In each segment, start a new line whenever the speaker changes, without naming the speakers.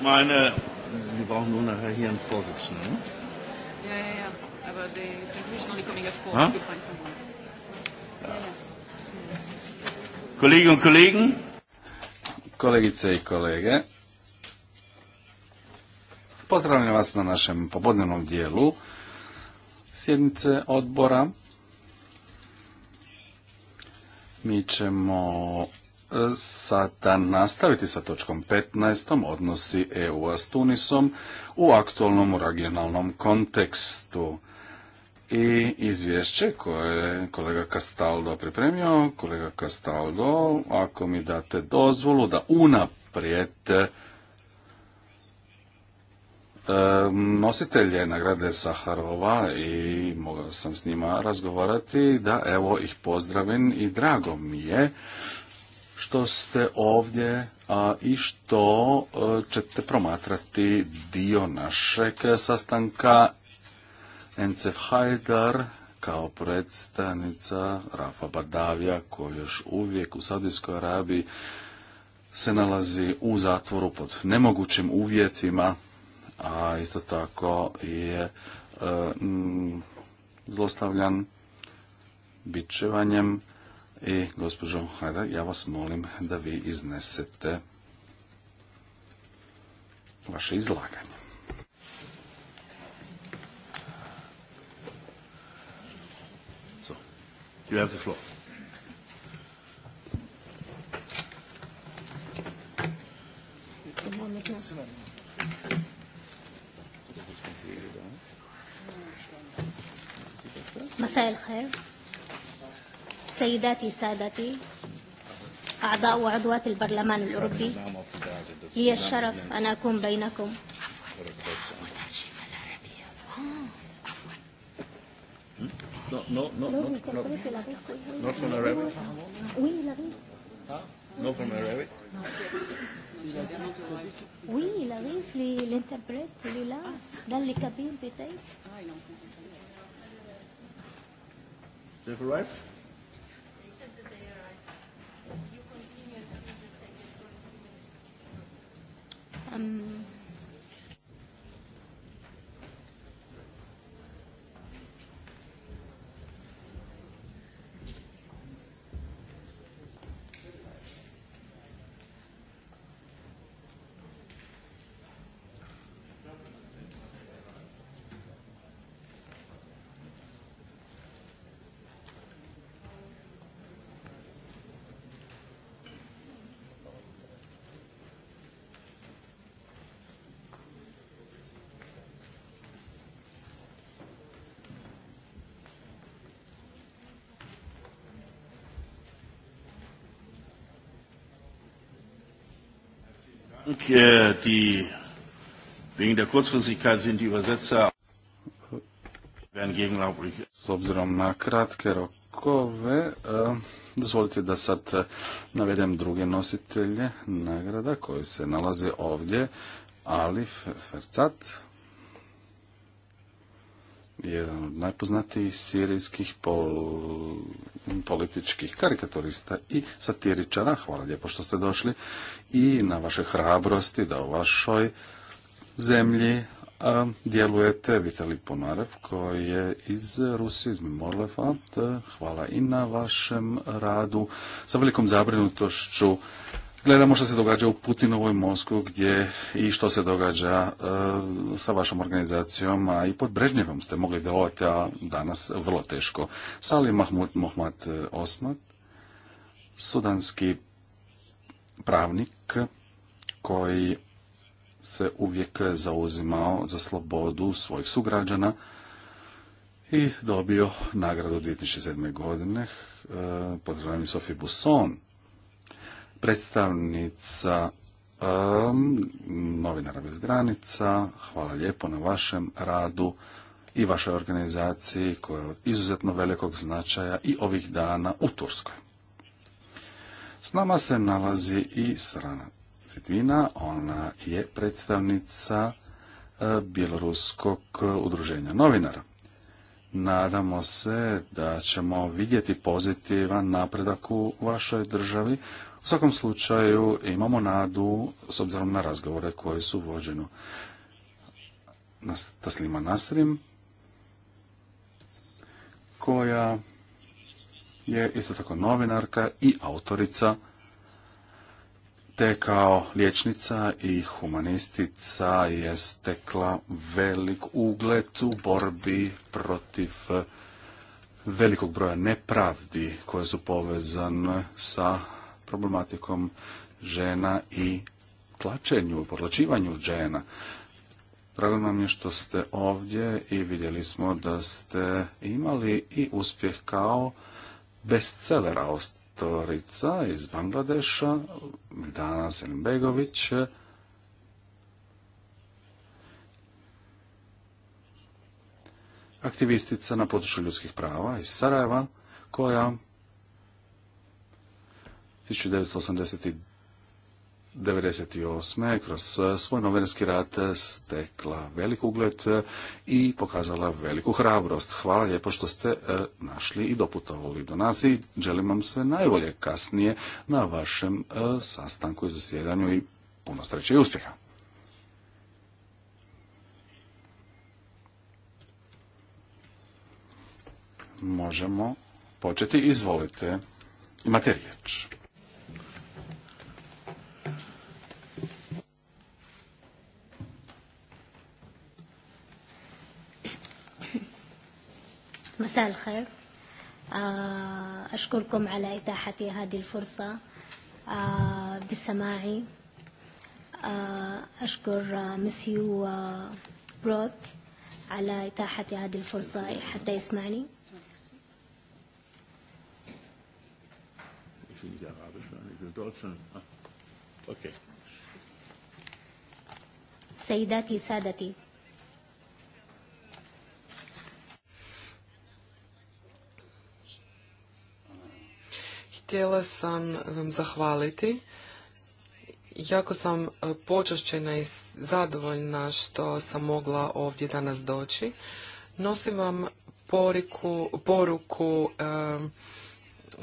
meine, wir brauchen nur nachher hier einen Vorsitzenden. Ne? Ja, ja, ja.
Aber die conclusions sind die at four.
Ja. Ja, und Kollegen. Kolegice i kolege. Pozdravljam vas na našem popodnevnom dijelu sjednice odbora. Mi ćemo sada nastaviti sa točkom 15. odnosi EU-a s Tunisom u aktualnom regionalnom kontekstu. I izvješće koje je kolega Castaldo pripremio, kolega Castaldo, ako mi date dozvolu da unaprijed e, nositelje nagrade Saharova i mogao sam s njima razgovarati, da evo ih pozdravim i drago mi je što ste ovdje a, i što e, ćete promatrati dio našeg sastanka Encef Hajdar kao predstavnica Rafa Badavija koji još uvijek u Saudijskoj Arabiji se nalazi u zatvoru pod nemogućim uvjetima, a isto tako je e, zlostavljan bičevanjem i gospođo Hajda, ja vas molim da vi iznesete vaše izlaganje. So, you have
سيداتي سادتي أعضاء وعضوات البرلمان الأوروبي لي الشرف أن أكون بينكم
No, no, no, no, no,
no l'interprète, il est là, dans Um,
Äh, die, wegen der sind S obzirom na kratke rokove, eh, dozvolite da sad eh, navedem druge nositelje nagrada koji se nalaze ovdje. Alif Svercat, jedan od najpoznatijih sirijskih pol, političkih karikaturista i satiričara. Hvala lijepo što ste došli i na vašoj hrabrosti da u vašoj zemlji a, djelujete Vitali Ponarev koji je iz Rusije, iz Morlefa. Hvala i na vašem radu sa velikom zabrinutošću gledamo što se događa u Putinovoj Mosku gdje i što se događa e, sa vašom organizacijom, a i pod Brežnjevom ste mogli djelovati, a danas vrlo teško. Salim Mahmud Mohmad e, Osman, sudanski pravnik koji se uvijek zauzimao za slobodu svojih sugrađana i dobio nagradu 2007. godine. E, Pozdravljam i Sofi Busson, predstavnica novinara bez granica. Hvala lijepo na vašem radu i vašoj organizaciji koja je od izuzetno velikog značaja i ovih dana u Turskoj. S nama se nalazi i Srana Citvina, ona je predstavnica e, Bjeloruskog udruženja novinara. Nadamo se da ćemo vidjeti pozitivan napredak u vašoj državi u svakom slučaju imamo nadu s obzirom na razgovore koje su na Taslima Nasrim, koja je isto tako novinarka i autorica, te kao liječnica i humanistica je stekla velik ugled u borbi protiv velikog broja nepravdi koje su povezane sa problematikom žena i tlačenju, potlačivanju žena. Drago nam je što ste ovdje i vidjeli smo da ste imali i uspjeh kao bestsellera autorica iz Bangladeša, Dana Selimbegović. Aktivistica na području ljudskih prava iz Sarajeva, koja 1998. kroz e, svoj novinarski rat stekla velik ugled e, i pokazala veliku hrabrost. Hvala lijepo što ste e, našli i doputovali do nas i želim vam sve najbolje kasnije na vašem sastanku i zasjedanju i puno sreće i uspjeha. Možemo početi. Izvolite. Imate riječ.
مساء الخير أشكركم على إتاحتي هذه الفرصة بسماعي أشكر مسيو بروك على إتاحتي هذه الفرصة حتى يسمعني سيداتي سادتي
Htjela sam vam zahvaliti. Jako sam e, počašćena i zadovoljna što sam mogla ovdje danas doći. Nosim vam poriku, poruku e,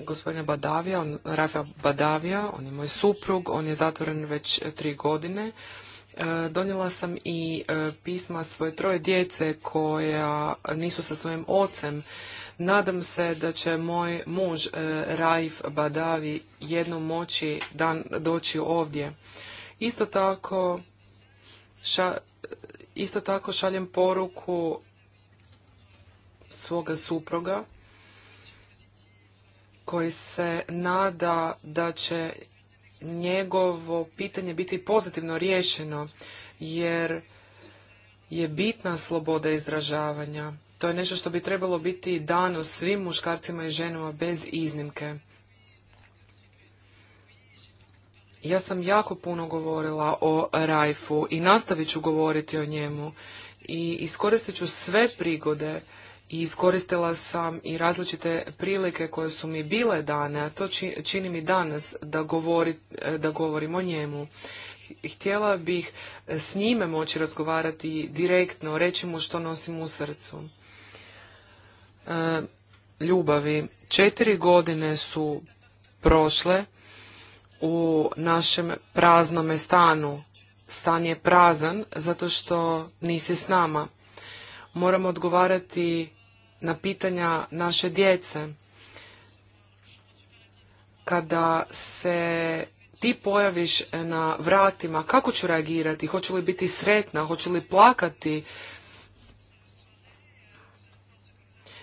gospodina Badavija, on, Rafa Badavija, on je moj suprug, on je zatvoren već tri godine. E, donijela sam i e, pisma svoje troje djece koja nisu sa svojim ocem. Nadam se da će moj muž e, Raif Badavi jednom moći dan doći ovdje. Isto tako, isto tako šaljem poruku svoga supruga koji se nada da će njegovo pitanje biti pozitivno riješeno jer je bitna sloboda izražavanja. To je nešto što bi trebalo biti dano svim muškarcima i ženama bez iznimke. Ja sam jako puno govorila o Rajfu i nastavit ću govoriti o njemu i iskoristit ću sve prigode iskoristila sam i različite prilike koje su mi bile dane, a to čini mi danas da, da govorim o njemu. Htjela bih s njime moći razgovarati direktno, reći mu što nosim u srcu. E, ljubavi. Četiri godine su prošle u našem praznome stanu. Stan je prazan zato što nisi s nama. Moramo odgovarati na pitanja naše djece. Kada se ti pojaviš na vratima, kako ću reagirati? Hoću li biti sretna? Hoću li plakati?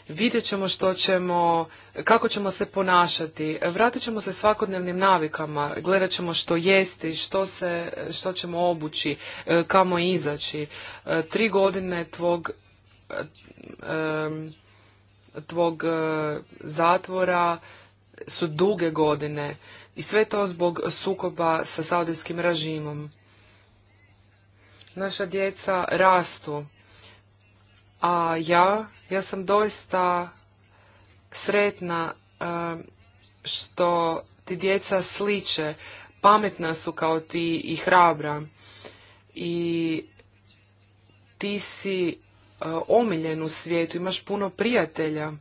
Vidjet ćemo što ćemo, kako ćemo se ponašati. Vratit ćemo se svakodnevnim navikama. Gledat ćemo što jesti, što, se, što ćemo obući, e, kamo izaći. E, tri godine tvog e, tvog e, zatvora su duge godine i sve to zbog sukoba sa saudijskim režimom. Naša djeca rastu, a ja, ja sam doista sretna e, što ti djeca sliče, pametna su kao ti i hrabra. I ti si E, omiljen u svijetu, imaš puno prijatelja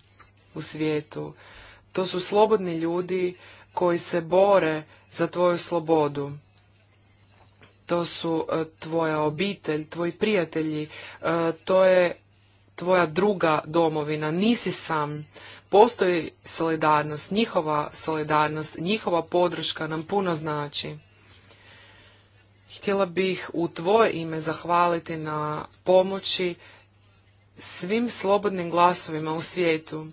u svijetu. To su slobodni ljudi koji se bore za tvoju slobodu. To su e, tvoja obitelj, tvoji prijatelji, e, to je tvoja druga domovina, nisi sam. Postoji solidarnost, njihova solidarnost, njihova podrška nam puno znači. Htjela bih u tvoje ime zahvaliti na pomoći svim slobodnim glasovima u svijetu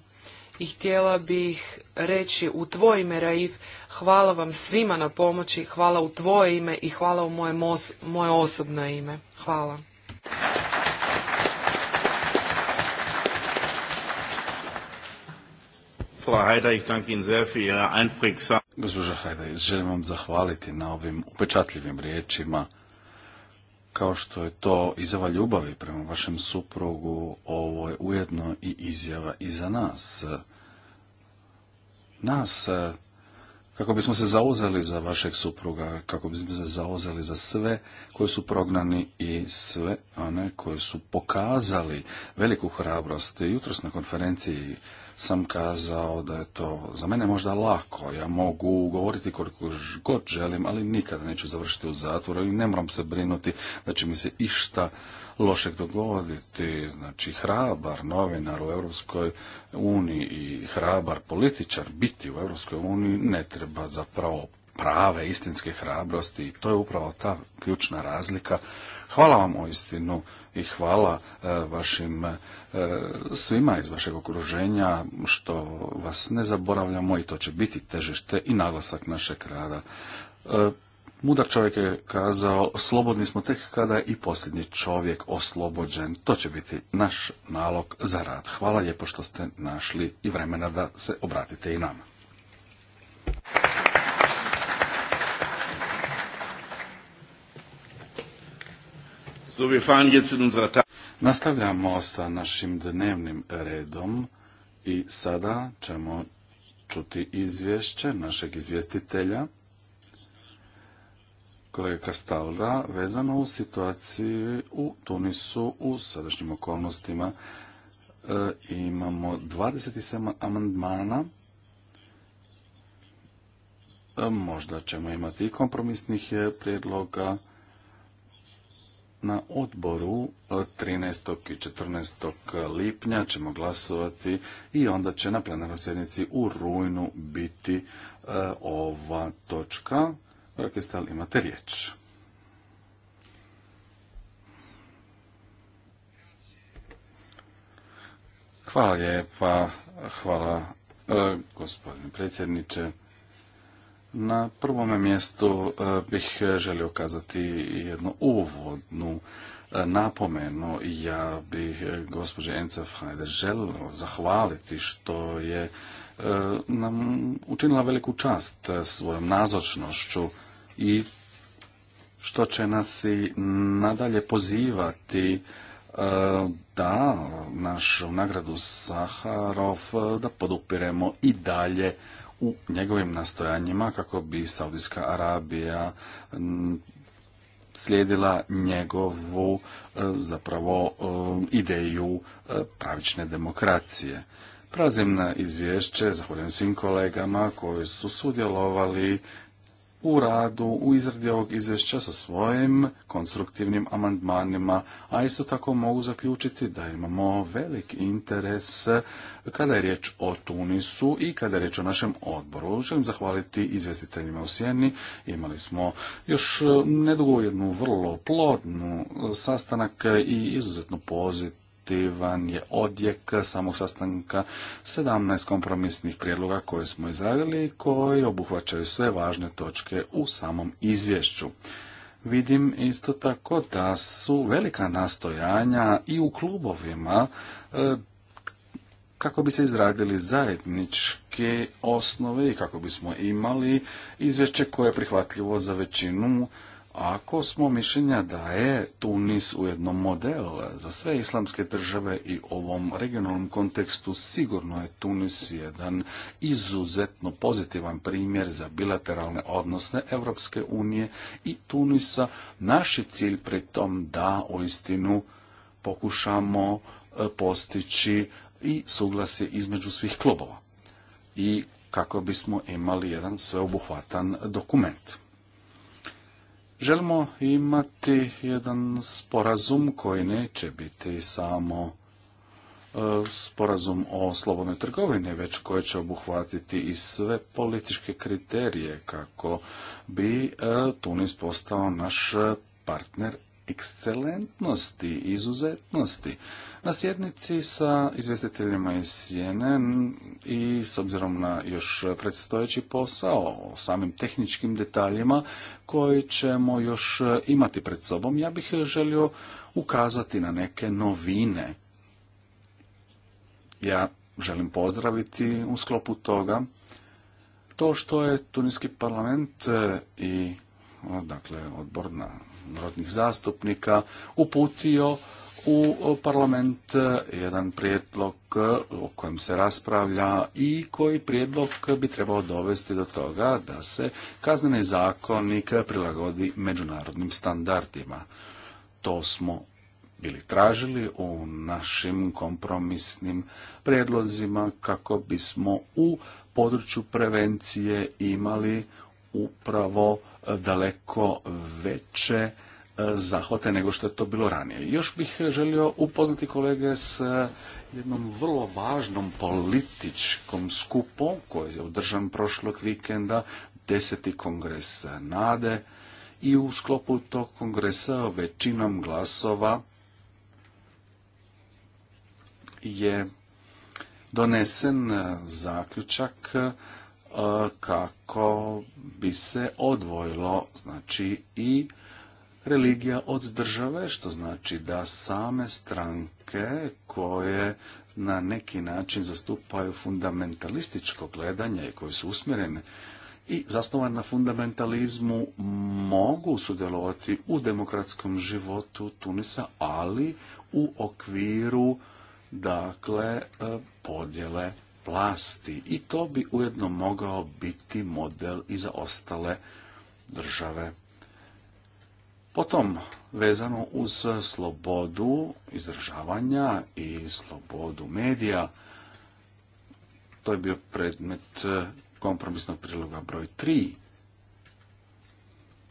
i htjela bih reći u tvoje ime, Raif, hvala vam svima na pomoći, hvala u tvoje ime i hvala u moje, moje osobno ime. Hvala.
Gospođa Hajda, želim vam zahvaliti na ovim upečatljivim riječima kao što je to izjava ljubavi prema vašem suprugu, ovo je ujedno i izjava i za nas. Nas kako bismo se zauzeli za vašeg supruga, kako bismo se zauzeli za sve koji su prognani i sve one koji su pokazali veliku hrabrost. Jutros na konferenciji sam kazao da je to za mene možda lako. Ja mogu govoriti koliko god želim, ali nikada neću završiti u zatvoru i ne moram se brinuti da će mi se išta lošeg dogoditi. Znači, hrabar novinar u Europskoj uniji i hrabar političar biti u Europskoj uniji ne treba zapravo prave istinske hrabrosti i to je upravo ta ključna razlika. Hvala vam o istinu i hvala e, vašim e, svima iz vašeg okruženja što vas ne zaboravljamo i to će biti težište i naglasak našeg rada. E, Mudar čovjek je kazao, slobodni smo tek kada je i posljednji čovjek oslobođen. To će biti naš nalog za rad. Hvala lijepo što ste našli i vremena da se obratite i nama. Nastavljamo sa našim dnevnim redom i sada ćemo čuti izvješće našeg izvjestitelja kolega Kastalda vezano u situaciji u Tunisu u sadašnjim okolnostima. E, imamo imamo 27 amandmana. E, možda ćemo imati i kompromisnih e, prijedloga na odboru 13. i 14. lipnja ćemo glasovati i onda će na plenarnoj sjednici u rujnu biti ova točka Kestal, imate riječ. Hvala lijepa, hvala e, gospodine predsjedniče. Na prvome mjestu e, bih želio kazati jednu uvodnu e, napomenu. Ja bih gospođe Encef Hajde želio zahvaliti što je nam učinila veliku čast svojom nazočnošću i što će nas i nadalje pozivati e, da našu nagradu Saharov e, da podupiremo i dalje u njegovim nastojanjima kako bi Saudijska Arabija slijedila njegovu e, zapravo ideju pravične demokracije. Prelazim na izvješće, zahvaljujem svim kolegama koji su sudjelovali u radu, u izradi ovog izvješća sa svojim konstruktivnim amandmanima, a isto tako mogu zaključiti da imamo velik interes kada je riječ o Tunisu i kada je riječ o našem odboru. Želim zahvaliti izvjestiteljima u Sjeni. Imali smo još nedugo jednu vrlo plodnu sastanak i izuzetno pozitivnu je odjek samog sastanka 17 kompromisnih prijedloga koje smo izradili i koji obuhvaćaju sve važne točke u samom izvješću. Vidim isto tako da su velika nastojanja i u klubovima e, kako bi se izradili zajedničke osnove i kako bismo imali izvješće koje je prihvatljivo za većinu ako smo mišljenja da je Tunis ujedno model za sve islamske države i ovom regionalnom kontekstu, sigurno je Tunis jedan izuzetno pozitivan primjer za bilateralne odnosne Evropske unije i Tunisa. Naš je cilj pri tom da uistinu pokušamo e, postići i suglasje između svih klubova i kako bismo imali jedan sveobuhvatan dokument. Želimo imati jedan sporazum koji neće biti samo e, sporazum o slobodnoj trgovini, već koji će obuhvatiti i sve političke kriterije kako bi e, Tunis postao naš partner ekscelentnosti, izuzetnosti. Na sjednici sa izvjestiteljima iz Sjene i s obzirom na još predstojeći posao o samim tehničkim detaljima koji ćemo još imati pred sobom, ja bih želio ukazati na neke novine. Ja želim pozdraviti u sklopu toga to što je Tunijski parlament e, i dakle odbor narodnih zastupnika uputio u parlament e, jedan prijedlog e, o kojem se raspravlja i koji prijedlog bi trebao dovesti do toga da se kazneni zakonik prilagodi međunarodnim standardima. To smo bili tražili u našim kompromisnim prijedlozima kako bismo u području prevencije imali upravo daleko veće zahvate nego što je to bilo ranije. Još bih želio upoznati kolege s eh, jednom vrlo važnom političkom skupom koji je održan prošlog vikenda, deseti kongres NADE i u sklopu tog kongresa većinom glasova je donesen eh, zaključak eh, kako bi se odvojilo znači i religija od države, što znači da same stranke koje na neki način zastupaju fundamentalističko gledanje i koje su usmjerene i zasnovane na fundamentalizmu mogu sudjelovati u demokratskom životu Tunisa, ali u okviru dakle podjele vlasti i to bi ujedno mogao biti model i za ostale države Potom, vezano uz slobodu izražavanja i slobodu medija, to je bio predmet kompromisnog priloga broj 3.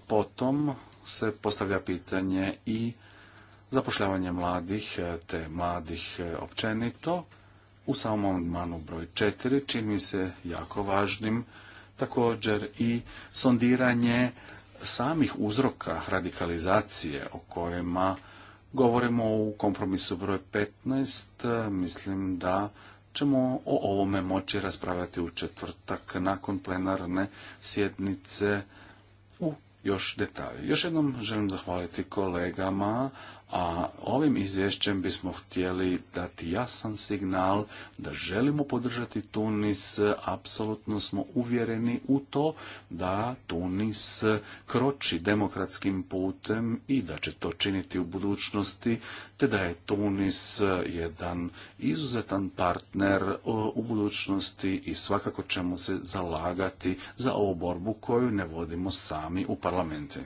Potom se postavlja pitanje i zapošljavanje mladih te mladih općenito. U samom amandmanu broj 4 čini mi se jako važnim također i sondiranje samih uzroka radikalizacije o kojima govorimo u kompromisu broj 15, mislim da ćemo o ovome moći raspravljati u četvrtak nakon plenarne sjednice u još detalje. Još jednom želim zahvaliti kolegama a ovim izvješćem bismo htjeli dati jasan signal da želimo podržati Tunis, apsolutno smo uvjereni u to da Tunis kroči demokratskim putem i da će to činiti u budućnosti, te da je Tunis jedan izuzetan partner u budućnosti i svakako ćemo se zalagati za ovu borbu koju ne vodimo sami u parlamenti.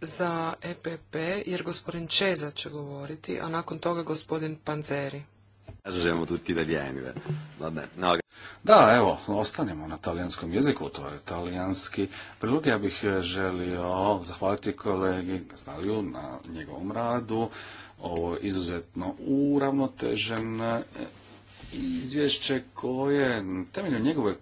za EPP, jer gospodin Čeza će govoriti, a nakon toga gospodin Panzeri.
Da, evo, ostanemo na talijanskom jeziku, to je talijanski prilog. Ja bih eh, želio zahvaliti kolegi Gazdaliju na njegovom radu. Ovo je izuzetno uravnotežen eh, izvješće koje temelju njegove eh,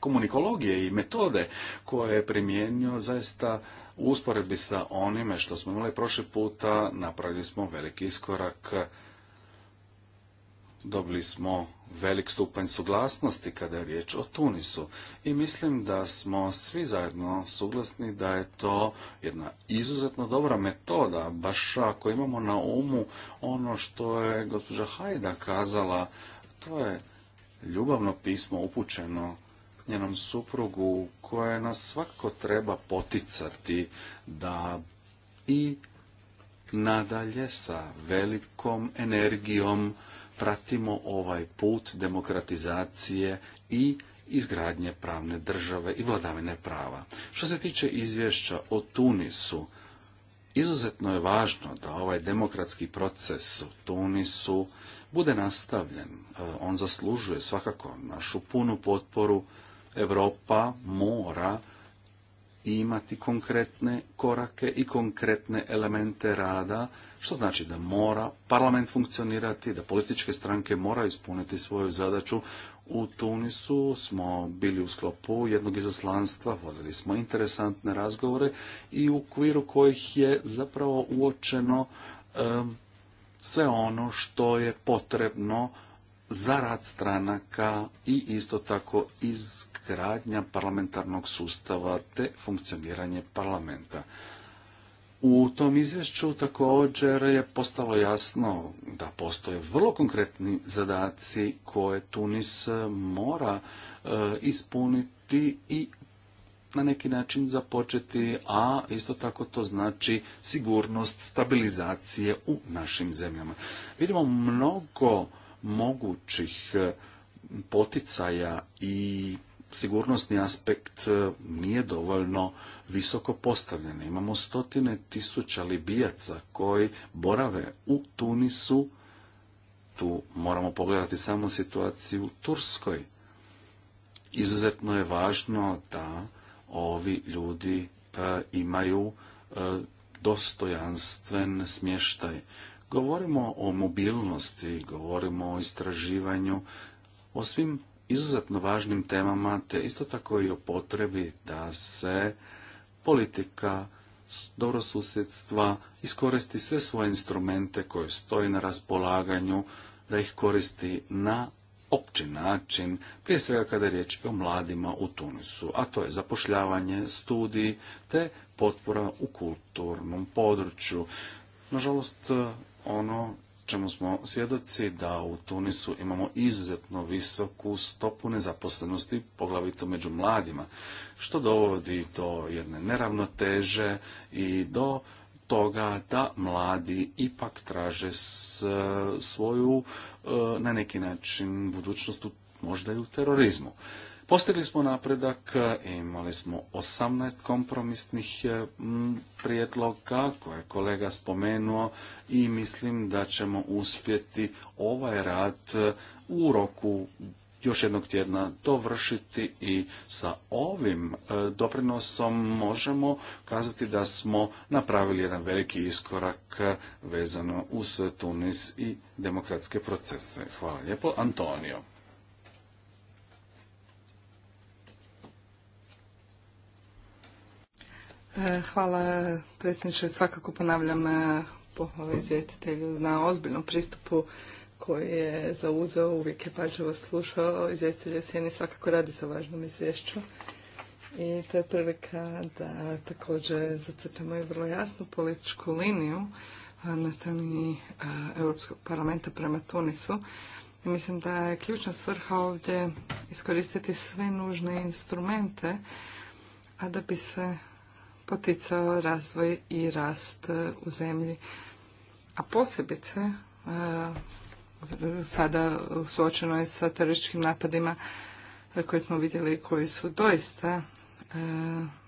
komunikologije i metode koje je primijenio zaista u usporedbi sa onime što smo imali prošli puta, napravili smo veliki iskorak. Dobili smo velik stupanj suglasnosti kada je riječ o Tunisu i mislim da smo svi zajedno suglasni da je to jedna izuzetno dobra metoda, baš ako imamo na umu ono što je gospođa Hajda kazala, to je ljubavno pismo upućeno njenom suprugu koja nas svakako treba poticati da i nadalje sa velikom energijom pratimo ovaj put demokratizacije i izgradnje pravne države i vladavine prava. Što se tiče izvješća o Tunisu, izuzetno je važno da ovaj demokratski proces u Tunisu bude nastavljen. E, on zaslužuje svakako našu punu potporu Europa mora imati konkretne korake i konkretne elemente rada, što znači da mora parlament funkcionirati, da političke stranke mora ispuniti svoju zadaću. U Tunisu smo bili u sklopu jednog izaslanstva, vodili smo interesantne razgovore i u okviru kojih je zapravo uočeno sve ono što je potrebno za rad stranaka i isto tako iz radnja parlamentarnog sustava te funkcioniranje parlamenta. U tom izvješću također je postalo jasno da postoje vrlo konkretni zadaci koje Tunis e, mora e, ispuniti i na neki način započeti, a isto tako to znači sigurnost stabilizacije u našim zemljama. Vidimo mnogo mogućih e, poticaja i sigurnosni aspekt e, nije dovoljno visoko postavljen. Imamo stotine tisuća Libijaca koji borave u Tunisu. Tu moramo pogledati samo situaciju u Turskoj. Izuzetno je važno da ovi ljudi e, imaju e, dostojanstven smještaj. Govorimo o mobilnosti, govorimo o istraživanju, o svim izuzetno važnim temama, te isto tako i o potrebi da se politika dobro susjedstva iskoristi sve svoje instrumente koje stoje na raspolaganju, da ih koristi na opći način, prije svega kada je riječ o mladima u Tunisu, a to je zapošljavanje, studiji te potpora u kulturnom području. Nažalost, ono čemu smo svjedoci da u Tunisu imamo izuzetno visoku stopu nezaposlenosti, poglavito među mladima, što dovodi do jedne neravnoteže i do toga da mladi ipak traže svoju, e, na neki način, budućnost možda i u terorizmu. Postigli smo napredak, imali smo 18 kompromisnih e, prijedloga koje je kolega spomenuo i mislim da ćemo uspjeti ovaj rad e, u roku još jednog tjedna dovršiti i sa ovim e, doprinosom možemo kazati da smo napravili jedan veliki iskorak vezano uz Tunis i demokratske procese. Hvala lijepo. Antonio.
E, hvala predsjedniče. Svakako ponavljam e, pohvale izvjestitelju na ozbiljnom pristupu koji je zauzeo, uvijek je pažljivo slušao. Izvjestitelj Sjeni svakako radi sa važnom izvješću. I to je prilika da također zacrtamo i vrlo jasnu političku liniju e, na strani Europskog parlamenta prema Tunisu. I mislim da je ključna svrha ovdje iskoristiti sve nužne instrumente, a da bi se poticao razvoj i rast e, u zemlji. A posebice e, sada suočeno je sa terorističkim napadima e, koje smo vidjeli koji su doista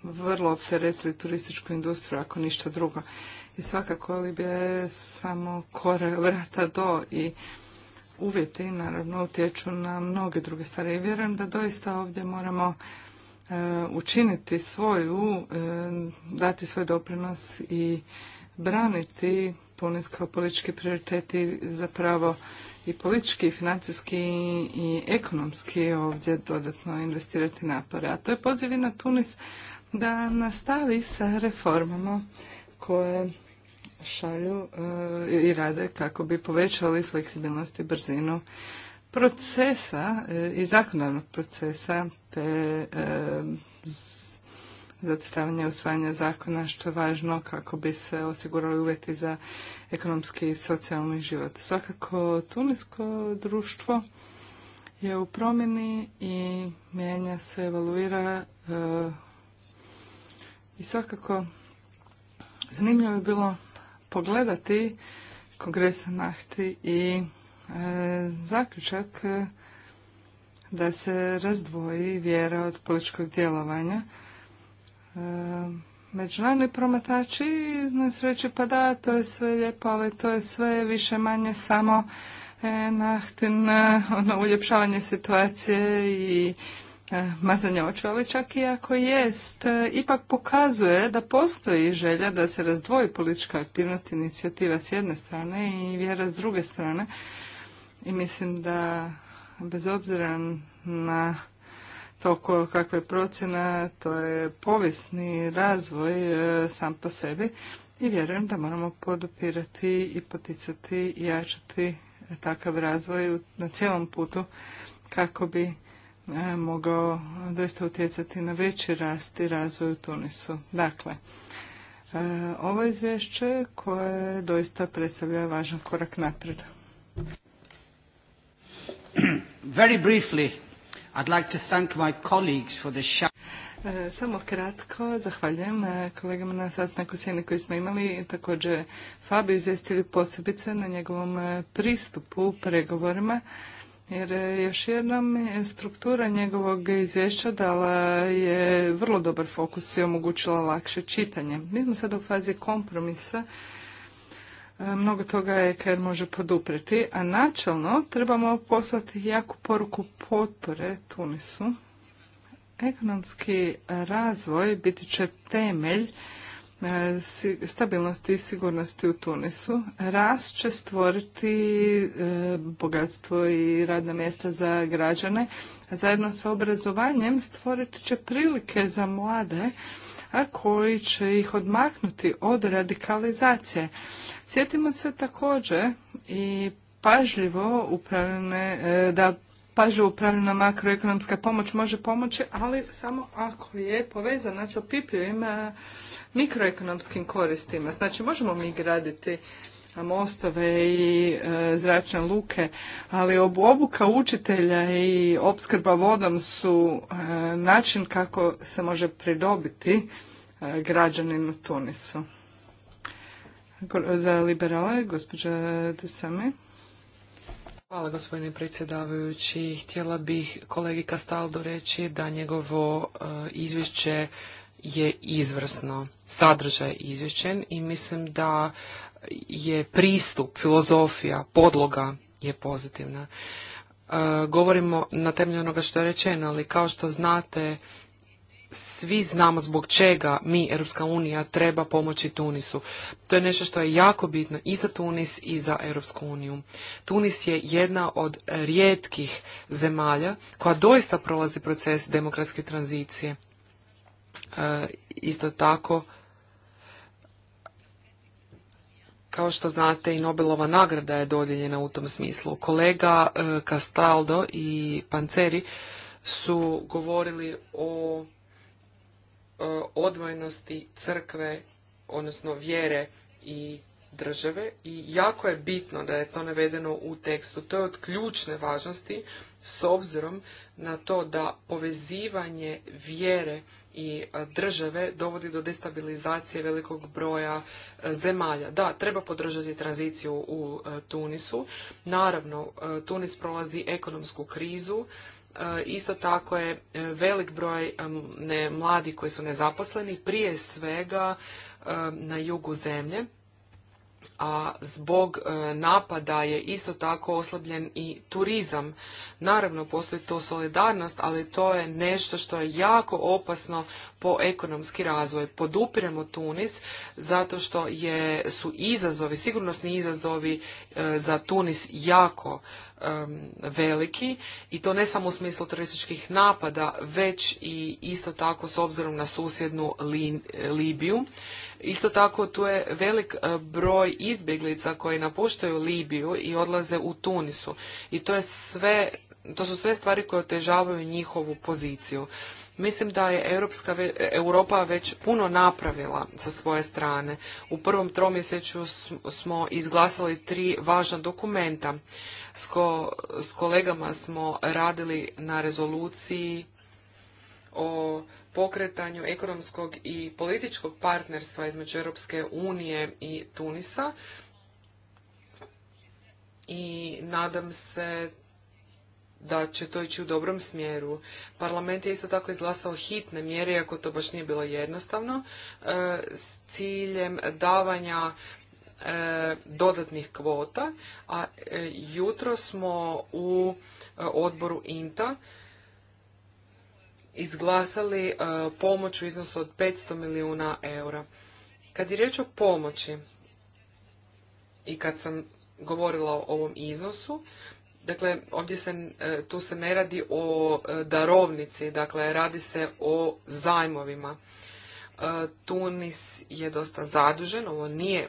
vrlo opteretili turističku industriju, ako ništa drugo. I svakako Libija je samo kore vrata do i uvjeti naravno utječu na mnoge druge stvari. I vjerujem da doista ovdje moramo učiniti svoju, e, dati svoj doprinos i braniti Tunis kao politički prioriteti zapravo i politički, i financijski i ekonomski ovdje dodatno investirati napore. A to je poziv i na Tunis da nastavi sa reformama koje šalju e, i rade kako bi povećali fleksibilnost i brzinu procesa eh, i zakonodavnog procesa te eh, zacitavanje usvajanja zakona što je važno kako bi se osigurali uvjeti za ekonomski i socijalni život. Svakako tunisko društvo je u promjeni i mijenja se, evaluira eh, i svakako zanimljivo je bilo pogledati kongres Nahti i zaključak e, da se razdvoji vjera od političkog djelovanja. E, međunarodni promatači nas reći pa da, to je sve lijepo, ali to je sve više manje samo e, nahtin, ono, uljepšavanje situacije i mazanje oči, ali čak i ako jest, ipak pokazuje da postoji želja da se razdvoji politička aktivnost inicijativa s jedne strane i vjera s druge strane i mislim da bez obzira na to kakva je procjena, to je povijesni razvoj e, sam po sebi i vjerujem da moramo podupirati i poticati i jačati takav razvoj na cijelom putu kako bi e, mogao doista utjecati na veći rast i razvoj u Tunisu. Dakle, e, ovo izvješće koje doista predstavlja važan korak naprijed.
Very briefly,
samo kratko, zahvaljujem e, kolegama na sastanku sjene koji smo imali. Također Fabio izvjestili posebice na njegovom e, pristupu pregovorima. Jer e, još jednom struktura njegovog izvješća dala je vrlo dobar fokus i omogućila lakše čitanje. Mi smo sada u fazi kompromisa mnogo toga EKR može podupreti, a načelno trebamo poslati jaku poruku potpore Tunisu. Ekonomski razvoj biti će temelj e, stabilnosti i sigurnosti u Tunisu. Rast će stvoriti e, bogatstvo i radna mjesta za građane. Zajedno sa obrazovanjem stvorit će prilike za mlade a koji će ih odmaknuti od radikalizacije. Sjetimo se također i pažljivo upravljene, e, da pažljivo upravljena makroekonomska pomoć može pomoći, ali samo ako je povezana sa opipljivim e, mikroekonomskim koristima. Znači, možemo mi graditi mostove i e, zračne luke, ali obuka učitelja i opskrba vodom su e, način kako se može pridobiti građaninu e, građanin Tunisu.
Za liberale, gospođa Dusame. Hvala gospodine predsjedavajući. Htjela bih kolegi Kastaldo reći da njegovo izvješće je izvrsno. Sadržaj je izvješćen i mislim da je pristup, filozofija, podloga je pozitivna. E, govorimo na temelju onoga što je rečeno, ali kao što znate, svi znamo zbog čega mi, Europska unija, treba pomoći Tunisu. To je nešto što je jako bitno i za Tunis i za Europsku uniju. Tunis je jedna od rijetkih zemalja koja doista prolazi proces demokratske tranzicije. E, isto tako, Kao što znate i Nobelova nagrada je dodijeljena u tom smislu. Kolega e, Castaldo i Panceri su govorili o e, odvojenosti crkve, odnosno vjere i države i jako je bitno da je to navedeno u tekstu. To je od ključne važnosti s obzirom na to da povezivanje vjere i e, države dovodi do destabilizacije velikog broja e, zemalja. Da, treba podržati tranziciju u e, Tunisu. Naravno, Tunis prolazi ekonomsku krizu. Isto tako je velik broj mladih mladi koji su nezaposleni, prije svega na jugu zemlje a zbog e, napada je isto tako oslabljen i turizam. Naravno, postoji to solidarnost, ali to je nešto što je jako opasno po ekonomski razvoj. Podupiremo Tunis zato što je, su izazovi, sigurnosni izazovi e, za Tunis jako veliki i to ne samo u smislu terorističkih napada, već i isto tako s obzirom na susjednu Libiju. Isto tako tu je velik e, broj izbjeglica koji napuštaju Libiju i odlaze u Tunisu. I to je sve, to su sve stvari koje otežavaju njihovu poziciju. Mislim da je Europska, Europa već puno napravila sa svoje strane. U prvom tromjeseću smo izglasali tri važna dokumenta. S, s kolegama smo radili na rezoluciji o pokretanju ekonomskog i političkog partnerstva između Europske unije i Tunisa i nadam se da će to ići u dobrom smjeru. Parlament je isto tako izglasao hitne mjere, iako to baš nije bilo jednostavno, e, s ciljem davanja e, dodatnih kvota, a e, jutro smo u odboru INTA izglasali pomoć u iznosu od 500 milijuna eura. Kad je riječ o pomoći i kad sam govorila o ovom iznosu, Dakle, ovdje se, e, tu se ne radi o e, darovnici, dakle, radi se o zajmovima. E, Tunis je dosta zadužen, ovo nije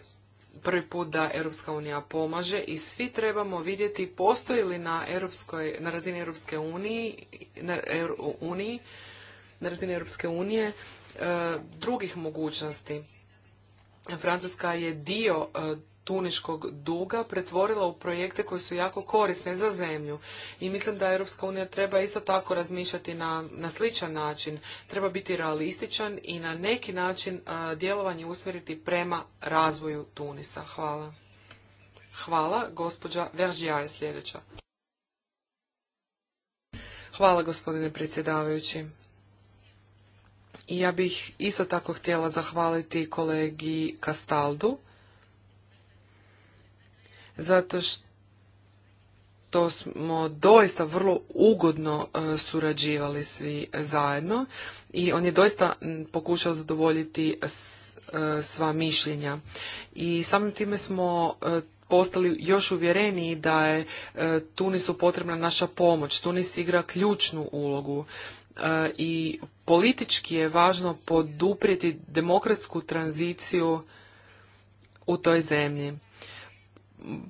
prvi put da Europska unija pomaže i svi trebamo vidjeti postoji li na, Europskoj, na razini Europske unije, na, uniji, na razini Europske unije drugih mogućnosti. Francuska je dio tuniškog duga pretvorila u projekte koji su jako korisne za zemlju. I mislim da Europska unija treba isto tako razmišljati na, na sličan način. Treba biti realističan i na neki način djelovanje usmjeriti prema razvoju Tunisa. Hvala. Hvala. Gospođa Veržija je sljedeća. Hvala gospodine predsjedavajući. ja bih isto tako htjela zahvaliti kolegi Kastaldu zato što smo doista vrlo ugodno e, surađivali svi zajedno i on je doista pokušao zadovoljiti e, sva mišljenja. I samim time smo e, postali još uvjereniji da je Tunisu potrebna naša pomoć. Tunis igra ključnu ulogu i politički je važno poduprijeti demokratsku tranziciju u toj zemlji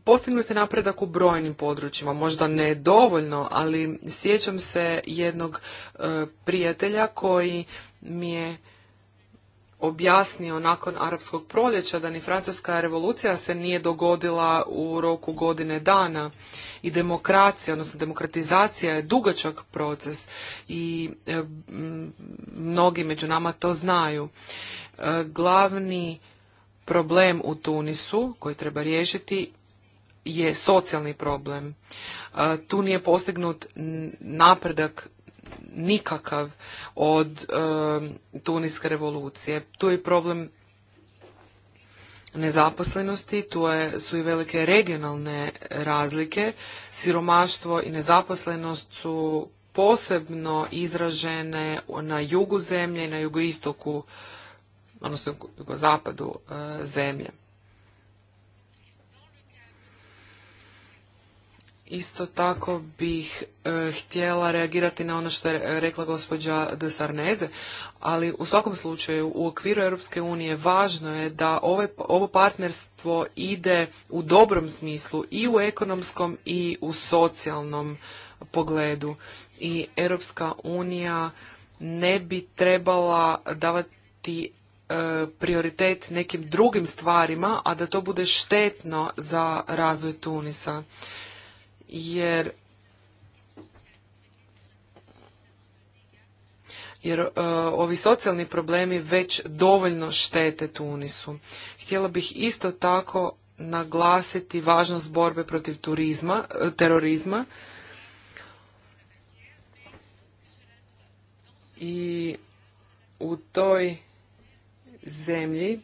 postignut je napredak u brojnim područjima, možda ne dovoljno, ali sjećam se jednog e, prijatelja koji mi je objasnio nakon arapskog proljeća da ni francuska revolucija se nije dogodila u roku godine dana i demokracija, odnosno demokratizacija je dugačak proces i e, mnogi među nama to znaju. E, glavni Problem u Tunisu koji treba riješiti je socijalni problem. E, tu nije postignut napredak nikakav od e, Tuniske revolucije. Tu je problem nezaposlenosti, tu su i velike regionalne razlike. Siromaštvo i nezaposlenost su posebno izražene na jugu zemlje i na jugoistoku odnosno zapadu e, zemlje. Isto tako bih e, htjela reagirati na ono što je rekla gospođa de Sarneze, ali u svakom slučaju u okviru Europske unije važno je da ovaj, ovo partnerstvo ide u dobrom smislu i u ekonomskom i u socijalnom pogledu. I Europska unija ne bi trebala davati E, prioritet nekim drugim stvarima, a da to bude štetno za razvoj Tunisa. Jer jer e, ovi socijalni problemi već dovoljno štete Tunisu. Htjela bih isto tako naglasiti važnost borbe protiv turizma, e, terorizma i u toj zemlji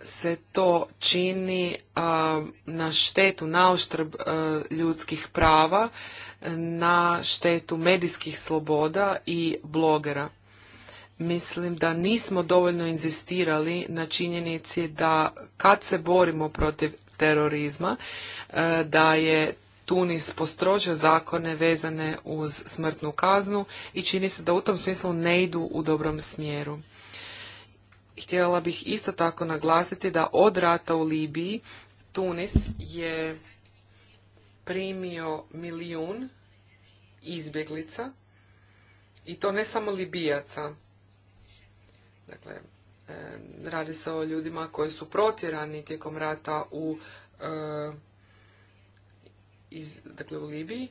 se to čini na štetu, na oštrb ljudskih prava, na štetu medijskih sloboda i blogera. Mislim da nismo dovoljno inzistirali na činjenici da kad se borimo protiv terorizma, da je Tunis postrožio zakone vezane uz smrtnu kaznu i čini se da u tom smislu ne idu u dobrom smjeru. Htjela bih isto tako naglasiti da od rata u Libiji Tunis je primio milijun izbjeglica i to ne samo Libijaca. Dakle, radi se o ljudima koji su protjerani tijekom rata u, eh, iz, dakle, u Libiji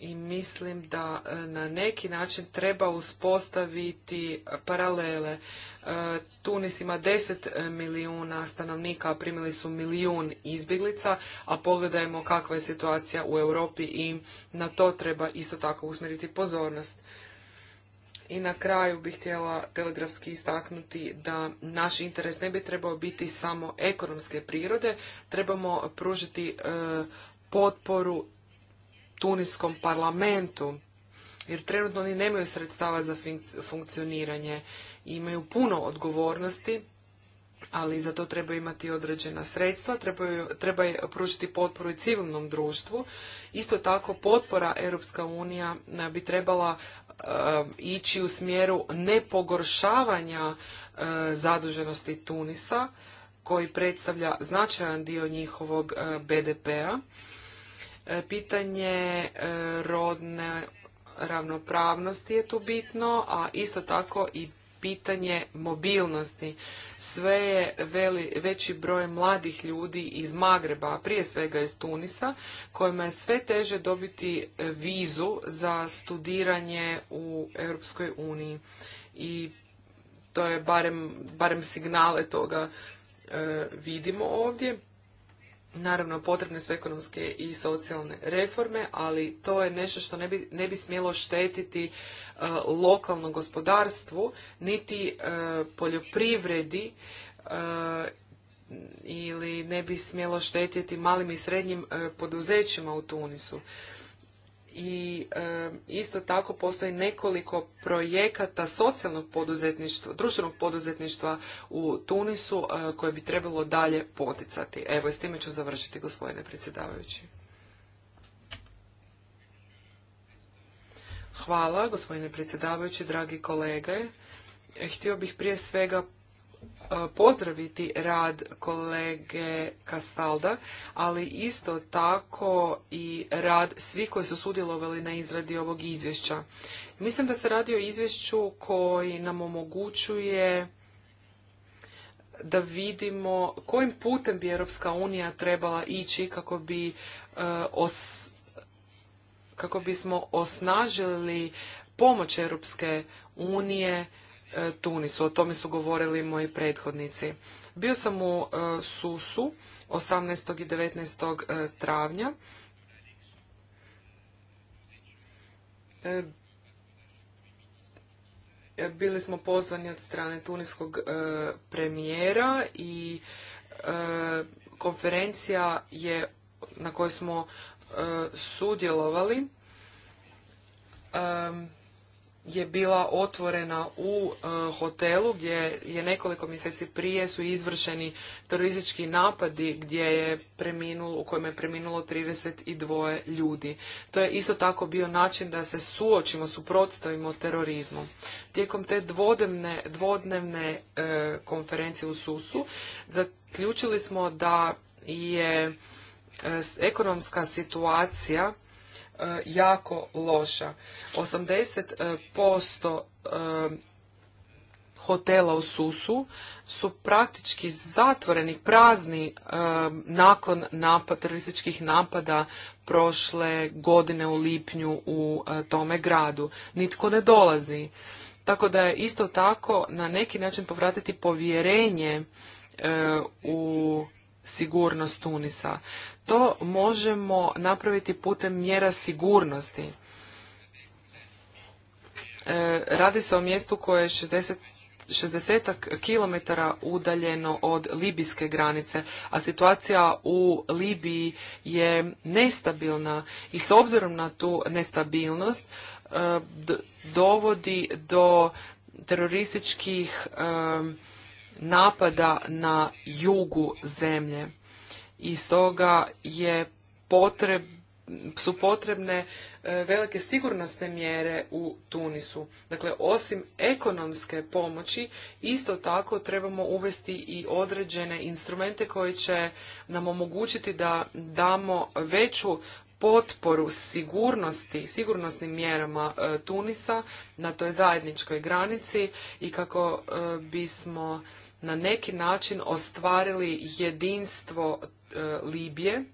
i mislim da e, na neki način treba uspostaviti paralele. E, Tunis ima 10 e, milijuna stanovnika, a primili su milijun izbjeglica, a pogledajmo kakva je situacija u Europi i na to treba isto tako usmjeriti pozornost. I na kraju bih htjela telegrafski istaknuti da naš interes ne bi trebao biti samo ekonomske prirode, trebamo pružiti potporu tuniskom parlamentu, jer trenutno oni nemaju sredstava za funkcioniranje imaju puno odgovornosti, ali za to treba imati određena sredstva, treba, je pružiti potporu i civilnom društvu. Isto tako potpora Europska unija eh, bi trebala eh, ići u smjeru nepogoršavanja eh, zaduženosti Tunisa, koji predstavlja značajan dio njihovog BDP-a E, pitanje e, rodne ravnopravnosti je tu bitno, a isto tako i pitanje mobilnosti. Sve je veći broj mladih ljudi iz Magreba, a prije svega iz Tunisa, kojima je sve teže dobiti e, vizu za studiranje u Europskoj uniji. I to je barem, barem signale toga vidimo ovdje. Naravno, potrebne su ekonomske i socijalne reforme, ali to je nešto što ne bi, ne bi smjelo štetiti e, lokalnom gospodarstvu, niti e, poljoprivredi e, ili ne bi smjelo štetiti malim i srednjim poduzećima u Tunisu i e, isto tako postoji nekoliko projekata socijalnog poduzetništva, društvenog poduzetništva u Tunisu e, koje bi trebalo dalje poticati. Evo i s time ću završiti gospodine predsjedavajući. Hvala gospodine predsjedavajući, dragi kolege. Htio bih prije svega E, pozdraviti rad kolege Kastalda, ali isto tako i rad svi koji su sudjelovali na izradi ovog izvješća. Mislim da se radi o izvješću koji nam omogućuje da vidimo kojim putem bi Europska unija trebala ići kako bi e, kako bismo osnažili pomoć Europske unije E, Tunisu. O tome su govorili moji prethodnici. Bio sam u e, Susu 18. i 19. E, travnja. Bili smo pozvani od strane tuniskog premijera i konferencija je na kojoj smo sudjelovali je bila otvorena u e, hotelu gdje je nekoliko mjeseci prije su izvršeni teroristički napadi gdje je preminulo, u kojem je preminulo 32 ljudi. To je isto tako bio način da se suočimo, suprotstavimo terorizmu. Tijekom te dvodnevne, dvodnevne e, konferencije u Susu zaključili smo da je e, ekonomska situacija E, jako loša. 80% e, e, hotela u Susu su praktički zatvoreni, prazni nakon napad, terorističkih napada prošle godine u lipnju u tome gradu. Nitko ne dolazi. Tako da je isto tako na neki način povratiti povjerenje u sigurnost Tunisa to možemo napraviti putem mjera sigurnosti. E, radi se o mjestu koje je 60 kilometara udaljeno od libijske granice, a situacija u Libiji je nestabilna i s obzirom na tu nestabilnost e, dovodi do terorističkih e, napada na jugu zemlje i stoga je potreb, su potrebne e, velike sigurnosne mjere u Tunisu. Dakle, osim ekonomske pomoći, isto tako trebamo uvesti i određene instrumente koji će nam omogućiti da damo veću potporu sigurnosti, sigurnosnim mjerama e, Tunisa na toj zajedničkoj granici i kako e, bismo na neki način ostvarili jedinstvo E, Libije,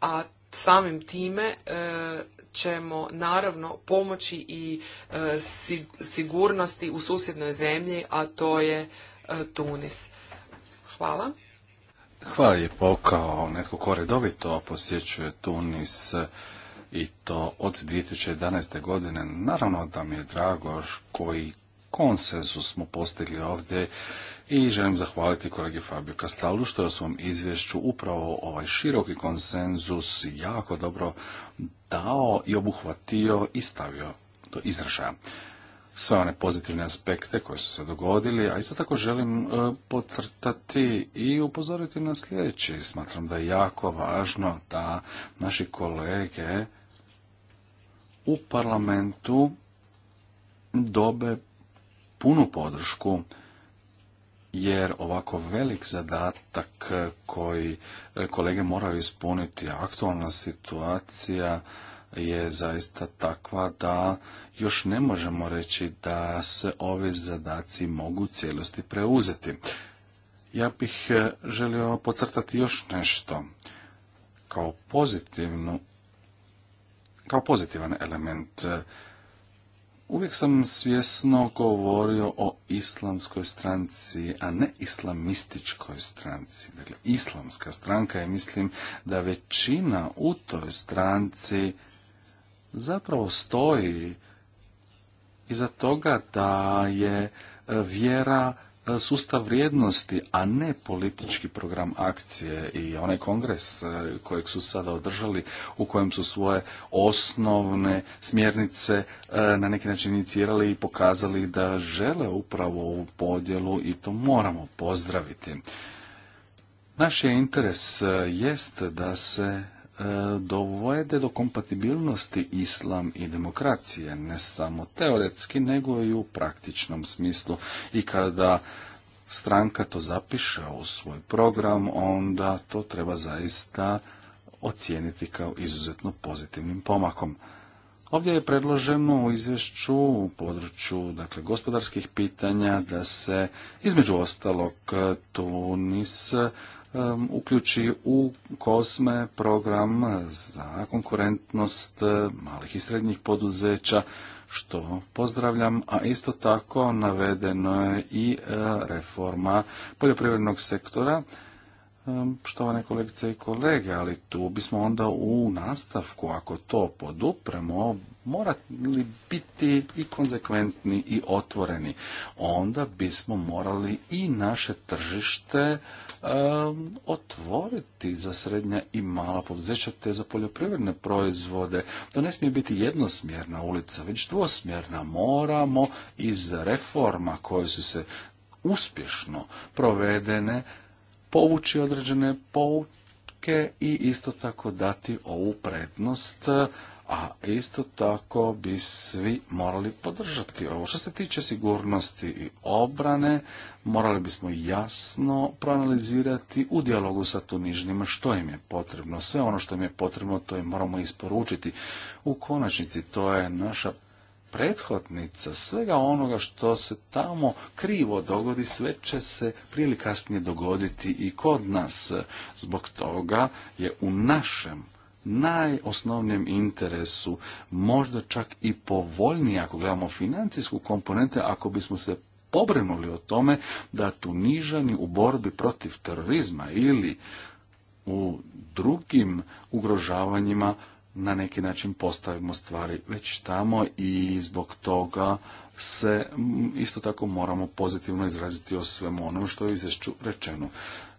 a samim time e, ćemo naravno pomoći i e, sigurnosti u susjednoj zemlji, a to je Tunis.
Hvala. Hvala lijepo. Kao netko ko redovito posjećuje Tunis i to od 2011. godine, naravno da mi je drago koji konsenzus smo postigli ovdje i želim zahvaliti kolegi Fabio Castalu što je u svom izvješću upravo ovaj široki konsenzus jako dobro dao i obuhvatio i stavio do izražaja sve one pozitivne aspekte koje su se dogodili, a isto tako želim e, podcrtati i upozoriti na sljedeći. Smatram da je jako važno da naši kolege u parlamentu dobe punu podršku jer ovako velik zadatak eh, koji eh, kolege moraju ispuniti, aktualna situacija je zaista takva da još ne možemo reći da se ovi zadaci mogu cijelosti preuzeti. Ja bih eh, želio pocrtati još nešto kao pozitivnu kao pozitivan element Uvijek sam svjesno govorio o islamskoj stranci, a ne islamističkoj stranci. Dakle, islamska stranka je, mislim, da većina u toj stranci zapravo stoji iza toga da je vjera sustav vrijednosti, a ne politički program akcije i onaj kongres e, kojeg su sada održali u kojem su svoje osnovne smjernice e, na neki način inicirali i pokazali da žele upravo ovu podjelu i to moramo pozdraviti. Naš je interes e, jest da se E, dovede do kompatibilnosti islam i demokracije, ne samo teoretski, nego i u praktičnom smislu. I kada stranka to zapiše u svoj program, onda to treba zaista ocijeniti kao izuzetno pozitivnim pomakom. Ovdje je predloženo u izvješću u području dakle, gospodarskih pitanja da se između ostalog Tunis Um, uključi u kosme program za konkurentnost uh, malih i srednjih poduzeća, što pozdravljam, a isto tako navedeno je i uh, reforma poljoprivrednog sektora, um, štovane kolegice i kolege, ali tu bismo onda u nastavku, ako to podupremo, morali biti i konzekventni i otvoreni. Onda bismo morali i naše tržište otvoriti za srednja i mala poduzeća te za poljoprivredne proizvode. To ne smije biti jednosmjerna ulica, već dvosmjerna. Moramo iz reforma koje su se uspješno provedene povući određene pouke i isto tako dati ovu prednost a isto tako bi svi morali podržati ovo. Što se tiče sigurnosti i obrane, morali bismo jasno proanalizirati u dijalogu sa Tunižnjima što im je potrebno. Sve ono što im je potrebno, to im moramo isporučiti. U konačnici, to je naša prethodnica svega onoga što se tamo krivo dogodi, sve će se prije kasnije dogoditi i kod nas. Zbog toga je u našem najosnovnijem interesu, možda čak i povoljnije ako gledamo financijsku komponente, ako bismo se pobrinuli o tome da Tunižani u borbi protiv terorizma ili u drugim ugrožavanjima na neki način postavimo stvari već tamo i zbog toga se isto tako moramo pozitivno izraziti o svemu onom što je izvješću rečeno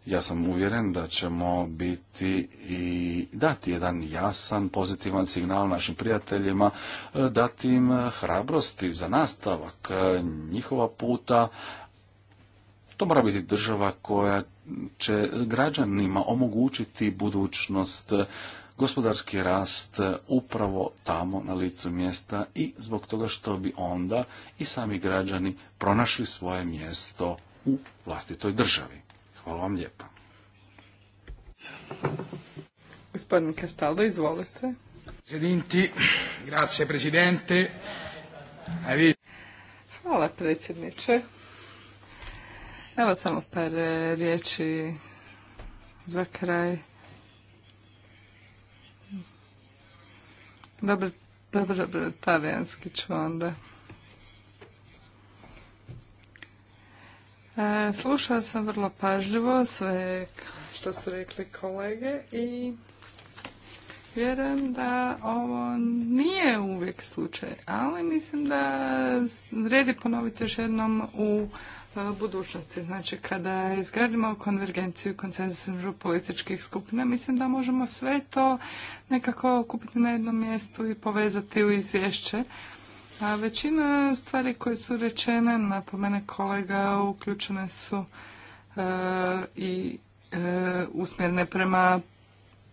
ja sam uvjeren da ćemo biti i dati jedan jasan, pozitivan signal našim prijateljima, e, dati im hrabrosti za nastavak e, njihova puta. To mora biti država koja će građanima omogućiti budućnost, gospodarski rast upravo tamo na licu mjesta i zbog toga što bi onda i sami građani pronašli svoje mjesto u vlastitoj državi. Hvala vam lijepo.
Gospodin Castaldo, izvolite.
Presidenti, grazie presidente.
Hvala predsjedniče. Evo samo par e, riječi za kraj. Dobro, dobro, dobro, talijanski ću onda. E, slušao sam vrlo pažljivo sve što su rekli kolege i vjerujem da ovo nije uvijek slučaj, ali mislim da vrijedi ponoviti još jednom u e, budućnosti. Znači, kada izgradimo konvergenciju i između političkih skupina, mislim da možemo sve to nekako kupiti na jednom mjestu i povezati u izvješće većina stvari koje su rečene, napomene kolega, uključene su e, i e, usmjerene usmjerne prema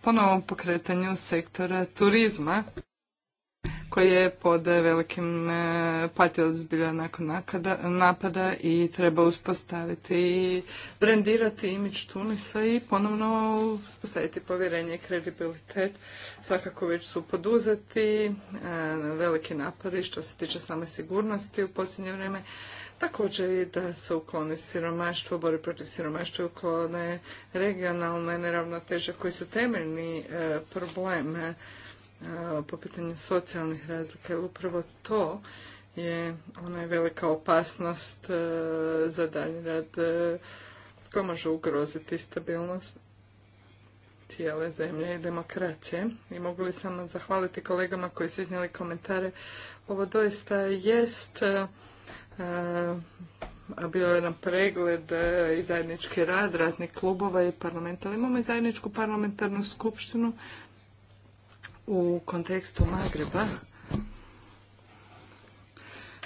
ponovom pokretanju sektora turizma koji je pod velikim e, patio zbilja nakon napada i treba uspostaviti i brendirati imidž Tunisa i ponovno uspostaviti povjerenje i kredibilitet. Svakako već su poduzeti e, veliki napori što se tiče same sigurnosti u posljednje vrijeme. Također i da se uklone siromaštvo, bori protiv siromaštva i uklone regionalne neravnoteže koji su temeljni e, probleme po pitanju socijalnih razlika, upravo to je ona velika opasnost e, za daljnji rad e, koja može ugroziti stabilnost cijele zemlje i demokracije. I mogu li samo zahvaliti kolegama koji su iznijeli komentare. Ovo doista jest e, bio je jedan pregled i zajednički rad raznih klubova i parlamenta. Ali imamo i zajedničku parlamentarnu skupštinu u kontekstu Magreba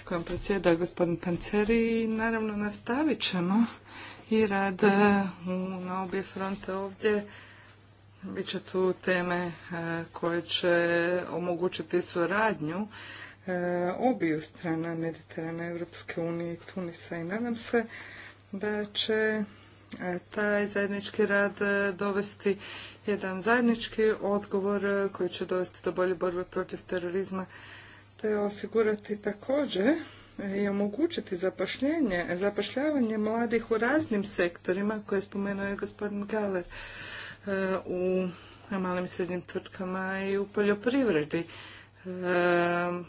kojom predsjeda gospodin Panceri i naravno nastavit ćemo i rad e, na obje fronte ovdje. Biće tu teme e, koje će omogućiti suradnju e, obiju strana Mediterana, Europske unije i Tunisa i nadam se da će E, taj zajednički rad e, dovesti jedan zajednički odgovor e, koji će dovesti do bolje borbe protiv terorizma te osigurati također i omogućiti zapošljenje, zapošljavanje mladih u raznim sektorima koje spomenuo je gospodin Galer u malim i srednjim tvrtkama i u poljoprivredi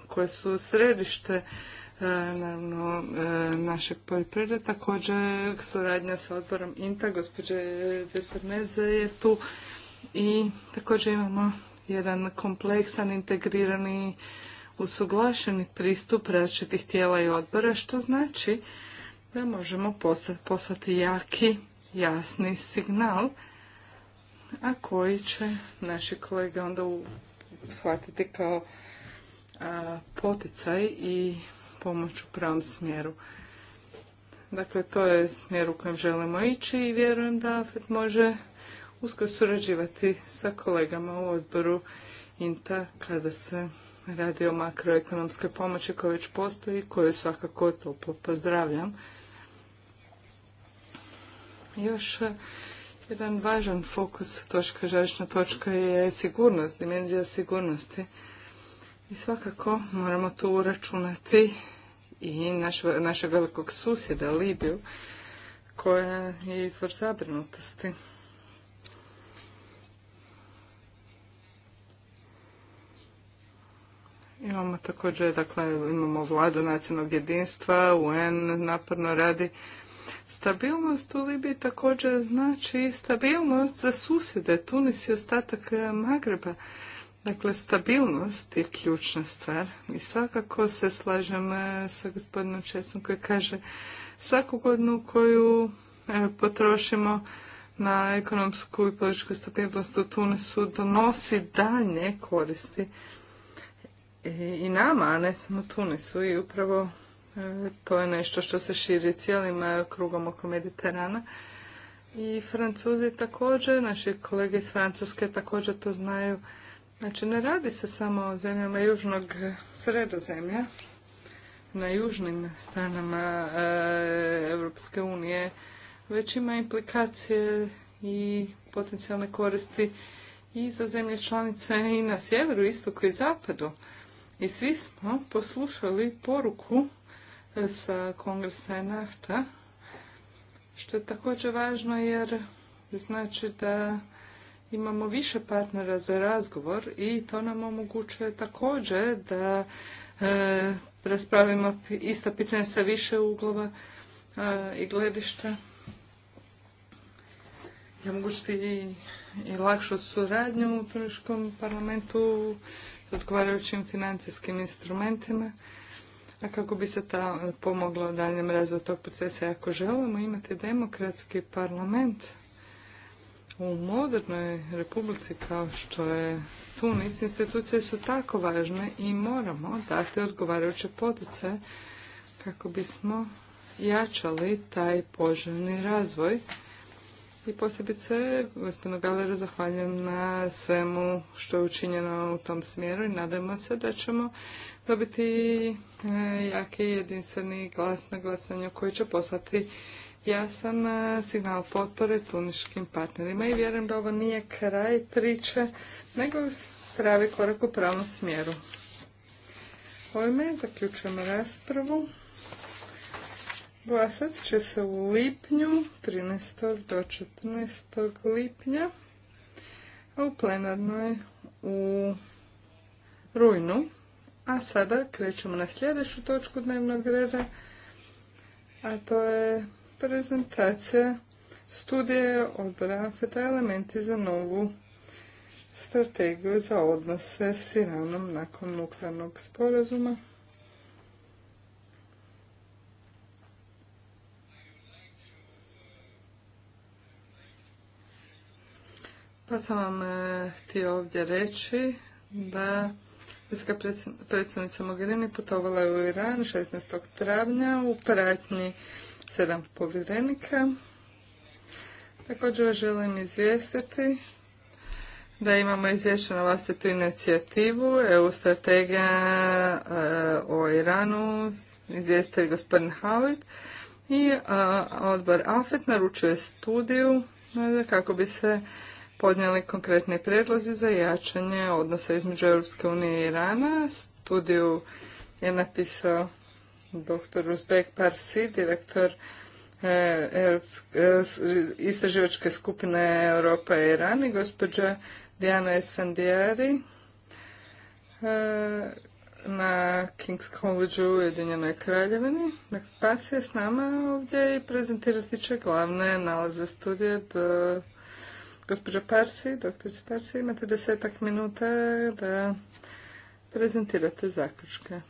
koje su središte E, naravno e, našeg poljoprivrede. Također suradnja sa odborom INTA, gospođe Desarneze je tu i također imamo jedan kompleksan, integrirani, usuglašeni pristup različitih tijela i odbora, što znači da možemo poslati jaki, jasni signal, a koji će naši kolege onda shvatiti kao poticaj i pomoć u pravom smjeru. Dakle, to je smjer u kojem želimo ići i vjerujem da AFET može usko surađivati sa kolegama u odboru INTA kada se radi o makroekonomskoj pomoći koja već postoji i koju svakako to pozdravljam. Još eh, jedan važan fokus točka, žačna točka je sigurnost, dimenzija sigurnosti. I svakako moramo tu uračunati i našeg velikog susjeda Libiju koja je izvor zabrinutosti. Imamo također, dakle, imamo vladu nacionalnog jedinstva, UN naporno radi. Stabilnost u Libiji također znači stabilnost za susjede, Tunis i ostatak eh, Magreba. Dakle, stabilnost je ključna stvar i svakako se slažem e, sa gospodinom Česom koji kaže svaku godinu koju e, potrošimo na ekonomsku i političku stabilnost u Tunisu donosi dalje koristi i nama, a ne samo Tunisu i upravo e, to je nešto što se širi cijelim krugom oko Mediterana. I Francuzi također, naši kolege iz Francuske također to znaju Znači, ne radi se samo o zemljama južnog sredozemlja. Na južnim stranama Europske unije već ima implikacije i potencijalne koristi i za zemlje članice i na sjeveru, istoku i zapadu. I svi smo poslušali poruku e, sa kongresa nafta, što je također važno jer znači da imamo više partnera za razgovor i to nam omogućuje također da e, raspravimo ista pitanja sa više uglova e, i gledišta i omogućiti i, i lakšu suradnju u Prviškom parlamentu s odgovarajućim financijskim instrumentima a kako bi se ta pomoglo u daljem razvoju tog procesa. Ako želimo imati demokratski parlament, u modernoj republici kao što je Tunis, institucije su tako važne i moramo dati odgovarajuće potice kako bismo jačali taj poželjni razvoj. I posebice, gospodinu Galeru, zahvaljujem na svemu što je učinjeno u tom smjeru i nadamo se da ćemo dobiti e, jaki jedinstveni glas na glasanju koji će poslati jasan e, signal potpore tuniškim partnerima i vjerujem da ovo nije kraj priče, nego pravi korak u pravom smjeru. Ovime zaključujemo raspravu. Glasat će se u lipnju, 13. do 14. lipnja, a u plenarnoj u rujnu. A sada krećemo na sljedeću točku dnevnog reda, a to je prezentacija studije odbora elementi za novu strategiju za odnose s Iranom nakon nuklearnog sporazuma. Pa sam vam e, htio ovdje reći da visoka predstavnica Mogherini putovala je u Iran 16. travnja u pratnji sedam povjerenika. Također želim izvijestiti da imamo izvješće na vlastitu inicijativu EU strategija e, o Iranu, izvijestitelj gospodin Havit i e, odbor AFET naručuje studiju e, kako bi se podnijeli konkretni predlozi za jačanje odnosa između EU unije i Irana. Studiju je napisao dr. Uzbek Parsi, direktor e, e, istraživačke skupine Europa i Iran i gospođa Diana Esfandijari e, na King's College u Ujedinjenoj Kraljevini. Dakle, Pas je s nama ovdje i prezentirati će glavne nalaze studije do gospođa Parsi, doktor Parsi, imate desetak minuta da prezentirate zaključke.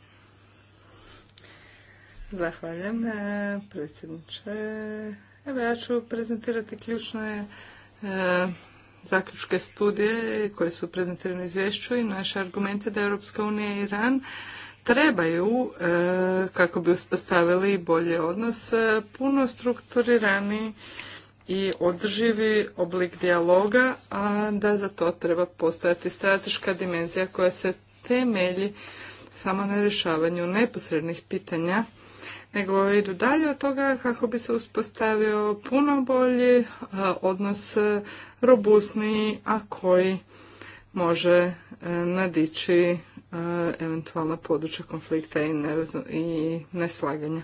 Zahvaljujem e, predsjedniče. Evo ja ću prezentirati ključne e, zaključke studije koje su prezentirane u izvješću i naše argumente da Europska unija i Iran trebaju, e, kako bi uspostavili bolje odnos, puno strukturirani i održivi oblik dijaloga, a da za to treba postojati strateška dimenzija koja se temelji samo na rješavanju neposrednih pitanja nego idu dalje od toga kako bi se uspostavio puno bolji e, odnos robustniji, a koji može e, nadići e, eventualna područja konflikta i neslaganja.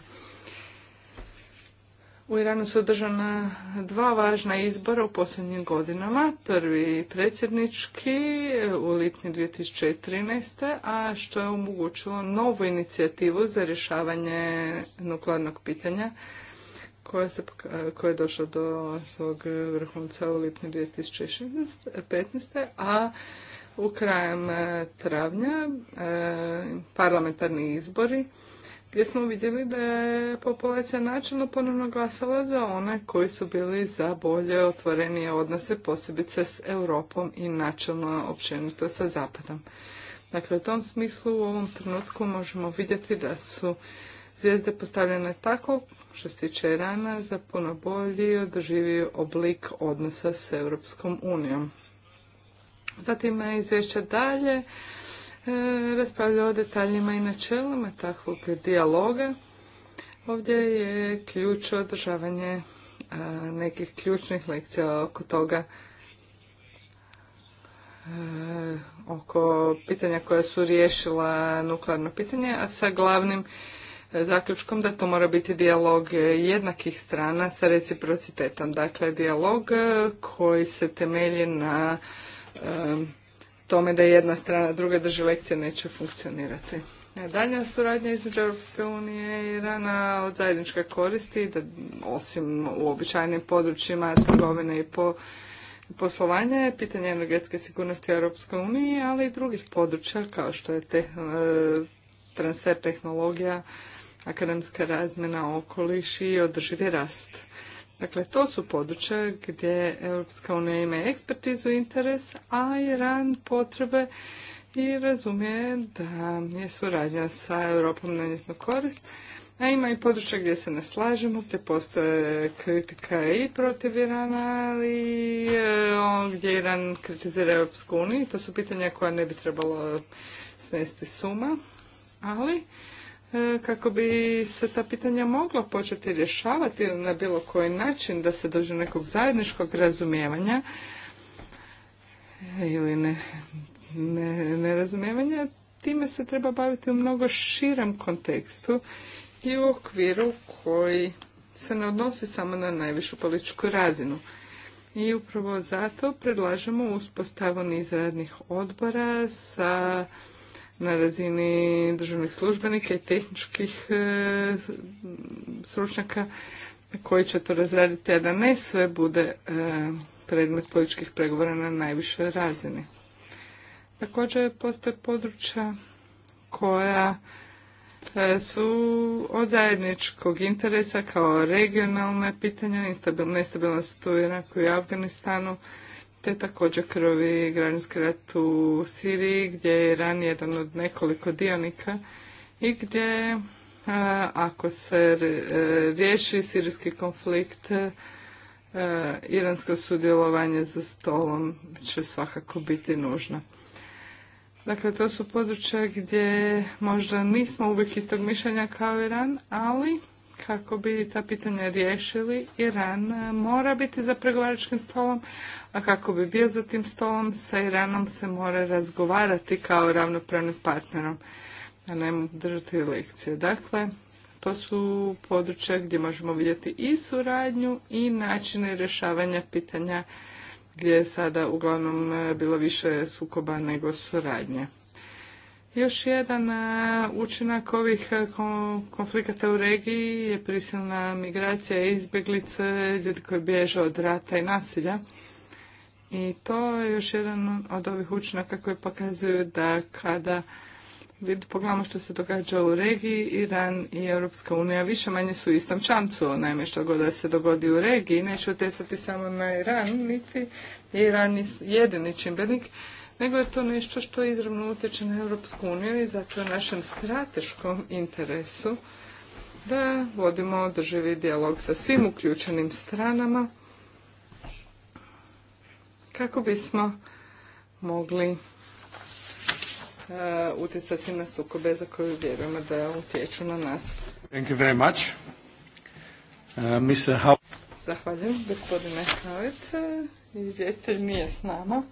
U Iranu su održana dva važna izbora u posljednjim godinama. Prvi predsjednički e, u lipnju 2013. a što je omogućilo novu inicijativu za rješavanje nuklearnog pitanja koja, je došla do svog vrhunca u lipnju 2015. a u krajem e, travnja e, parlamentarni izbori gdje smo vidjeli da je populacija načelno ponovno glasala za one koji su bili za bolje otvorenije odnose, posebice s Europom i načelno općenito sa Zapadom. Dakle, u tom smislu u ovom trenutku možemo vidjeti da su zvijezde postavljene tako, što se tiče Irana, za puno bolji i održiviji oblik odnosa s Europskom unijom. Zatim je izvješće dalje E, raspravljao o detaljima i načelima takvog dijaloga. Ovdje je ključ održavanje e, nekih ključnih lekcija oko toga e, oko pitanja koja su riješila nuklearno pitanje, a sa glavnim zaključkom da to mora biti dijalog jednakih strana sa reciprocitetom. Dakle, dijalog koji se temelji na tome da jedna strana druga drži lekcije neće funkcionirati. E, Daljnja suradnja između Europske unije i Irana od zajedničke koristi, da osim u običajnim područjima trgovine i po, poslovanja je pitanje energetske sigurnosti Europske unije, ali i drugih područja kao što je te, e, transfer tehnologija, akademska razmjena, okoliš i održivi rast. Dakle, to su područja gdje Europska unija ima ekspertizu interes, a Iran potrebe i razumije da je suradnja sa Europom na njeznu korist. A ima i područja gdje se ne slažemo, gdje postoje kritika i protiv Irana, ali e, gdje Iran kritizira Europsku uniju. To su pitanja koja ne bi trebalo smesti suma, ali E, kako bi se ta pitanja mogla početi rješavati na bilo koji način da se dođe nekog zajedničkog razumijevanja e, ili ne, ne, nerazumijevanja, time se treba baviti u mnogo širem kontekstu i u okviru koji se ne odnosi samo na najvišu političku razinu. I upravo zato predlažemo uspostavu niz radnih odbora sa na razini državnih službenika i tehničkih e, stručnjaka koji će to razraditi, a da ne sve bude e, predmet političkih pregovora na najvišoj razini. Također postoje područja koja e, su od zajedničkog interesa kao regionalne pitanja, nestabilnost u Iraku i Afganistanu, te također krvi građanski rat u Siriji gdje je Iran jedan od nekoliko dionika i gdje ako se e, riješi sirijski konflikt e, iransko sudjelovanje za stolom će svakako biti nužno. Dakle, to su područja gdje možda nismo uvijek istog mišljenja kao Iran, ali kako bi ta pitanja riješili, Iran e, mora biti za pregovaračkim stolom, a kako bi bio za tim stolom, sa Iranom se mora razgovarati kao ravnopravnim partnerom, a ne držati lekcije. Dakle, to su područja gdje možemo vidjeti i suradnju i načine rješavanja pitanja gdje je sada uglavnom e, bilo više sukoba nego suradnje. Još jedan e, učinak ovih e, konflikata u regiji je prisilna migracija i izbjeglice, ljudi koji bježe od rata i nasilja. I to je još jedan od ovih učinaka koji pokazuju da kada pogledamo što se događa u regiji, Iran i Europska unija više manje su u istom čamcu, naime što god da se dogodi u regiji, neće utjecati samo na Iran, niti je Iran jedini čimbenik, nego je to nešto što izravno utječe na Europsku uniju i zato je našem strateškom interesu da vodimo održivi dijalog sa svim uključenim stranama kako bismo mogli uh, utjecati na sukobe za koju vjerujemo da utječu na nas.
Thank you uh,
Zahvaljujem, gospodine Havet. Uh, Izvjestelj nije s nama.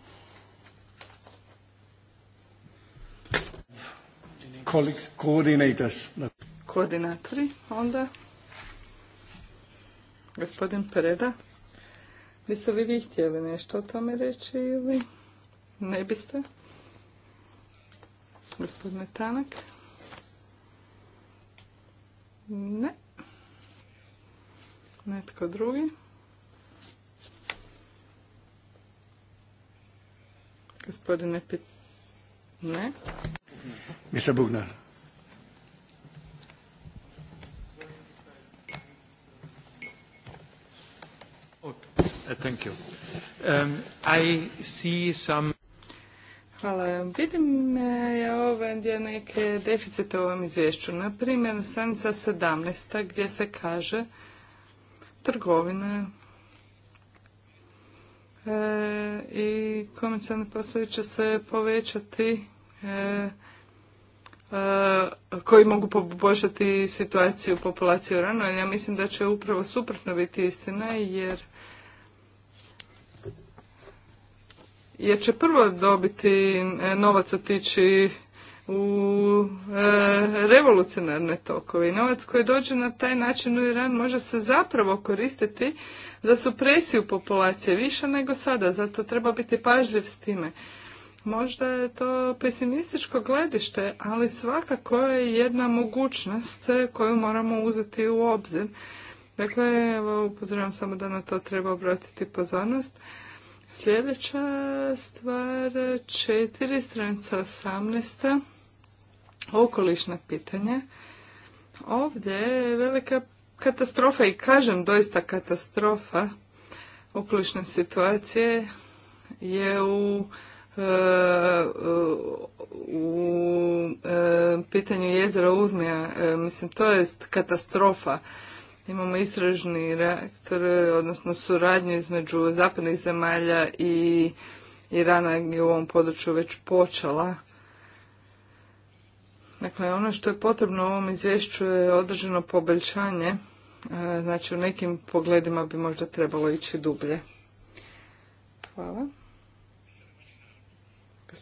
colleagues, Koordinatori, onda. Gospodin Pereda, biste li vi htjeli nešto o tome reći ili ne biste? Gospodine Tanak? Ne. Netko drugi? Gospodine Pit... Ne.
Mr. Bugner. Oh, uh, thank you. Um, I see some...
Hvala. Vidim e, ja ovdje neke deficite u ovom izvješću. Na primjer, stranica 17. gdje se kaže trgovina e, i komercijalni poslovi će se povećati e, E, koji mogu poboljšati situaciju populacije u ali ja mislim da će upravo suprotno biti istina jer jer će prvo dobiti e, novac otići u e, revolucionarne tokove. novac koji dođe na taj način u Iran može se zapravo koristiti za supresiju populacije više nego sada. Zato treba biti pažljiv s time. Možda je to pesimističko gledište, ali svakako je jedna mogućnost koju moramo uzeti u obzir. Dakle, evo, upozoravam samo da na to treba obratiti pozornost. Sljedeća stvar, četiri stranica osamnesta, Okolišna pitanja. Ovdje je velika katastrofa i kažem doista katastrofa okolišne situacije je u u e, pitanju jezera Urmija, e, mislim, to je katastrofa. Imamo istražni reaktor, e, odnosno suradnju između zapadnih zemalja i Irana je u ovom području već počela. Dakle, ono što je potrebno u ovom izvješću je određeno poboljšanje, znači u nekim pogledima bi možda trebalo ići dublje. Hvala.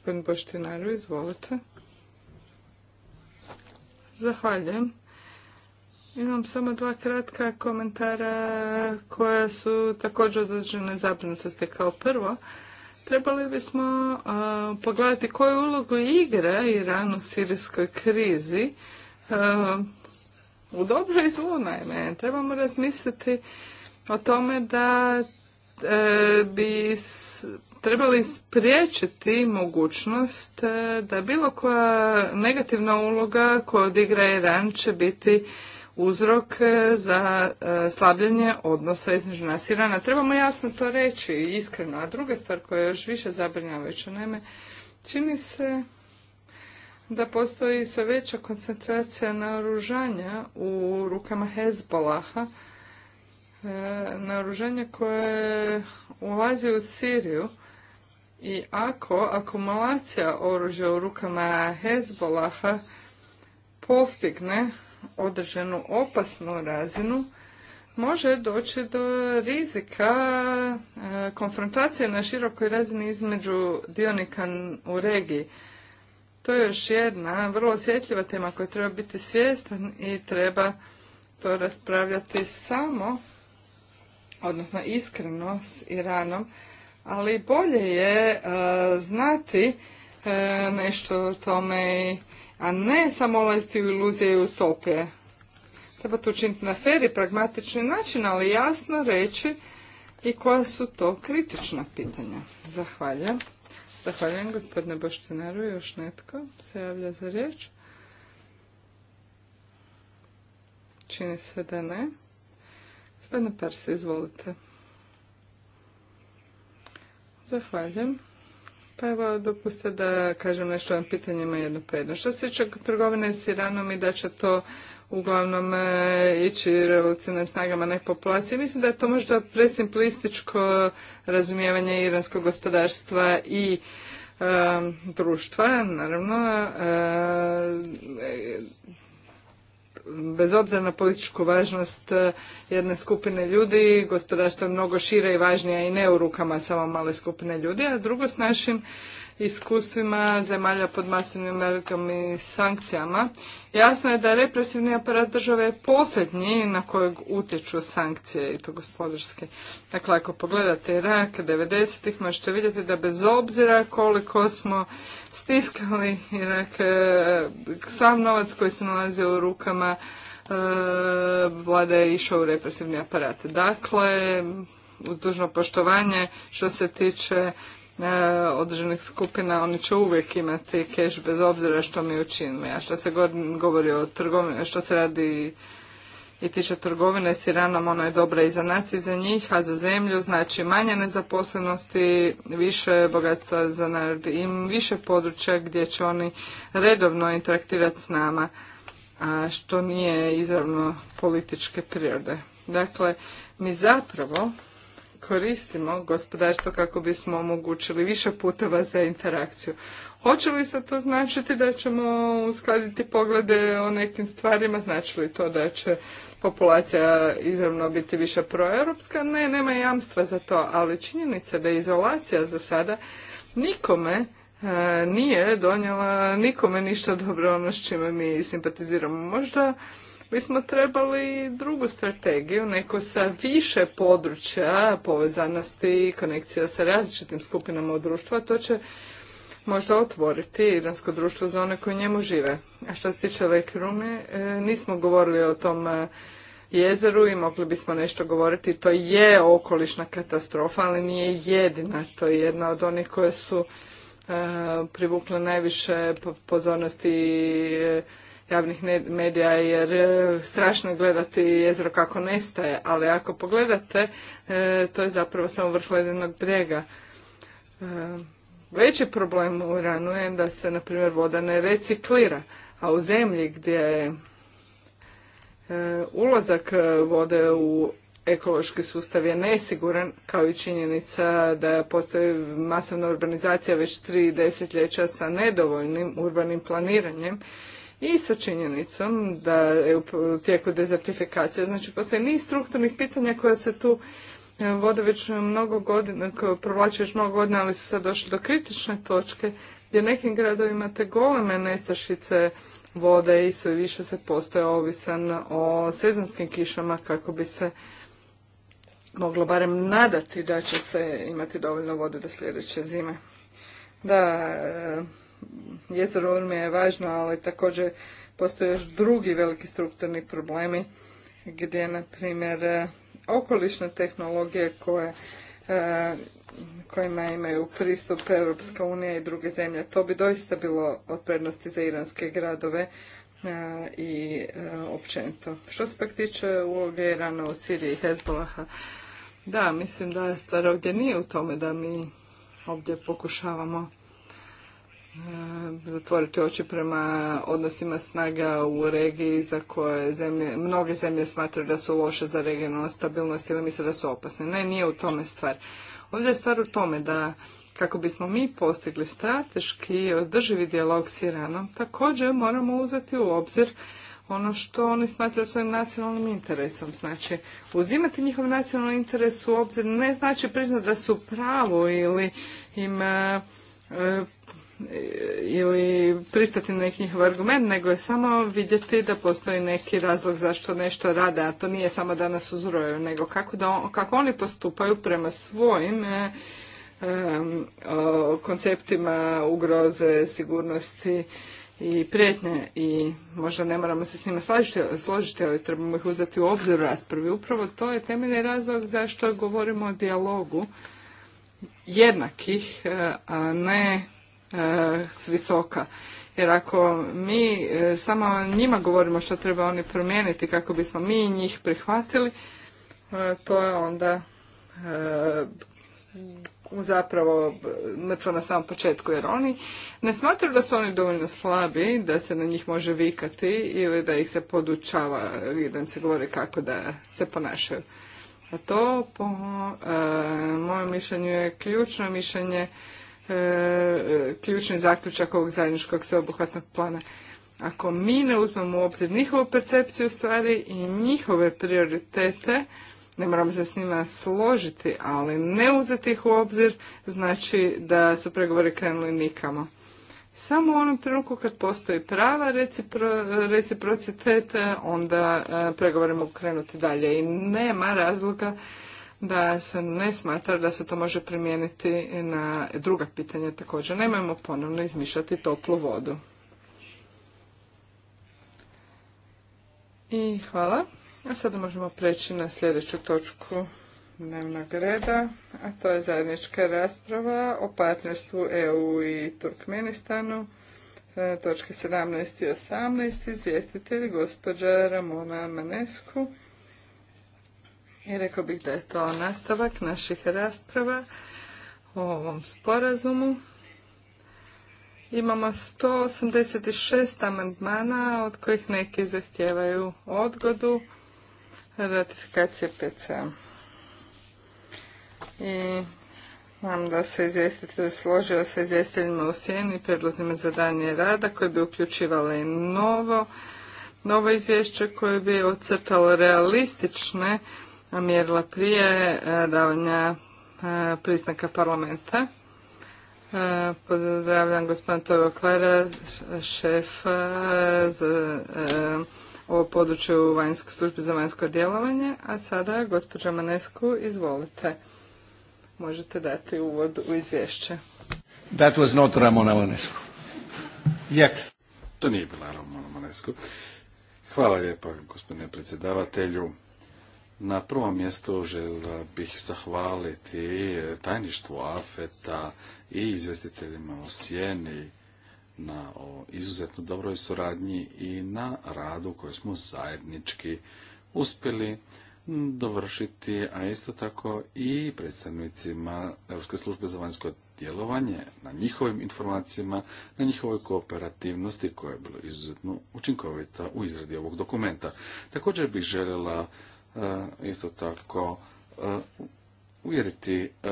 Gospodin Boštinaru, izvolite. Zahvaljujem. Imam samo dva kratka komentara koja su također određene zabrinutosti. Kao prvo, trebali bismo pogledati koju ulogu igra Iran u sirijskoj krizi. u dobro i zlu, naime. Trebamo razmisliti o tome da E, bi trebali spriječiti mogućnost e, da bilo koja negativna uloga koja odigra Iran će biti uzrok e, za slabljenje odnosa između nas Irana. Trebamo jasno to reći i iskreno. A druga stvar koja je još više zabrinjavajuća, naime, čini se da postoji sve veća koncentracija naoružanja u rukama Hezbolaha, E, naoružanje koje ulazi u Siriju i ako akumulacija oružja u rukama Hezbolaha postigne određenu opasnu razinu, može doći do rizika e, konfrontacije na širokoj razini između dionika u regiji. To je još jedna vrlo osjetljiva tema koja treba biti svjestan i treba to raspravljati samo odnosno iskreno s Iranom, ali bolje je e, znati e, nešto o tome, a ne samo ulaziti u iluzije i utopije. Treba to učiniti na fer i pragmatični način, ali jasno reći i koja su to kritična pitanja. Zahvaljujem. Zahvaljujem gospodine Boštinaru. Još netko se javlja za riječ? Čini se da ne. Gospodine Persi, izvolite. Zahvaljujem. Pa evo, dopuste da kažem nešto o pitanjima jedno po jedno. Što se tiče trgovine s Iranom i da će to uglavnom e, ići revolucionarnim snagama nek populacije. Mislim da je to možda presimplističko razumijevanje iranskog gospodarstva i e, društva, naravno. E, bez obzira na političku važnost eh, jedne skupine ljudi, gospodarstvo je mnogo šire i važnija i ne u rukama samo male skupine ljudi, a drugo s našim iskustvima zemalja pod masivnim velikom i sankcijama, jasno je da represivni aparat države posljednji na kojeg utječu sankcije i to gospodarske. Dakle, ako pogledate Irak 90-ih, možete vidjeti da bez obzira koliko smo stiskali Irak, e, sam novac koji se nalazio u rukama e, vlada je išao u represivni aparat. Dakle, dužno poštovanje što se tiče E, određenih skupina, oni će uvijek imati keš bez obzira što mi učinimo. A što se govori o trgovini, što se radi i tiče trgovine siranom ono ona je dobra i za nas i za njih, a za zemlju znači manje nezaposlenosti, više bogatstva za narod i više područja gdje će oni redovno interaktirati s nama, a što nije izravno političke prirode. Dakle, mi zapravo koristimo gospodarstvo kako bismo omogućili više puteva za interakciju. Hoće li se to značiti da ćemo uskladiti poglede o nekim stvarima? Znači li to da će populacija izravno biti više proeuropska? Ne, nema jamstva za to, ali činjenica da je izolacija za sada nikome e, nije donijela nikome ništa dobro ono s čime mi simpatiziramo. Možda mi smo trebali drugu strategiju, neku sa više područja povezanosti i konekcija sa različitim skupinama u društvu, a to će možda otvoriti iransko društvo za one koji njemu žive. A što se tiče Lekrune, e, nismo govorili o tom e, jezeru i mogli bismo nešto govoriti. To je okolišna katastrofa, ali nije jedina. To je jedna od onih koje su e, privukle najviše pozornosti javnih medija jer e, strašno je gledati jezero kako nestaje, ali ako pogledate e, to je zapravo samo vrh ledenog brega e, Veći problem u Iranu je da se, na primjer, voda ne reciklira, a u zemlji gdje je ulazak vode u ekološki sustav je nesiguran, kao i činjenica da postoji masovna urbanizacija već tri desetljeća sa nedovoljnim urbanim planiranjem i sa činjenicom da je u tijeku dezertifikacija. Znači, postoji niz strukturnih pitanja koja se tu e, vode već mnogo godina, provlače već mnogo godina, ali su sad došli do kritične točke, gdje nekim gradovima te goleme nestašice vode i sve više se postoje ovisan o sezonskim kišama kako bi se moglo barem nadati da će se imati dovoljno vode do sljedeće zime. Da, e, jezero mi je važno, ali također postoje još drugi veliki strukturni problemi gdje, na primjer, okolišne tehnologije koje e, kojima imaju pristup Europska unija i druge zemlje. To bi doista bilo od prednosti za iranske gradove e, i e, općenito. Što se pak tiče uloge Irana u Siriji i Hezbolaha, da, mislim da stvar ovdje nije u tome da mi ovdje pokušavamo zatvoriti oči prema odnosima snaga u regiji za koje zemlje, mnoge zemlje smatraju da su loše za regionalnu stabilnost ili misle da su opasne. Ne, nije u tome stvar. Ovdje je stvar u tome da kako bismo mi postigli strateški održivi dijalog s Iranom, također moramo uzeti u obzir ono što oni smatraju svojim nacionalnim interesom. Znači, uzimati njihov nacionalni interes u obzir ne znači priznati da su pravo ili im e, e, ili pristati na neki njihov argument, nego je samo vidjeti da postoji neki razlog zašto nešto rade, a to nije samo da nas uzroju, nego kako, da on, kako oni postupaju prema svojim e, konceptima ugroze, sigurnosti i prijetnje i možda ne moramo se s njima složiti, ali trebamo ih uzeti u obzir u raspravi. Upravo to je temeljni razlog zašto govorimo o dijalogu jednakih, e, a ne E, s visoka. Jer ako mi e, samo njima govorimo što treba oni promijeniti kako bismo mi njih prihvatili, e, to je onda zapravo mrtvo na samom početku jer oni ne smatraju da su oni dovoljno slabi da se na njih može vikati ili da ih se podučava i da im se govori kako da se ponašaju. A to po e, mojem mišljenju je ključno mišljenje E, ključni zaključak ovog zajedničkog sveobuhvatnog plana. Ako mi ne uzmemo u obzir njihovu percepciju stvari i njihove prioritete, ne moram se s njima složiti, ali ne uzeti ih u obzir znači da su pregovori krenuli nikamo. Samo u onom trenutku kad postoji prava recipro, onda e, pregovori mogu krenuti dalje i nema razloga da se ne smatra da se to može primijeniti na druga pitanja također. Nemojmo ponovno izmišljati toplu vodu. I hvala. A sada možemo preći na sljedeću točku dnevnog reda, a to je zajednička rasprava o partnerstvu EU i Turkmenistanu, e, točke 17 i 18, izvjestitelj gospođa Ramona Manesku. I rekao bih da je to nastavak naših rasprava o ovom sporazumu. Imamo 186 amandmana, od kojih neki zahtijevaju odgodu ratifikacije PCA. I Znam da se izvjestitelj složio sa izvjestiteljima u sjeni i predlozima za danje rada koje bi uključivale novo, novo izvješće koje bi ocrtalo realistične mjerila prije e, davanja e, pristanka parlamenta. E, pozdravljam gospodina Tojo Klara, šef za ovo područje u službi za vanjsko djelovanje. A sada, gospođa Manesku, izvolite. Možete
dati uvod u izvješće. That was not Ramona Manesku. Yet. To nije bila Ramona Manesku. Hvala lijepa, gospodine predsjedavatelju. Na prvom mjestu želila bih zahvaliti tajništvu AFETA i izvestiteljima o sjeni na izuzetno dobroj suradnji i na radu koju smo zajednički uspjeli dovršiti, a isto tako i predstavnicima Europske službe za vanjsko djelovanje na njihovim informacijama, na njihovoj kooperativnosti koja je bila izuzetno učinkovita u izradi ovog dokumenta. Također bih željela E, isto tako e, uvjeriti e,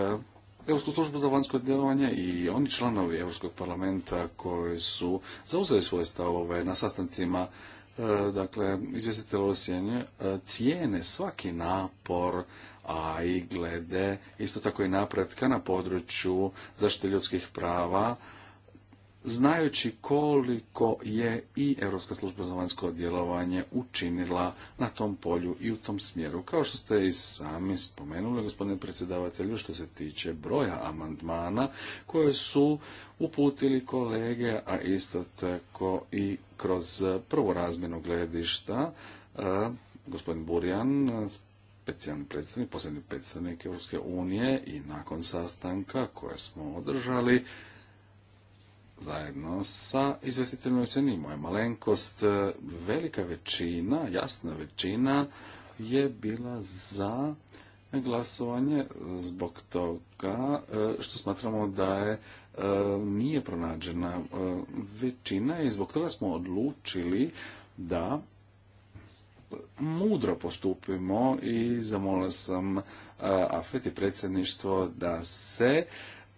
Europsku službu za vanjsko djelovanje i oni članovi Europskog parlamenta koji su zauzeli svoje stavove na sastancima dakle, izvjestitelj osjenje cijene svaki napor, a i glede isto tako i napretka na području zaštite ljudskih prava, znajući koliko je i Europska služba za vanjsko djelovanje učinila na tom polju i u tom smjeru. Kao što ste i sami spomenuli, gospodine predsjedavatelju, što se tiče broja amandmana koje su uputili kolege, a isto tako i kroz prvu razmjenu gledišta, e, gospodin Burjan, specijalni predsjednik posljednji predstavnik Europske unije i nakon sastanka koje smo održali, zajedno sa izvestiteljima nimo moja malenkost, e, velika većina, jasna većina je bila za glasovanje zbog toga e, što smatramo da je e, nije pronađena većina i zbog toga smo odlučili da mudro postupimo i zamolila sam Afet i predsjedništvo da se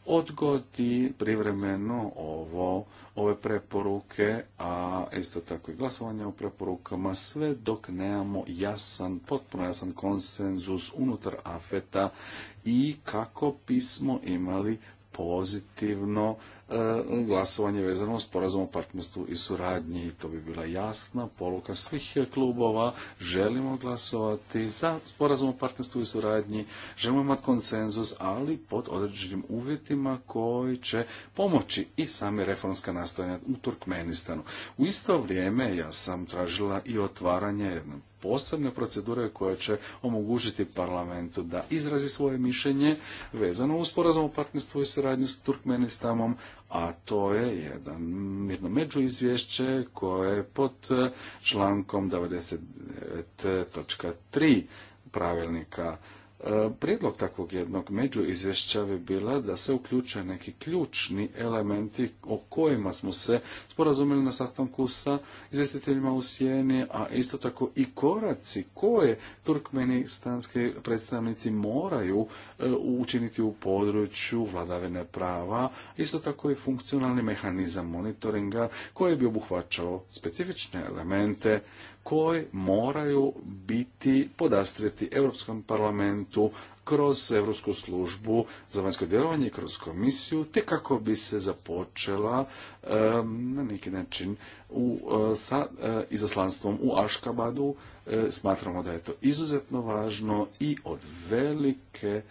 odgodi privremeno ovo, ove preporuke, a isto tako i glasovanje o preporukama, sve dok nemamo jasan, potpuno jasan konsenzus unutar afeta i kako bismo imali pozitivno E, glasovanje vezano uz o partnerstvu i suradnji. To bi bila jasna poluka svih klubova. Želimo glasovati za sporazum o partnerstvu i suradnji, želimo imati konsenzus, ali pod određenim uvjetima koji će pomoći i same reformska nastojanja u Turkmenistanu. U isto vrijeme ja sam tražila i otvaranje jednog posebne procedure koje će omogućiti parlamentu da izrazi svoje mišljenje vezano uz sporazum o partnerstvu i suradnju s Turkmenistanom, a to je jedan, jedno međuizvješće koje je pod e, člankom 99.3 pravilnika Prijedlog takvog jednog međuizvješća bi bila da se uključe neki ključni elementi o kojima smo se sporazumili na sastanku sa izvjestiteljima u Sjeni, a isto tako i koraci koje turkmenistanski predstavnici moraju e, učiniti u području vladavine prava, isto tako i funkcionalni mehanizam monitoringa koji bi obuhvaćao specifične elemente koje moraju biti podastreti Europskom parlamentu kroz Europsku službu za vanjsko djelovanje i kroz komisiju, te kako bi se započela na neki način u, e, sa e, izaslanstvom u Aškabadu. E, smatramo da je to izuzetno važno i od velike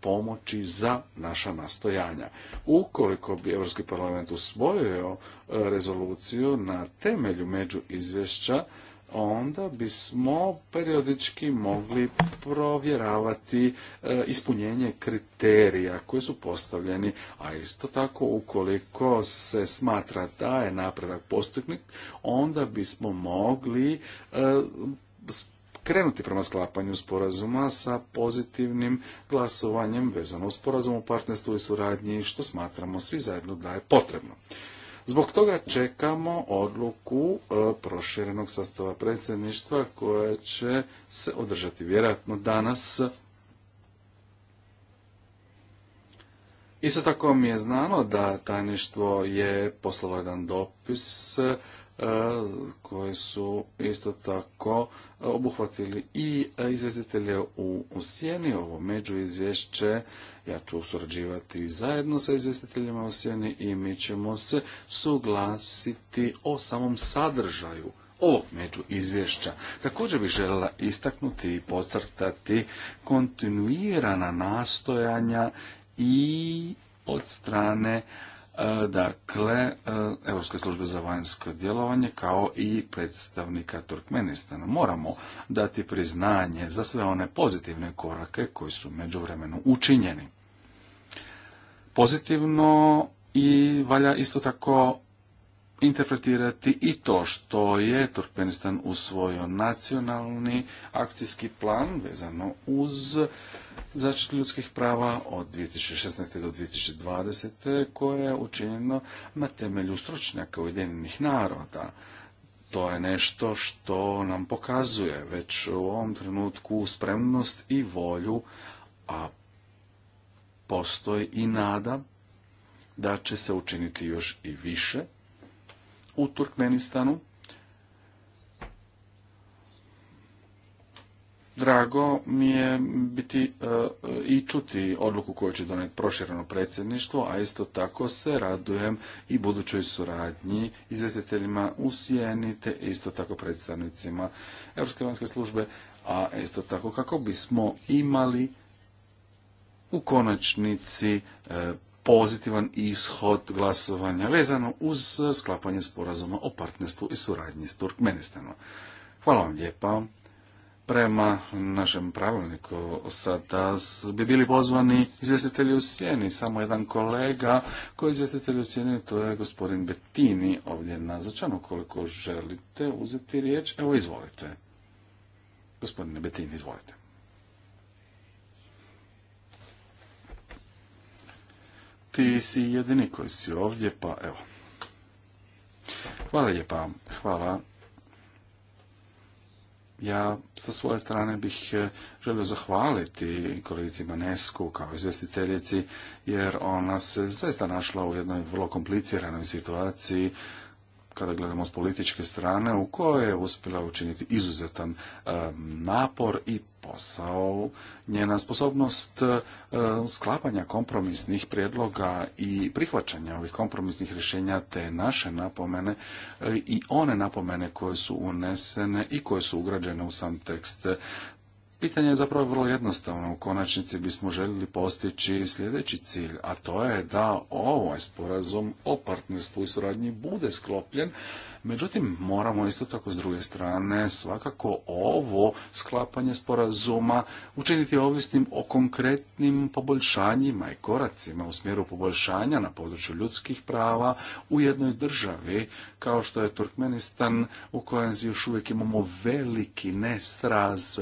pomoći za naša nastojanja. Ukoliko bi Europski parlament usvojio rezoluciju na temelju među izvješća, onda bismo periodički mogli provjeravati e, ispunjenje kriterija koji su postavljeni, a isto tako ukoliko se smatra da je napredak postupnik, onda bismo mogli e, krenuti prema sklapanju sporazuma sa pozitivnim glasovanjem vezano uz sporazum o partnerstvu i suradnji, što smatramo svi zajedno da je potrebno. Zbog toga čekamo odluku e, proširenog sastava predsjedništva koja će se održati vjerojatno danas. Isto tako mi je znano da tajništvo je poslalo jedan dopis e, koji su isto tako obuhvatili i izvjestitelje u, u sjeni, ovo među izvješće ja ću surađivati zajedno sa izvjestiteljima u sjeni i mi ćemo se suglasiti o samom sadržaju ovog među izvješća. Također bih željela istaknuti i pocrtati kontinuirana nastojanja i od strane e, dakle e, Europske službe za vanjsko djelovanje kao i predstavnika Turkmenistana. Moramo dati priznanje za sve one pozitivne korake koji su međuvremeno učinjeni pozitivno i valja isto tako interpretirati i to što je Turkmenistan usvojio nacionalni akcijski plan vezano uz zaštitu ljudskih prava od 2016. do 2020. koje je učinjeno na temelju stručnjaka Ujedinjenih naroda. To je nešto što nam pokazuje već u ovom trenutku spremnost i volju, a postoji i nada da će se učiniti još i više u Turkmenistanu. Drago mi je biti e, i čuti odluku koju će doneti prošireno predsjedništvo, a isto tako se radujem i budućoj suradnji izvjestiteljima u Sijeni, te isto tako predstavnicima Europske vanjske službe, a isto tako kako bismo imali u konačnici e, pozitivan ishod glasovanja vezano uz sklapanje sporazuma o partnerstvu i suradnji s Turkmenistanom. Hvala vam lijepa. Prema našem pravilniku sada bi bili pozvani izvjestitelji u sjeni, samo jedan kolega koji je izvjestitelj u sjeni, to je gospodin Betini ovdje nazočan. Ukoliko želite uzeti riječ, evo izvolite. Gospodine Bettini, izvolite. ti si jedini koji si ovdje, pa evo. Hvala lijepa, hvala. Ja sa svoje strane bih e, želio zahvaliti kolegici Manesku kao izvjestiteljici, jer ona se zaista našla u jednoj vrlo kompliciranoj situaciji kada gledamo s političke strane, u kojoj je uspjela učiniti izuzetan napor i posao, njena sposobnost sklapanja kompromisnih prijedloga i prihvaćanja ovih kompromisnih rješenja, te naše napomene e, i one napomene koje su unesene i koje su ugrađene u sam tekst, Pitanje je zapravo vrlo jednostavno. U konačnici bismo željeli postići sljedeći cilj, a to je da ovaj sporazum o partnerstvu i suradnji bude sklopljen. Međutim, moramo isto tako s druge strane svakako ovo sklapanje sporazuma učiniti ovisnim o konkretnim poboljšanjima i koracima u smjeru poboljšanja na području ljudskih prava u jednoj državi kao što je Turkmenistan u kojem još uvijek imamo veliki nesraz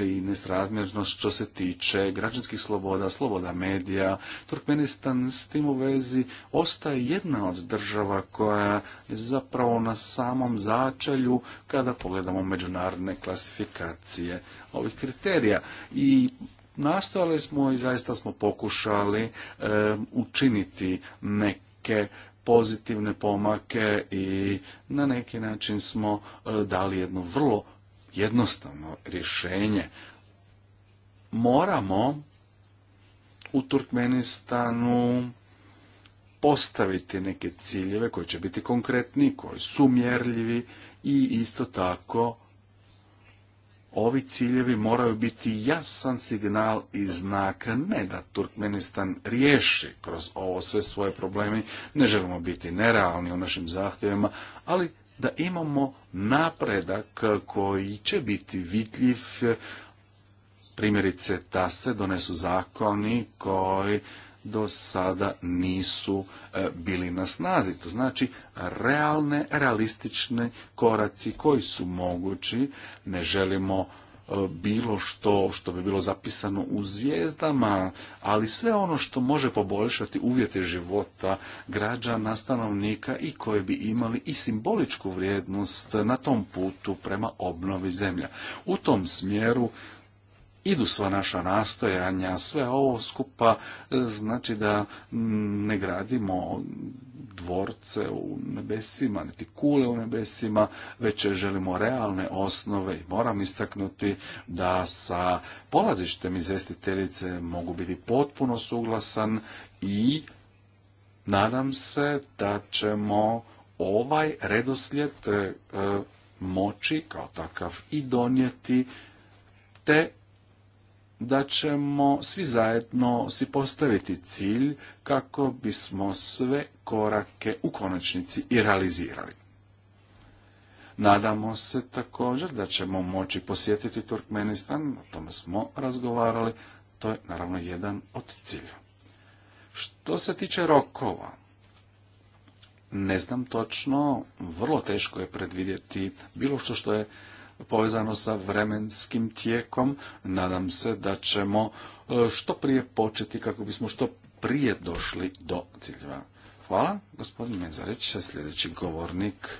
i nesrazmjernost što se tiče građanskih sloboda, sloboda medija. Turkmenistan s tim u vezi ostaje jedna od država koja je zapravo na samom začelju kada pogledamo međunarodne klasifikacije ovih kriterija. I nastojali smo i zaista smo pokušali e, učiniti neke pozitivne pomake i na neki način smo e, dali jednu vrlo jednostavno rješenje. Moramo u Turkmenistanu postaviti neke ciljeve koji će biti konkretni, koji su mjerljivi i isto tako ovi ciljevi moraju biti jasan signal i znak ne da Turkmenistan riješi kroz ovo sve svoje probleme. Ne želimo biti nerealni u našim zahtjevima, ali da imamo napredak koji će biti vidljiv primjerice da se donesu zakoni koji do sada nisu e, bili na snazi. To znači realne, realistične koraci koji su mogući. Ne želimo E, bilo što što bi bilo zapisano u zvijezdama, ali sve ono što može poboljšati uvjete života građana, stanovnika i koje bi imali i simboličku vrijednost na tom putu prema obnovi zemlja. U tom smjeru idu sva naša nastojanja, sve ovo skupa e, znači da ne gradimo dvorce u nebesima, niti kule u nebesima, već želimo realne osnove i moram istaknuti da sa polazištem izvestiteljice mogu biti potpuno suglasan i nadam se da ćemo ovaj redoslijed e, moći kao takav i donijeti te da ćemo svi zajedno si postaviti cilj kako bismo sve korake u konačnici i realizirali. Nadamo se također da ćemo moći posjetiti Turkmenistan, o tome smo razgovarali, to je naravno jedan od cilja. Što se tiče rokova, ne znam točno, vrlo teško je predvidjeti bilo što što je povezano sa vremenskim tijekom. Nadam se da ćemo e, što prije početi kako bismo što prije došli do ciljeva. Hvala, gospodin Mezareć, sljedeći govornik.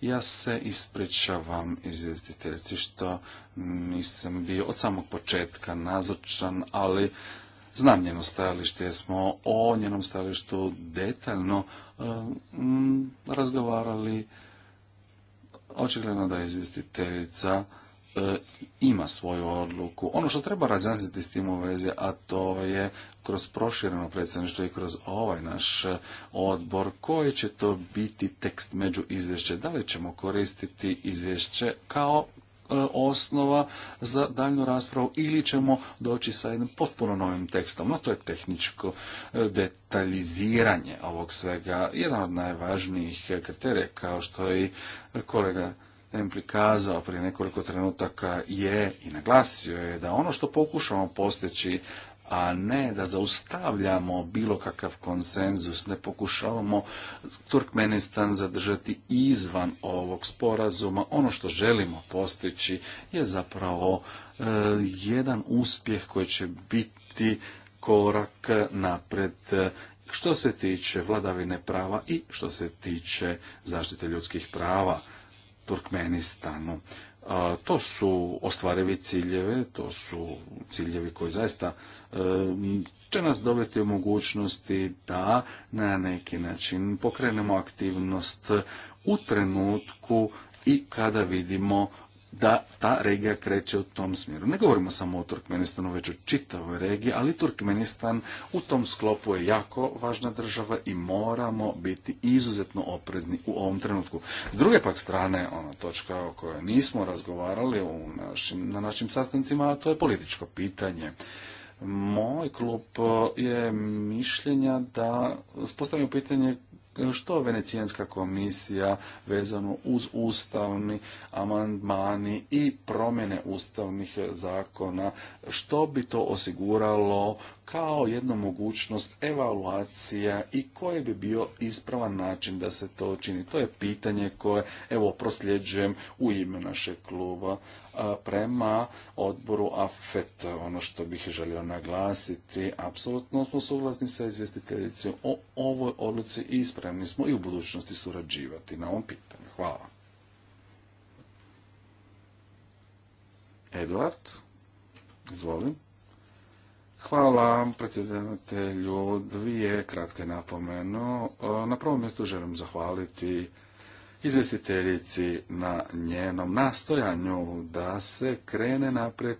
Ja se ispričavam izvjestiteljici što nisam bio od samog početka nazočan, ali znam njeno stajalište, jer smo o njenom stajalištu detaljno e, razgovarali očigledno da izvjestiteljica e, ima svoju odluku. Ono što treba razjasniti s tim u vezi, a to je kroz prošireno predstavništvo i kroz ovaj naš odbor, koji će to biti tekst među izvješće. Da li ćemo koristiti izvješće kao E, osnova za daljnu raspravu ili ćemo doći sa jednim potpuno novim tekstom, no to je tehničko e, detaljiziranje ovog svega. Jedan od najvažnijih kriterija, kao što je i kolega kazao prije nekoliko trenutaka je i naglasio je da ono što pokušamo postići a ne da zaustavljamo bilo kakav konsenzus, ne pokušavamo Turkmenistan zadržati izvan ovog sporazuma. Ono što želimo postići je zapravo e, jedan uspjeh koji će biti korak napred e, što se tiče vladavine prava i što se tiče zaštite ljudskih prava Turkmenistanu. A to su ostvarivi ciljeve, to su ciljevi koji zaista e, će nas dovesti u mogućnosti da na neki način pokrenemo aktivnost u trenutku i kada vidimo da ta regija kreće u tom smjeru. Ne govorimo samo o Turkmenistanu, već o čitavoj regiji, ali Turkmenistan u tom sklopu je jako važna država i moramo biti izuzetno oprezni u ovom trenutku. S druge pak strane, ona točka o kojoj nismo razgovarali u našim, na našim sastancima, a to je političko pitanje. Moj klub je mišljenja da postavimo pitanje što Venecijanska komisija vezano uz ustavni amandmani i promjene ustavnih zakona, što bi to osiguralo kao jednu mogućnost evaluacija i koji bi bio ispravan način da se to čini. To je pitanje koje, evo, prosljeđujem u ime našeg kluba prema odboru AFET. Ono što bih želio naglasiti, apsolutno smo suglasni sa izvjestiteljicom o ovoj odluci i smo i u budućnosti surađivati na ovom pitanju. Hvala. Eduard, izvolim. Hvala predsjedatelju. Dvije kratke napomenu. E, na prvom mjestu želim zahvaliti izvjestiteljici na njenom nastojanju da se krene naprijed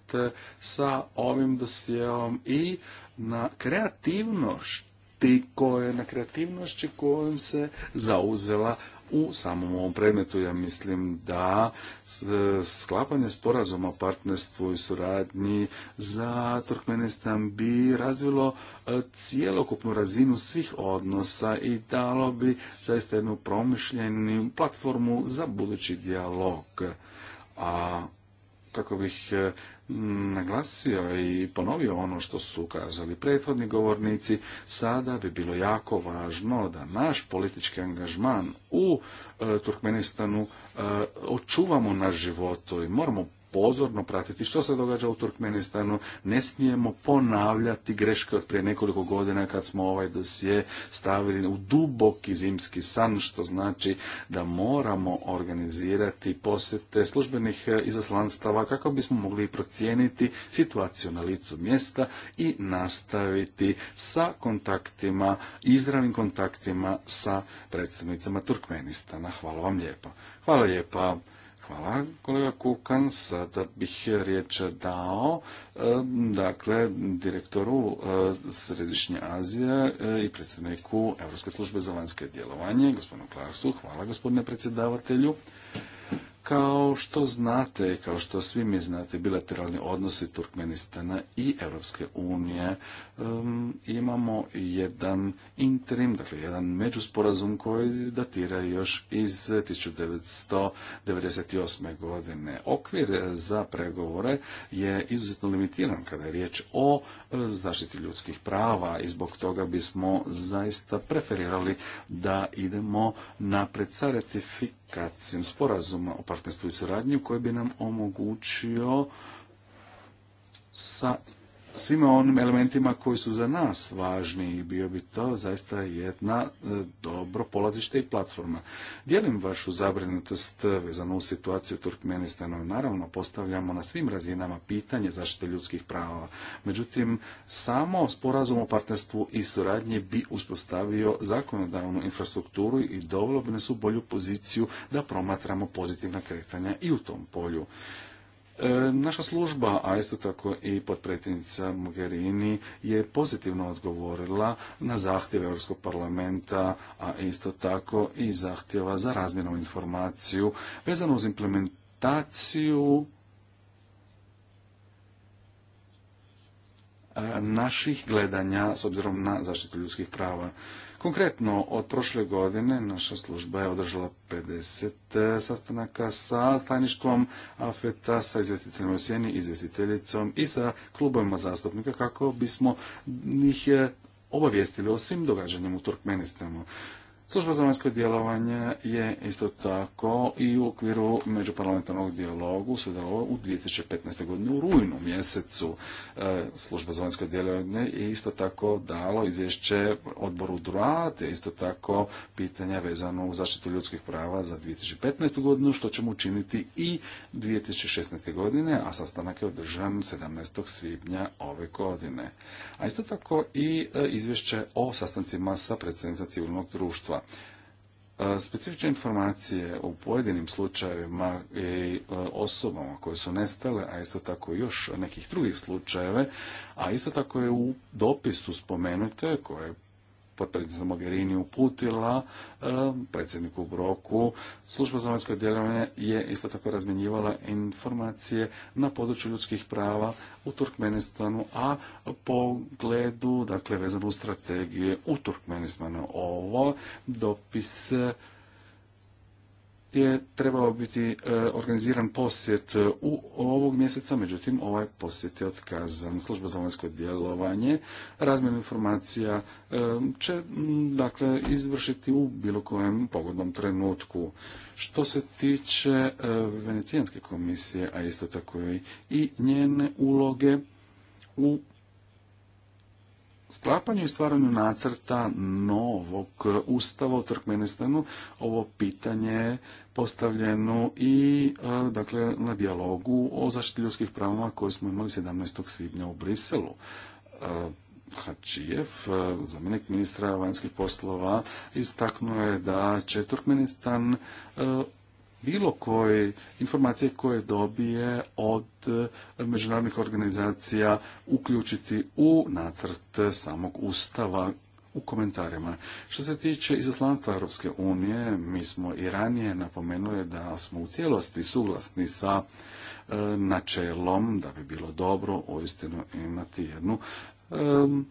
sa ovim dosijeom i na kreativnošti koje na kreativnošći kojom se zauzela u samom ovom predmetu ja mislim da sklapanje sporazuma o partnerstvu i suradnji za Turkmenistan bi razvilo e, cijelokupnu razinu svih odnosa i dalo bi zaista jednu promišljenu platformu za budući dijalog. A kako bih e, naglasio i ponovio ono što su kazali prethodni govornici, sada bi bilo jako važno da naš politički angažman u e, Turkmenistanu e, očuvamo na životu i moramo pozorno pratiti što se događa u Turkmenistanu. Ne smijemo ponavljati greške od prije nekoliko godina kad smo ovaj dosje stavili u duboki zimski san, što znači da moramo organizirati posjete službenih eh, izaslanstava kako bismo mogli procijeniti situaciju na licu mjesta i nastaviti sa kontaktima, izravnim kontaktima sa predstavnicama Turkmenistana. Hvala vam lijepa. Hvala lijepa. Hvala kolega Kukan. Sada bih riječ dao dakle direktoru e, Središnje Azije e, i predsjedniku Europske službe za vanjske djelovanje, gospodinu Klarsu. Hvala gospodine predsjedavatelju. Kao što znate i kao što svi mi znate, bilateralni odnosi Turkmenistana i Europske unije imamo jedan interim, dakle jedan međusporazum koji datira još iz 1998. godine. Okvir za pregovore je izuzetno limitiran kada je riječ o e, zaštiti ljudskih prava i zbog toga bismo zaista preferirali da idemo napred sa ratifikacijom sporazuma o partnerstvu i suradnji koji bi nam omogućio sa svima onim elementima koji su za nas važni i bio bi to zaista jedna e, dobro polazište i platforma. Dijelim vašu zabrinutost vezanu u situaciju u Turkmenistanu. Naravno, postavljamo na svim razinama pitanje zaštite ljudskih prava. Međutim, samo sporazum o partnerstvu i suradnje bi uspostavio zakonodavnu infrastrukturu i dovelo bi nas u bolju poziciju da promatramo pozitivna kretanja i u tom polju. E, naša služba, a isto tako i potpredsjednica Mogherini, je pozitivno odgovorila na zahtjeve Europskog parlamenta, a isto tako i zahtjeva za razmjenu informaciju vezano uz implementaciju E, naših gledanja s obzirom na zaštitu ljudskih prava. Konkretno, od prošle godine naša služba je održala 50 e, sastanaka sa tajništvom AFETA, sa izvjestiteljima u Sjeni, izvjestiteljicom i sa klubovima zastupnika kako bismo ih e, obavijestili o svim događanjima u Turkmenistanu. Služba za vanjsko djelovanje je isto tako i u okviru međuparlamentarnog dijalogu dao u 2015. godinu, u rujnu mjesecu. E, Služba za vanjsko djelovanje je isto tako dalo izvješće odboru DRA, te isto tako pitanja vezano u zaštitu ljudskih prava za 2015. godinu, što ćemo učiniti i 2016. godine, a sastanak je održan 17. svibnja ove godine. A isto tako i e, izvješće o sastancima sa predsjednicima civilnog društva E, specifične informacije o pojedinim slučajevima i e, osobama koje su nestale, a isto tako još nekih drugih slučajeve, a isto tako je u dopisu spomenute koje je potpredsjednica Mogherini uputila e, predsjedniku Broku. Služba za vanjsko djelovanje je isto tako razmjenjivala informacije na području ljudskih prava u Turkmenistanu, a po gledu, dakle, vezano strategije u Turkmenistanu ovo dopis je trebao biti e, organiziran posjet e, u ovog mjeseca, međutim ovaj posjet je otkazan. Služba za vanjsko djelovanje, razmjenu informacija e, će dakle izvršiti u bilo kojem pogodnom trenutku. Što se tiče Venecijanske komisije, a isto tako i njene uloge u sklapanju i stvaranju nacrta novog ustava u Turkmenistanu ovo pitanje postavljenu i e, dakle, na dijalogu o zaštiti ljudskih prava koji smo imali 17. svibnja u Briselu. E, Hačijev, e, zamjenik ministra vanjskih poslova, istaknuo je da će Turkmenistan bilo koje informacije koje dobije od međunarodnih organizacija uključiti u nacrt samog ustava u komentarima. Što se tiče izaslanstva Europske unije, mi smo i ranije napomenuli da smo u cijelosti suglasni sa e, načelom da bi bilo dobro uistinu imati jednu e,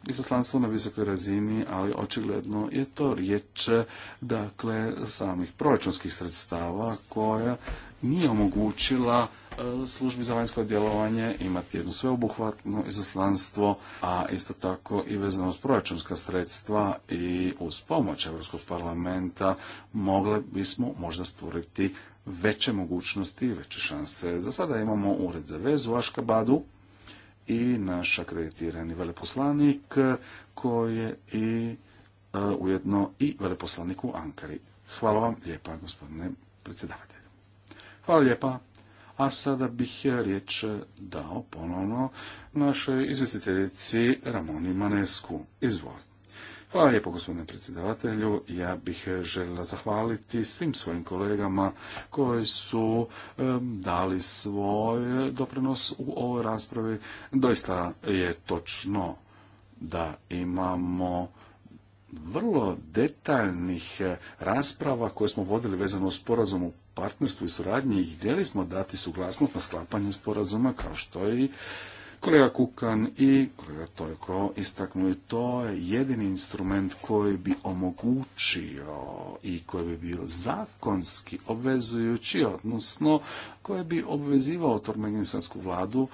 izaslanstvo na visokoj razini, ali očigledno je to riječ dakle samih proračunskih sredstava koja nije omogućila e, službi za vanjsko djelovanje imati jedno sveobuhvatno izaslanstvo, a isto tako i vezano uz proračunska sredstva i uz pomoć Europskog parlamenta mogli bismo možda stvoriti veće mogućnosti i veće šanse. Za sada imamo ured za vezu u Aškabadu i naš akreditirani veleposlanik koji je i e, ujedno i veleposlanik u Ankari. Hvala vam lijepa, gospodine predsjedavati. Hvala lijepa. A sada bih riječ dao ponovno našoj izvjestiteljici Ramoni Manesku. Izvoli. Hvala lijepo gospodine predsjedavatelju. Ja bih željela zahvaliti svim svojim kolegama koji su dali svoj doprinos u ovoj raspravi. Doista je točno da imamo vrlo detaljnih rasprava koje smo vodili vezano uz sporazum u partnerstvu i suradnji i htjeli smo dati suglasnost na sklapanje sporazuma kao što je i kolega Kukan i kolega Tojko istaknuli, to je jedini instrument koji bi omogućio i koji bi bio zakonski obvezujući, odnosno koji bi obvezivao turmenisansku vladu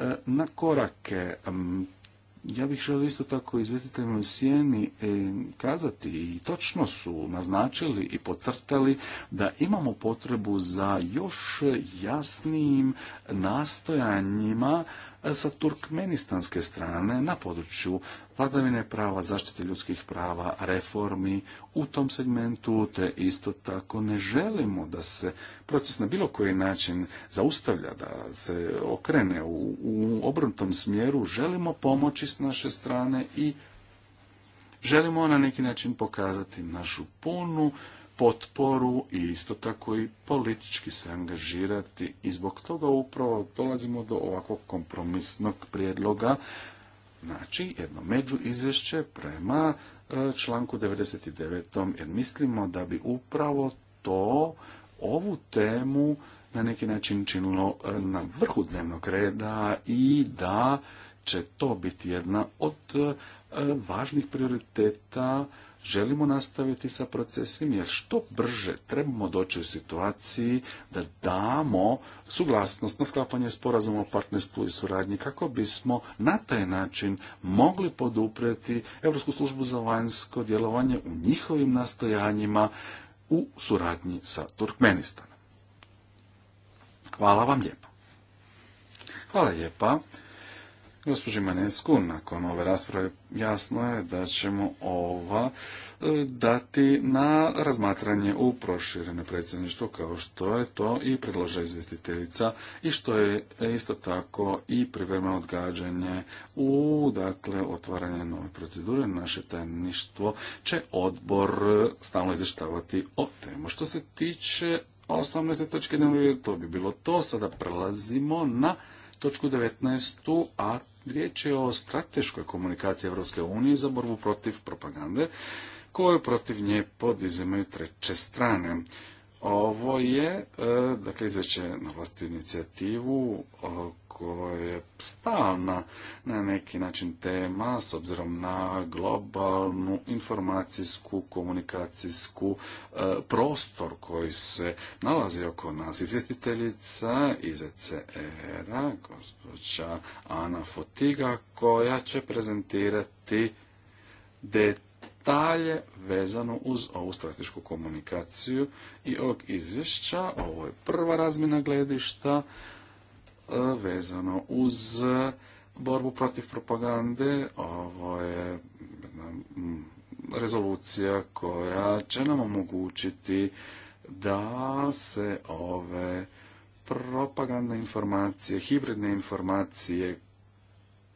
e, na korake. Ja bih želio isto tako izvjestiteljima u sjeni e, kazati i točno su naznačili i podcrtali da imamo potrebu za još jasnijim nastojanjima sa turkmenistanske strane na području vladavine prava, zaštite ljudskih prava, reformi u tom segmentu, te isto tako ne želimo da se proces na bilo koji način zaustavlja, da se okrene u, u obrnutom smjeru, želimo pomoći s naše strane i želimo na neki način pokazati našu punu potporu i isto tako i politički se angažirati i zbog toga upravo dolazimo do ovakvog kompromisnog prijedloga znači jedno među izvješće prema e, članku 99. jer mislimo da bi upravo to ovu temu na neki način činilo e, na vrhu dnevnog reda i da će to biti jedna od e, važnih prioriteta želimo nastaviti sa procesima jer što brže trebamo doći u situaciji da damo suglasnost na sklapanje sporazuma o partnerstvu i suradnji kako bismo na taj način mogli poduprijeti Europsku službu za vanjsko djelovanje u njihovim nastojanjima u suradnji sa Turkmenistanom. Hvala vam lijepa. Hvala lijepa gospođi Manesku, nakon ove rasprave jasno je da ćemo ova e, dati na razmatranje u prošireno predsjedništvo kao što je to i predloža izvestiteljica i što je isto tako i privremeno odgađanje u dakle otvaranje nove procedure naše tajništvo će odbor e, stalno izvještavati o temu. Što se tiče 18. točke dnevnog to bi bilo to. Sada prelazimo na točku 19. a Riječ je o strateškoj komunikaciji Europske unije za borbu protiv propagande koju protiv nje poduzimaju treće strane. Ovo je, e, dakle, izveće na inicijativu e, koja je stalna na neki način tema s obzirom na globalnu informacijsku, komunikacijsku e, prostor koji se nalazi oko nas. Izvjestiteljica iz ECR-a, gospođa Ana Fotiga, koja će prezentirati detalje detalje vezano uz ovu stratešku komunikaciju i ovog izvješća. Ovo je prva razmjena gledišta e, vezano uz borbu protiv propagande. Ovo je mm, rezolucija koja će nam omogućiti da se ove propagandne informacije, hibridne informacije,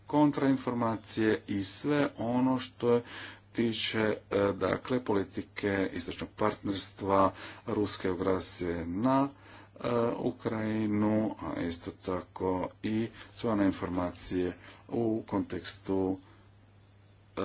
kontrainformacije i sve ono što je tiče e, dakle politike istočnog partnerstva ruske agresije na e, Ukrajinu, a isto tako i sve one informacije u kontekstu e,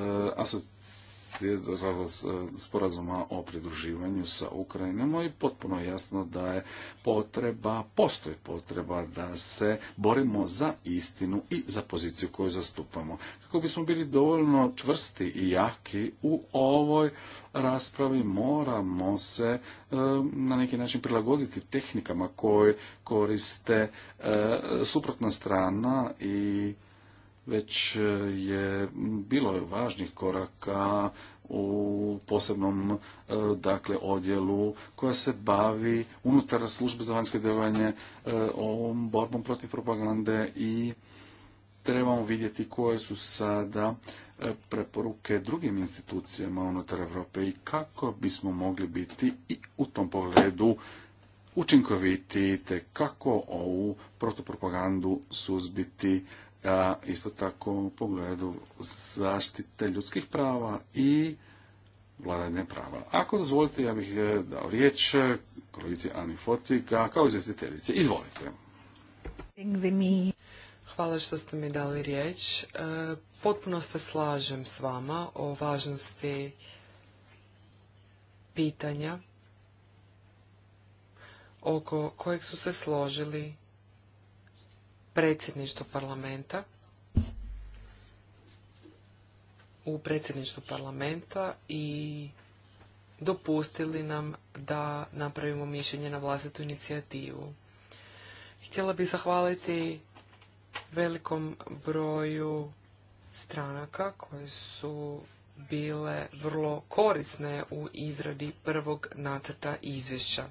sporazuma o pridruživanju sa Ukrajinom i potpuno jasno da je potreba, postoji potreba da se borimo za istinu i za poziciju koju zastupamo. Kako bismo bili dovoljno čvrsti i jaki u ovoj raspravi moramo se e, na neki način prilagoditi tehnikama koje koriste e, suprotna strana i već e, je bilo važnih koraka u posebnom e, dakle odjelu koja se bavi unutar službe za vanjsko djelovanje e, ovom borbom protiv propagande i trebamo vidjeti koje su sada preporuke drugim institucijama unutar Europe i kako bismo mogli biti i u tom pogledu učinkoviti te kako ovu protupropagandu suzbiti a isto tako u pogledu zaštite ljudskih prava i vladanje prava. Ako dozvolite, ja bih eh, dao riječ eh, kolegici Ani Fotika kao izvjestiteljici. Izvolite.
Hvala što ste mi dali riječ. Eh, potpuno se slažem s vama o važnosti pitanja oko kojeg su se složili predsjedništvo parlamenta u predsjedništvu parlamenta i dopustili nam da napravimo mišljenje na vlastitu inicijativu. Htjela bih zahvaliti velikom broju stranaka koje su bile vrlo korisne u izradi prvog nacrta izvješća.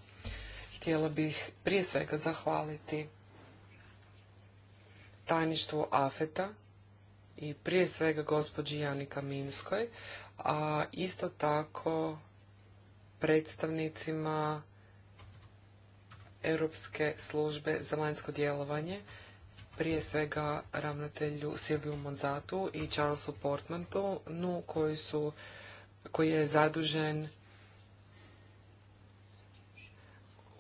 Htjela bih prije svega zahvaliti tajništvu AFETA i prije svega gospođi Jani Kaminskoj, a isto tako predstavnicima Europske službe za vanjsko djelovanje, prije svega ravnatelju Silviju Monzatu i Charlesu Portmantu, nu koji, su, koji je zadužen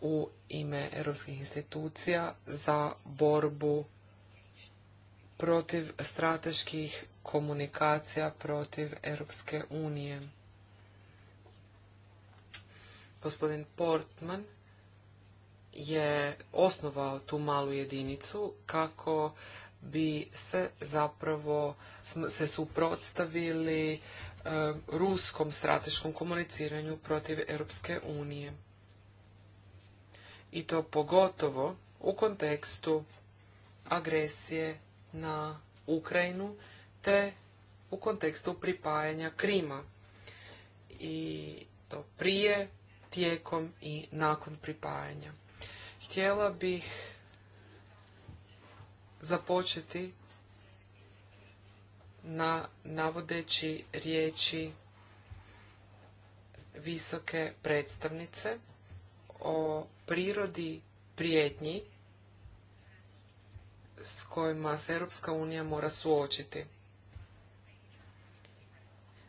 u ime europskih institucija za borbu protiv strateških komunikacija protiv Europske unije. Gospodin Portman je osnovao tu malu jedinicu kako bi se zapravo se suprotstavili e, ruskom strateškom komuniciranju protiv Europske unije. I to pogotovo u kontekstu agresije na Ukrajinu te u kontekstu pripajanja Krima i to prije, tijekom i nakon pripajanja. Htjela bih započeti na navodeći riječi visoke predstavnice o prirodi prijetnji s kojima se Europska unija mora suočiti.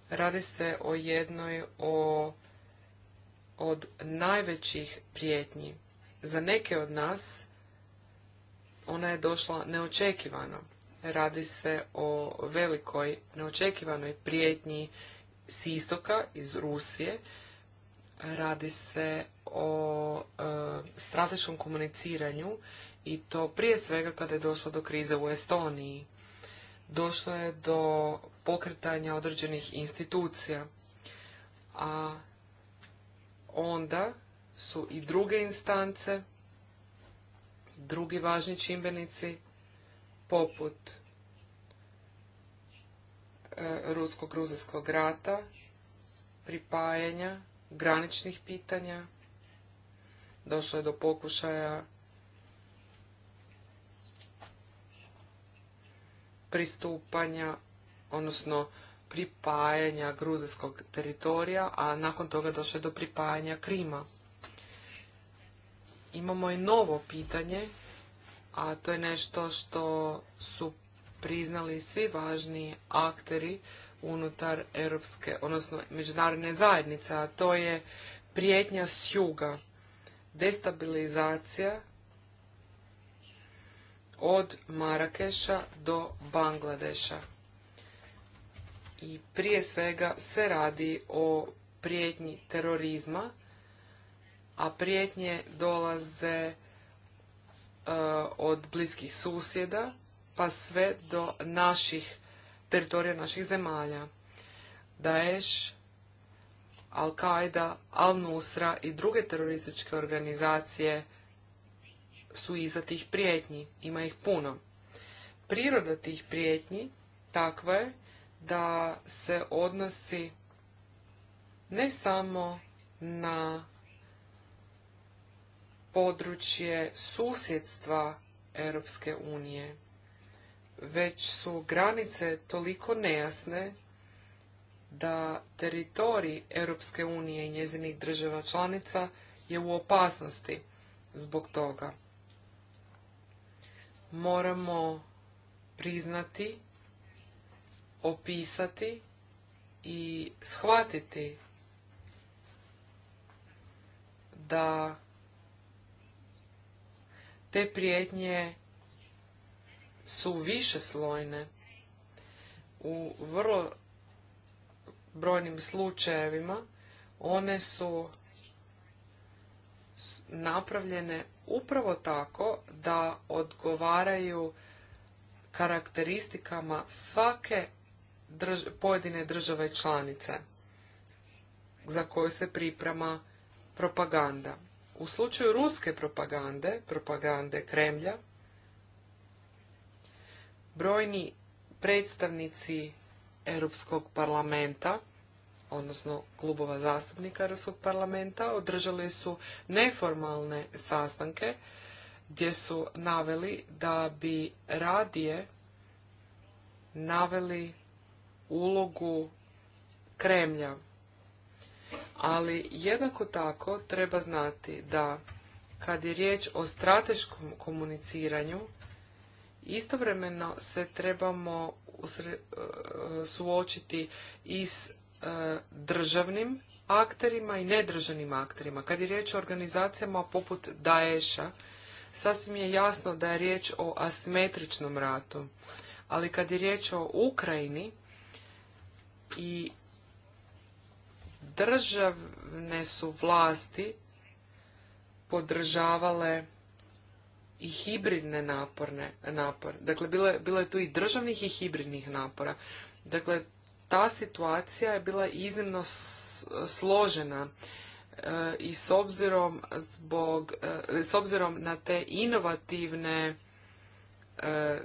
Radi se o jednoj od najvećih prijetnji. Za neke od nas ona je došla neočekivano. Radi se o velikoj neočekivanoj prijetnji s istoka, iz Rusije. Radi se o e, strateškom komuniciranju i to prije svega kada je došlo do krize u Estoniji. Došlo je do pokretanja određenih institucija, a onda su i druge instance, drugi važni čimbenici, poput e, rusko-gruzijskog rata, pripajanja, graničnih pitanja, došlo je do pokušaja pristupanja, odnosno pripajanja gruzijskog teritorija, a nakon toga došlo je do pripajanja Krima. Imamo i novo pitanje, a to je nešto što su priznali svi važni akteri unutar europske, odnosno međunarodne zajednice, a to je prijetnja s juga, destabilizacija od Marakeša do Bangladeša. I prije svega se radi o prijetnji terorizma, a prijetnje dolaze e, od bliskih susjeda pa sve do naših teritorija naših zemalja. Daesh, Al-Qaida, Al-Nusra i druge terorističke organizacije su iza tih prijetnji, ima ih puno. Priroda tih prijetnji takva je da se odnosi ne samo na područje susjedstva Europske unije, već su granice toliko nejasne da teritorij Europske unije i njezinih država članica je u opasnosti zbog toga moramo priznati, opisati i shvatiti da te prijetnje su više slojne. U vrlo brojnim slučajevima one su napravljene upravo tako da odgovaraju karakteristikama svake pojedine države članice za koju se priprema propaganda. U slučaju ruske propagande, propagande Kremlja, brojni predstavnici Europskog parlamenta odnosno klubova zastupnika Europskog parlamenta, održali su neformalne sastanke gdje su naveli da bi radije naveli ulogu Kremlja. Ali jednako tako treba znati da kad je riječ o strateškom komuniciranju, istovremeno se trebamo e, suočiti i s E, državnim akterima i nedržanim akterima. Kad je riječ o organizacijama poput Daesha, sasvim je jasno da je riječ o asimetričnom ratu. Ali kad je riječ o Ukrajini i državne su vlasti podržavale i hibridne naporne, napor. Dakle, bilo je, bilo je tu i državnih i hibridnih napora. Dakle, ta situacija je bila iznimno složena e, i s obzirom zbog e, s obzirom na te inovativne e,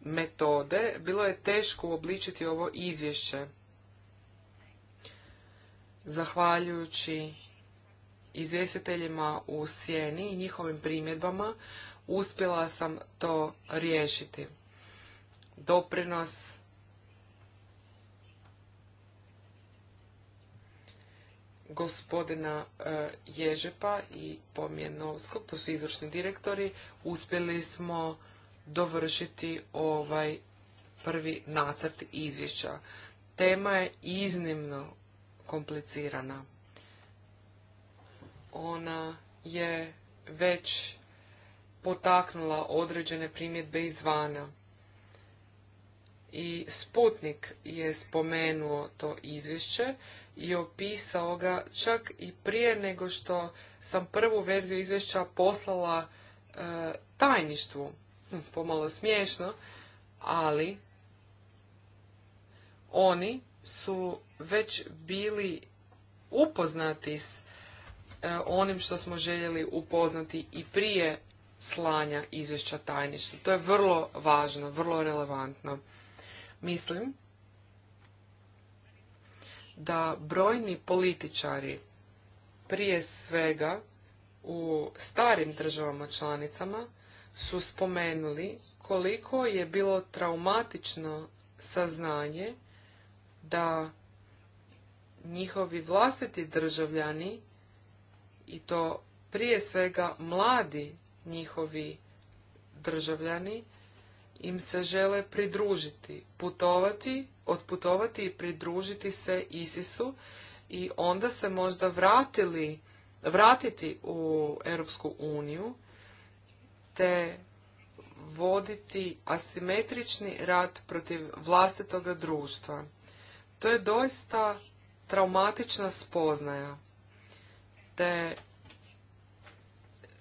metode bilo je teško uobličiti ovo izvješće zahvaljujući izvjestiteljima u sjeni i njihovim primjedbama uspjela sam to riješiti doprinos gospodina e, Ježepa i Pomjenovskog, to su izvršni direktori, uspjeli smo dovršiti ovaj prvi nacrt izvješća. Tema je iznimno komplicirana. Ona je već potaknula određene primjedbe izvana. I Sputnik je spomenuo to izvješće i opisao ga čak i prije nego što sam prvu verziju izvješća poslala e, tajništvu. Hm, pomalo smiješno, ali oni su već bili upoznati s e, onim što smo željeli upoznati i prije slanja izvješća tajništvu. To je vrlo važno, vrlo relevantno. Mislim da brojni političari prije svega u starim državama članicama su spomenuli koliko je bilo traumatično saznanje da njihovi vlastiti državljani i to prije svega mladi njihovi državljani im se žele pridružiti, putovati otputovati i pridružiti se Isisu i onda se možda vratili, vratiti u Europsku uniju te voditi asimetrični rat protiv vlastitoga društva. To je doista traumatična spoznaja. Te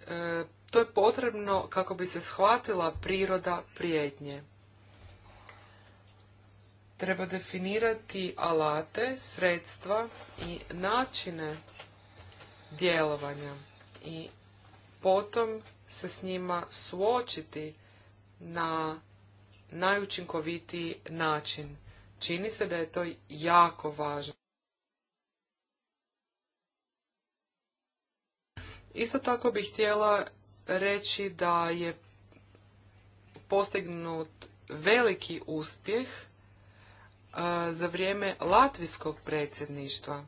e, to je potrebno kako bi se shvatila priroda prijetnje treba definirati alate, sredstva i načine djelovanja i potom se s njima suočiti na najučinkovitiji način. Čini se da je to jako važno. Isto tako bih htjela reći da je postignut veliki uspjeh za vrijeme latvijskog predsjedništva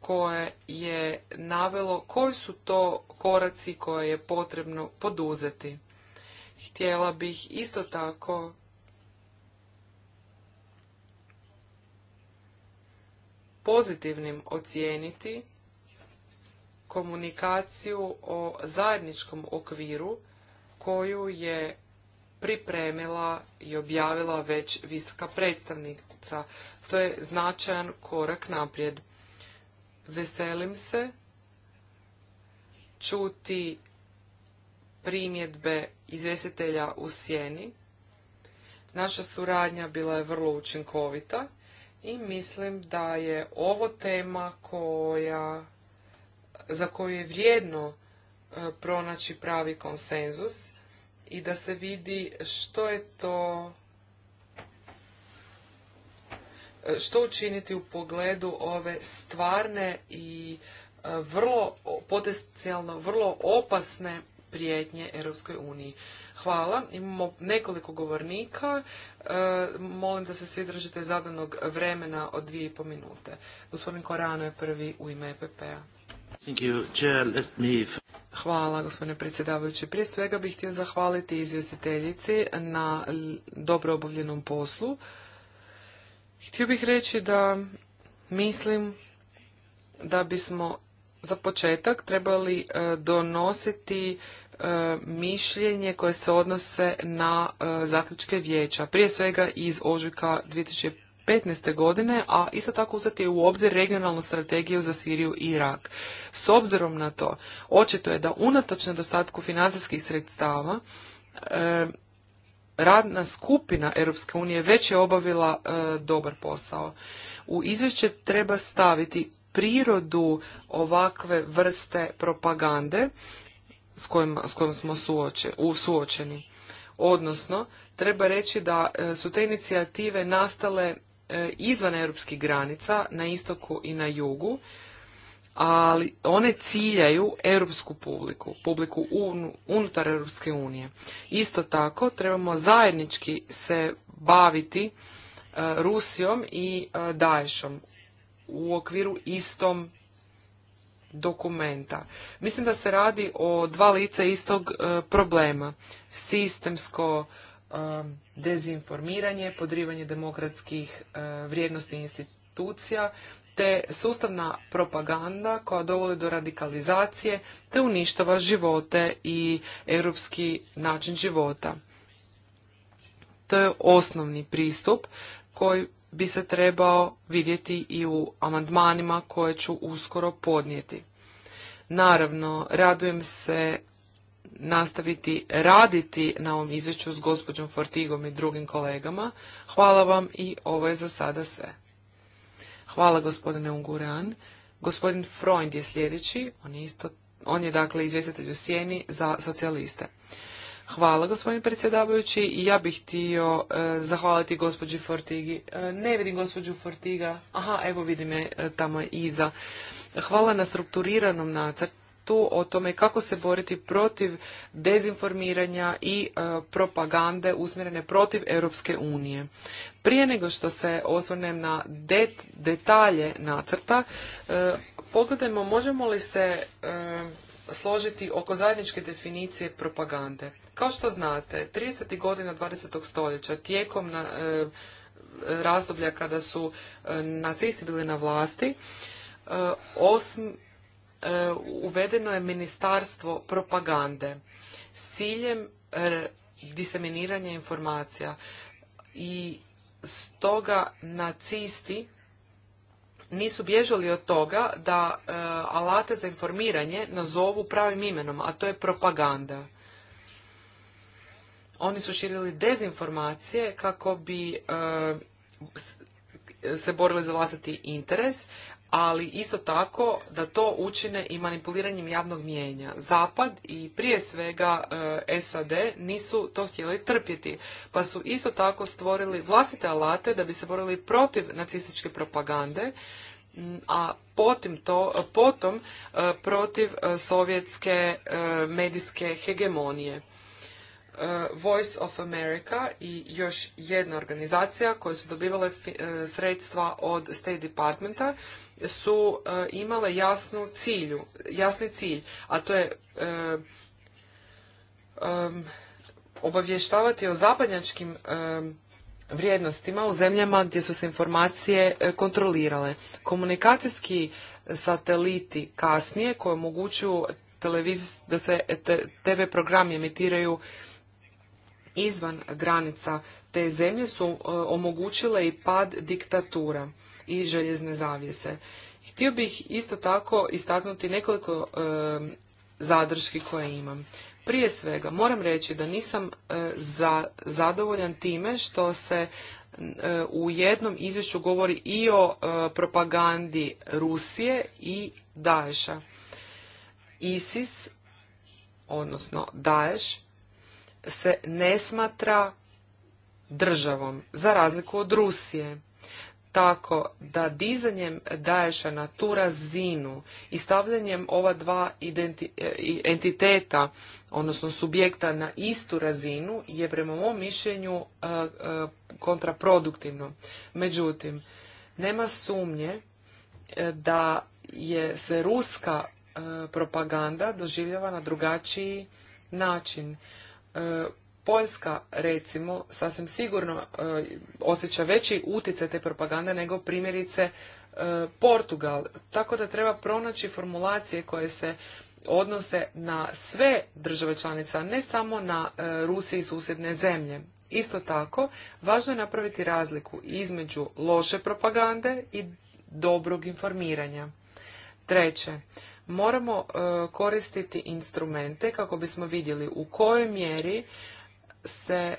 koje je navelo koji su to koraci koje je potrebno poduzeti. Htjela bih isto tako pozitivnim ocijeniti komunikaciju o zajedničkom okviru koju je pripremila i objavila već visoka predstavnica. To je značajan korak naprijed. Veselim se čuti primjedbe izvjestitelja u sjeni. Naša suradnja bila je vrlo učinkovita i mislim da je ovo tema koja, za koju je vrijedno e, pronaći pravi konsenzus i da se vidi što je to što učiniti u pogledu ove stvarne i e, vrlo potencijalno vrlo opasne prijetnje Europskoj uniji. Hvala. Imamo nekoliko govornika. E, molim da se svi držite zadanog vremena od dvije i po minute. Gospodin Korano je prvi u ime EPP-a. Hvala, gospodine predsjedavajući. Prije svega bih htio zahvaliti izvjestiteljici na dobro obavljenom poslu. Htio bih reći da mislim da bismo za početak trebali e, donositi e, mišljenje koje se odnose na e, zaključke vijeća, prije svega iz ožujka 2015. godine, a isto tako uzeti u obzir regionalnu strategiju za Siriju i Irak. S obzirom na to, očito je da unatoč nedostatku financijskih sredstava, e, radna skupina Europske unije već je obavila e, dobar posao. U izvješće treba staviti prirodu ovakve vrste propagande s kojom, smo u, suočeni. Odnosno, treba reći da e, su te inicijative nastale E, izvan europskih granica, na istoku i na jugu, ali one ciljaju europsku publiku, publiku unutar Europske unije. Isto tako trebamo zajednički se baviti e, Rusijom i e, Daješom u okviru istom dokumenta. Mislim da se radi o dva lica istog problema. Sistemsko dezinformiranje, podrivanje demokratskih e, vrijednosti institucija, te sustavna propaganda koja dovodi do radikalizacije te uništava živote i europski način života. To je osnovni pristup koji bi se trebao vidjeti i u amandmanima koje ću uskoro podnijeti. Naravno, radujem se nastaviti raditi na ovom izvješću s gospođom Fortigom i drugim kolegama. Hvala vam i ovo je za sada sve. Hvala gospodine Unguran. Gospodin Freund je sljedeći, on je, on je dakle izvjestitelj u sjeni za socijaliste. Hvala gospodin predsjedavajući i ja bih htio e, zahvaliti gospođi Fortigi. E, ne vidim gospođu Fortiga, aha evo vidim je e, tamo iza. Hvala na strukturiranom nacrtu tu o tome kako se boriti protiv dezinformiranja i e, propagande usmjerene protiv Europske unije. Prije nego što se osvrnem na det, detalje nacrta, e, pogledajmo možemo li se e, složiti oko zajedničke definicije propagande. Kao što znate, 30. godina 20. stoljeća tijekom e, razdoblja kada su nacisti bili na vlasti, osm, E, uvedeno je ministarstvo propagande s ciljem e, diseminiranja informacija i stoga nacisti nisu bježali od toga da e, alate za informiranje nazovu pravim imenom, a to je propaganda. Oni su širili dezinformacije kako bi se borili za vlastiti interes, ali isto tako da to učine i manipuliranjem javnog mijenja. Zapad i prije svega e, SAD nisu to htjeli trpjeti, pa su isto tako stvorili vlastite alate da bi se borili protiv nacističke propagande, a potom to, potom e, protiv e, sovjetske medijske hegemonije. Voice of America i još jedna organizacija koje su dobivale sredstva od State Departmenta su e, imale jasnu cilju, jasni cilj, a to je e, obavještavati o zapadnjačkim vrijednostima u zemljama gdje su se informacije e, kontrolirale. Komunikacijski sateliti kasnije koje omogućuju da se TV programi emitiraju izvan granica te zemlje su omogućile i pad diktatura i željezne zavijese. Htio bih isto tako istaknuti nekoliko zadrški koje imam. Prije svega moram reći da nisam e, za, zadovoljan time što se e, u jednom izvješću govori i o e, propagandi Rusije i Daesha. ISIS, odnosno Daesh, se ne smatra državom, za razliku od Rusije tako da dizanjem daješa na tu razinu i stavljanjem ova dva e, entiteta, odnosno subjekta na istu razinu je prema mom mišljenju e, e, kontraproduktivno. Međutim, nema sumnje da je se ruska propaganda doživljava na drugačiji način. Poljska, recimo, sasvim sigurno e, osjeća veći utjecaj te propagande nego primjerice e, Portugal. Tako da treba pronaći formulacije koje se odnose na sve države članica, a ne samo na Rusiji e, Rusije i susjedne zemlje. Isto tako, važno je napraviti razliku između loše propagande i dobrog informiranja. Treće, moramo koristiti instrumente kako bismo vidjeli u kojoj mjeri se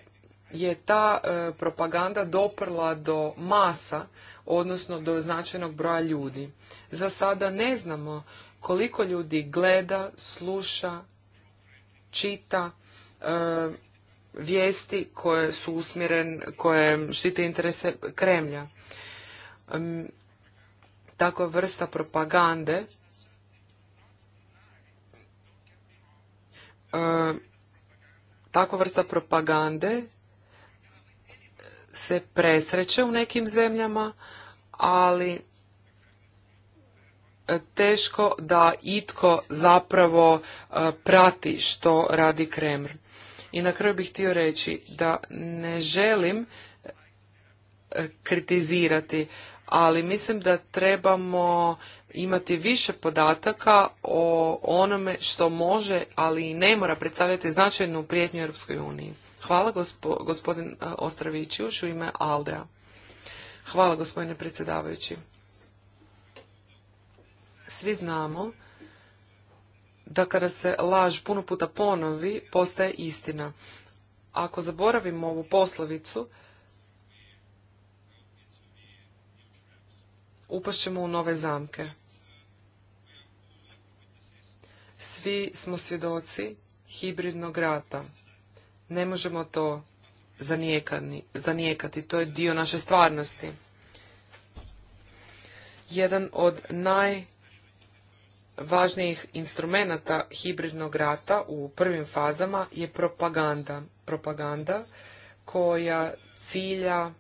je ta e, propaganda doprla do masa, odnosno do značajnog broja ljudi. Za sada ne znamo koliko ljudi gleda, sluša, čita e, vijesti koje su usmjeren, koje štite interese Kremlja. E, takva vrsta propagande e, takva vrsta propagande se presreće u nekim zemljama, ali e, teško da itko zapravo e, prati što radi Kreml. I na kraju bih htio reći da ne želim e, kritizirati, ali mislim da trebamo imati više podataka o onome što može, ali i ne mora predstavljati značajnu prijetnju Europskoj uniji. Hvala gospodin e, Ostravićijuš u ime Aldea. Hvala gospodine predsjedavajući. Svi znamo da kada se laž puno puta ponovi, postaje istina. Ako zaboravimo ovu poslovicu, upašćemo u nove zamke. Svi smo svjedoci hibridnog rata. Ne možemo to zanijekati. To je dio naše stvarnosti. Jedan od najvažnijih instrumenata hibridnog rata u prvim fazama je propaganda. Propaganda koja cilja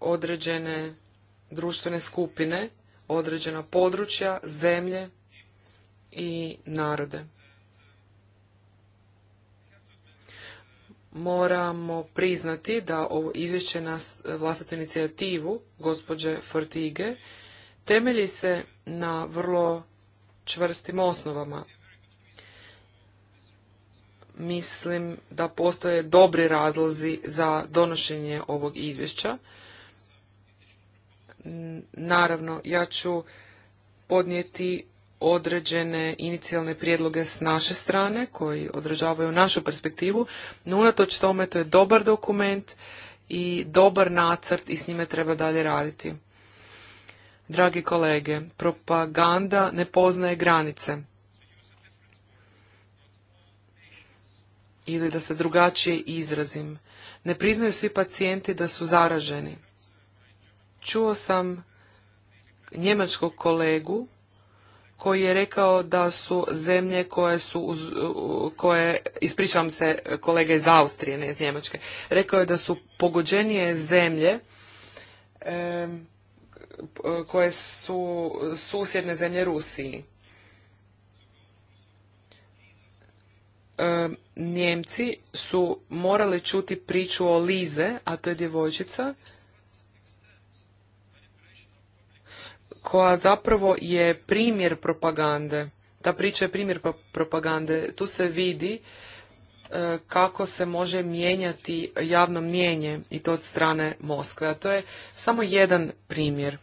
određene društvene skupine, određena područja, zemlje, i narode. Moramo priznati da ovo izvješće na vlastitu inicijativu gospođe Fortige temelji se na vrlo čvrstim osnovama. Mislim da postoje dobri razlozi za donošenje ovog izvješća. Naravno, ja ću podnijeti određene inicijalne prijedloge s naše strane koji odražavaju našu perspektivu, no unatoč tome to je dobar dokument i dobar nacrt i s njime treba dalje raditi. Dragi kolege, propaganda ne poznaje granice. Ili da se drugačije izrazim. Ne priznaju svi pacijenti da su zaraženi. Čuo sam njemačkog kolegu koji je rekao da su zemlje koje su, koje, ispričavam se kolege iz Austrije, ne iz Njemačke, rekao je da su pogođenije zemlje koje su susjedne zemlje Rusiji. E, Njemci su morali čuti priču o Lize, a to je djevojčica, koja zapravo je primjer propagande. Ta priča je primjer propagande. Tu se vidi e, kako se može mijenjati javno mnjenje i to od strane Moskve. A to je samo jedan primjer.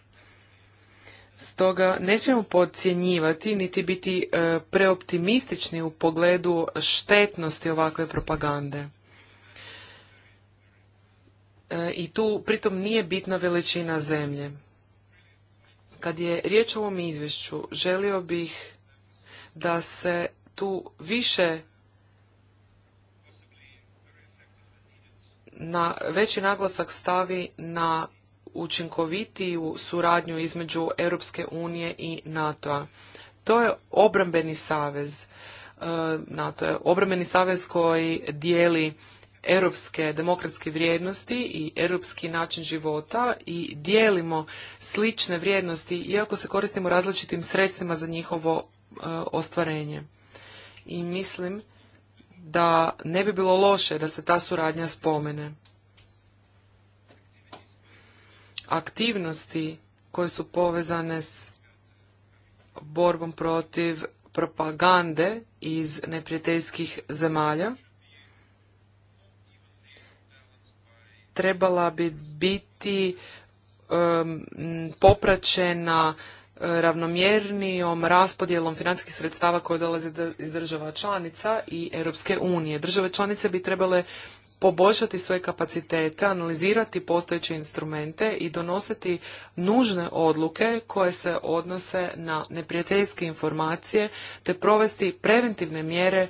Stoga ne smijemo podcjenjivati niti biti e, preoptimistični u pogledu štetnosti ovakve propagande. E, I tu pritom nije bitna veličina zemlje. Kad je riječ o ovom izvješću, želio bih da se tu više na veći naglasak stavi na učinkovitiju suradnju između Europske unije i NATO-a. To je obrambeni savez. E, NATO je obrambeni savez koji dijeli europske demokratske vrijednosti i europski način života i dijelimo slične vrijednosti iako se koristimo različitim sredstvima za njihovo e, ostvarenje. I mislim da ne bi bilo loše da se ta suradnja spomene. Aktivnosti koje su povezane s borbom protiv propagande iz neprijateljskih zemalja trebala bi biti popraćena e, ravnomjernijom raspodjelom financijskih sredstava koje dolaze iz država članica i Europske unije. Države članice bi trebale poboljšati svoje kapacitete, analizirati postojeće instrumente i donositi nužne odluke koje se odnose na neprijateljske informacije te provesti preventivne mjere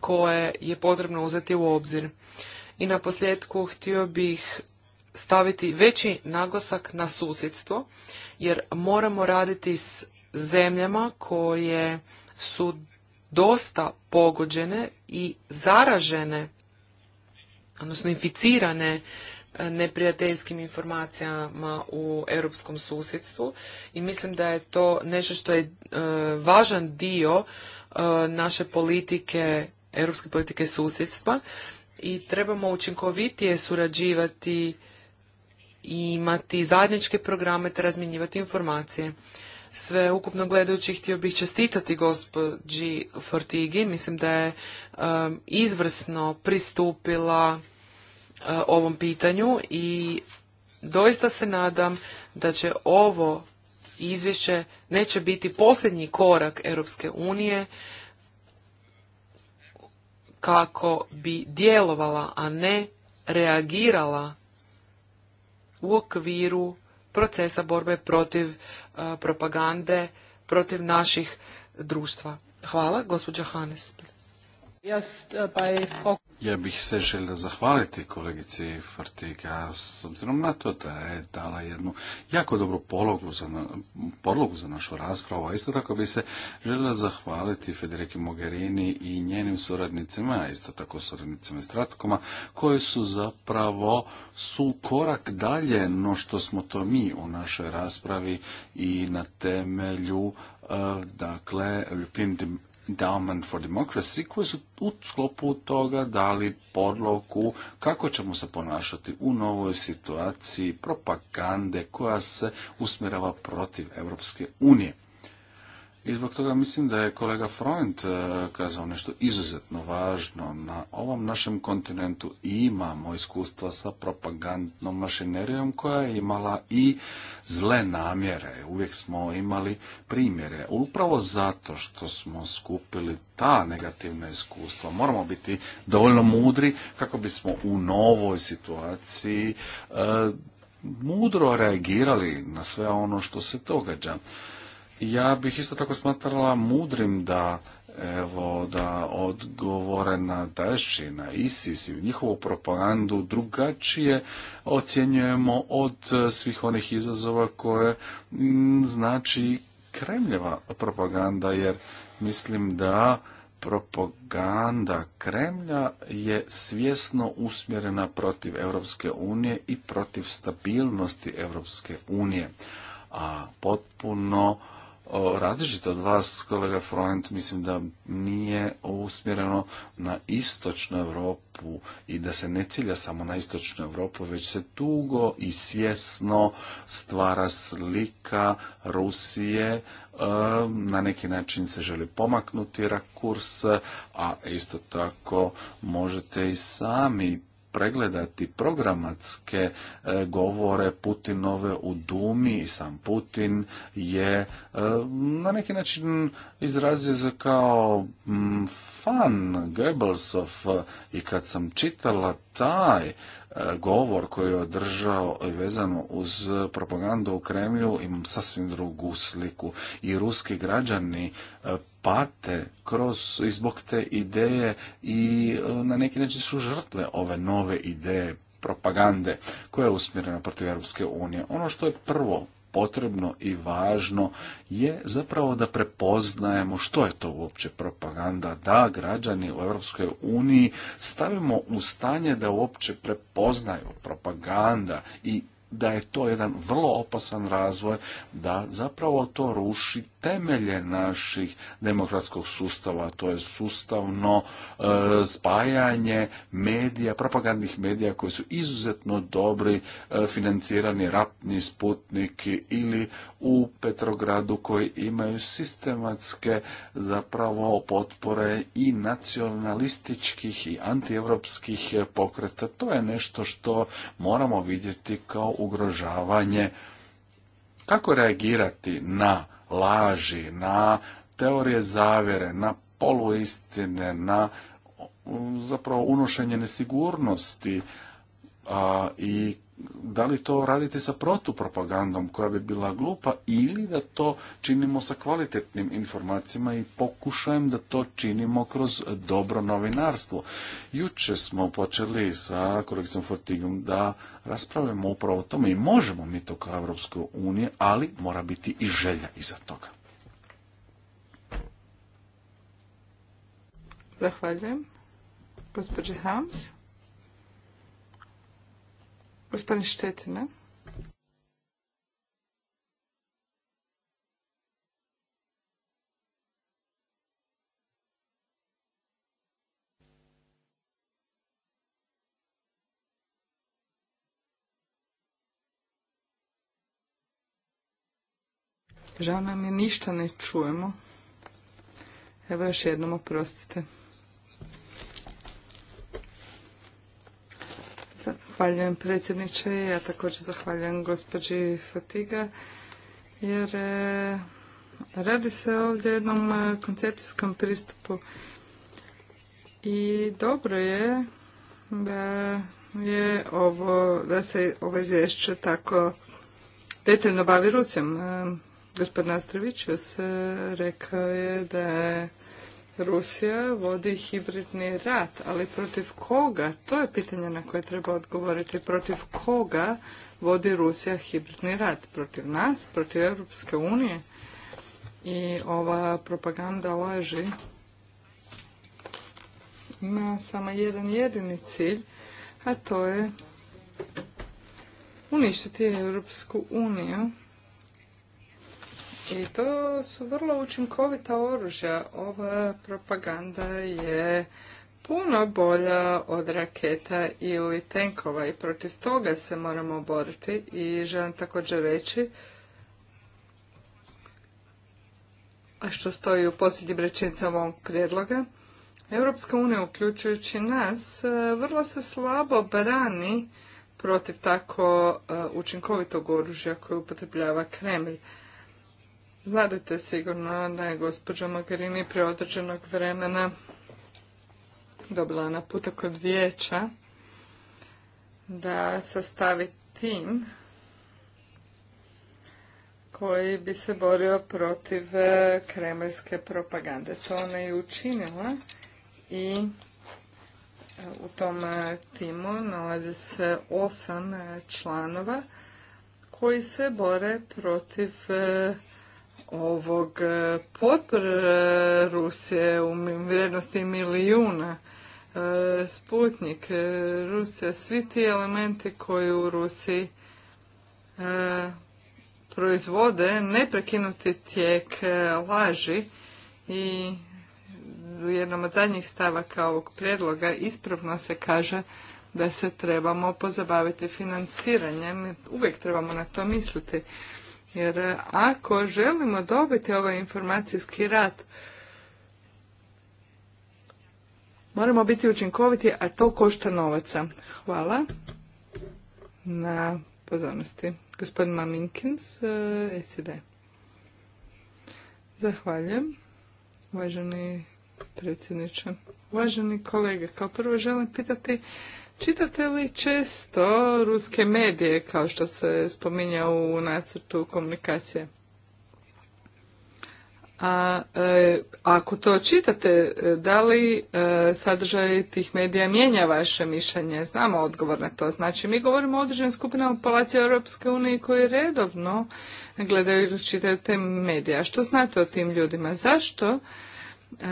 koje je potrebno uzeti u obzir. I na posljedku htio bih staviti veći naglasak na susjedstvo, jer moramo raditi s zemljama koje su dosta pogođene i zaražene, odnosno inficirane e, neprijateljskim informacijama u europskom susjedstvu i mislim da je to nešto što je e, važan dio e, naše politike, europske politike susjedstva i trebamo učinkovitije surađivati i imati zajedničke programe te razmjenjivati informacije. Sve ukupno gledajući htio bih čestitati gospođi Fortigi. Mislim da je um, izvrsno pristupila uh, ovom pitanju i doista se nadam da će ovo izvješće neće biti posljednji korak Europske unije kako bi djelovala, a ne reagirala u okviru procesa borbe protiv e, propagande, protiv naših društva. Hvala, gospođa
Hanes. Ja bih se želio zahvaliti kolegici Fartiga s obzirom na to da je dala jednu jako dobru pologu za, podlogu za našu raspravu, a isto tako bi se želio zahvaliti Federiki Mogherini i njenim suradnicima, a isto tako suradnicima Stratkoma, koji su zapravo su korak dalje no što smo to mi u našoj raspravi i na temelju eh, dakle Endowment for Democracy koji su u sklopu toga dali podloku kako ćemo se ponašati u novoj situaciji propagande koja se usmjerava protiv Europske unije. I zbog toga mislim da je kolega Freund e, kazao nešto izuzetno važno. Na ovom našem kontinentu imamo iskustva sa propagandnom mašinerijom koja je imala i zle namjere. Uvijek smo imali primjere. Upravo zato što smo skupili ta negativna iskustva. Moramo biti dovoljno mudri kako bismo u novoj situaciji e, mudro reagirali na sve ono što se događa ja bih isto tako smatrala mudrim da evo da odgovore na Daesh na ISIS i njihovu propagandu drugačije ocjenjujemo od e, svih onih izazova koje znači Kremljeva propaganda jer mislim da propaganda Kremlja je svjesno usmjerena protiv Europske unije i protiv stabilnosti Europske unije a potpuno o, od vas, kolega Freund, mislim da nije usmjereno na istočnu Europu i da se ne cilja samo na istočnu Europu, već se tugo i svjesno stvara slika Rusije, e, na neki način se želi pomaknuti rakurs, a isto tako možete i sami pregledati programatske e, govore Putinove u Dumi i sam Putin je e, na neki način izrazio se kao fan Goebbelsov e, i kad sam čitala taj govor koji je održao vezano uz propagandu u Kremlju imam sasvim drugu sliku i ruski građani e, pate kroz i zbog te ideje i e, na neki način su žrtve ove nove ideje propagande koja je usmjerena protiv Europske unije. Ono što je prvo potrebno i važno je zapravo da prepoznajemo što je to uopće propaganda, da građani u Europskoj uniji stavimo u stanje da uopće prepoznaju propaganda i da je to jedan vrlo opasan razvoj, da zapravo to ruši temelje naših demokratskog sustava, to je sustavno e, spajanje medija, propagandnih medija koji su izuzetno dobri, e, financirani ratni sputniki ili u Petrogradu koji imaju sistematske zapravo potpore i nacionalističkih i antievropskih pokreta. To je nešto što moramo vidjeti kao ugrožavanje kako reagirati na laži, na teorije zavjere, na poluistine, na zapravo unošenje nesigurnosti i da li to raditi sa protupropagandom koja bi bila glupa ili da to činimo sa kvalitetnim informacijama i pokušajem da to činimo kroz dobro novinarstvo. Juče smo počeli sa kolegicom Fortigom da raspravljamo upravo o tome i možemo mi to kao Evropsku unije, ali mora biti i želja iza toga.
Zahvaljujem. Gospodin Hams. Gospodin Štetina. Žao nam je, ništa ne čujemo. Evo još jednom oprostite. Zahvaljujem predsjedniče. Ja također zahvaljujem gospođi Fatiga jer e, radi se ovdje o jednom e, koncepcijskom pristupu i dobro je da je ovo, da se ovo izvješće tako detaljno bavi Rusijom. E, gospodin Astrovićus rekao je da je Rusija vodi hibridni rat, ali protiv koga? To je pitanje na koje treba odgovoriti. Protiv koga vodi Rusija hibridni rat? Protiv nas? Protiv Europske unije? I ova propaganda laži ima samo jedan jedini cilj, a to je uništiti Europsku uniju i to su vrlo učinkovita oružja. Ova propaganda je puno bolja od raketa ili tenkova i protiv toga se moramo boriti i želim također reći a što stoji u posljednjim rečenicama ovog prijedloga, Europska unija, uključujući nas, vrlo se slabo brani protiv tako e, učinkovitog oružja koje upotrebljava Kremlj. Znate sigurno da je gospođa Mogherini pre određenog vremena dobila naputak od vijeća da sastavi tim koji bi se borio protiv e, kremljske propagande. To ona je učinila i e, u tom e, timu nalazi se osam članova koji se bore protiv ovog e, potpor Rusije u vrijednosti milijuna e, Sputnik, e, Rusija, svi ti elementi koji u Rusiji proizvode neprekinuti tijek laži i jednom od zadnjih stavaka ovog prijedloga ispravno se kaže da se trebamo pozabaviti financiranjem. Uvijek trebamo na to misliti. Jer e, ako želimo dobiti ovaj informacijski rat, moramo biti učinkoviti, a to košta novaca. Hvala na pozornosti. Gospodin Maminkins, e, SED. Zahvaljujem, uvaženi predsjedniče. Uvaženi kolege, kao prvo želim pitati Čitate li često ruske medije, kao što se spominja u nacrtu komunikacije? A e, ako to čitate, da li e, sadržaj tih medija mijenja vaše mišljenje? Znamo odgovor na to. Znači, mi govorimo o određenim skupinama populacije Europske unije koji redovno gledaju i čitaju te medije. A što znate o tim ljudima? Zašto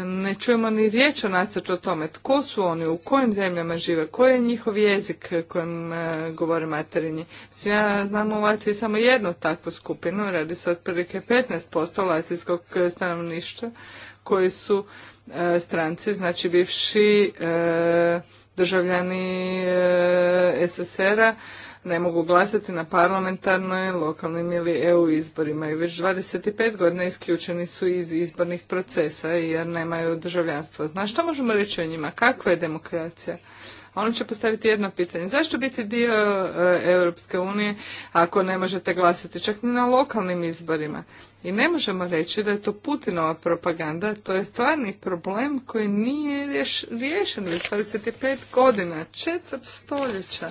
ne čujemo ni riječ o nacrtu o tome tko su oni, u kojim zemljama žive, koji je njihov jezik kojim e, govore materinji. znači ja znam u Latviji samo jednu takvu skupinu, radi se otprilike 15% latvijskog stanovništva koji su e, stranci, znači bivši e, državljani SSR-a, ne mogu glasati na parlamentarnoj, lokalnim ili EU izborima i već 25 godina isključeni su iz izbornih procesa jer nemaju državljanstvo. Znaš što možemo reći o njima? Kakva je demokracija? Ono će postaviti jedno pitanje. Zašto biti dio EU Europske unije ako ne možete glasati čak ni na lokalnim izborima? I ne možemo reći da je to Putinova propaganda, to je stvarni problem koji nije riješen već 25 godina, četvrt stoljeća.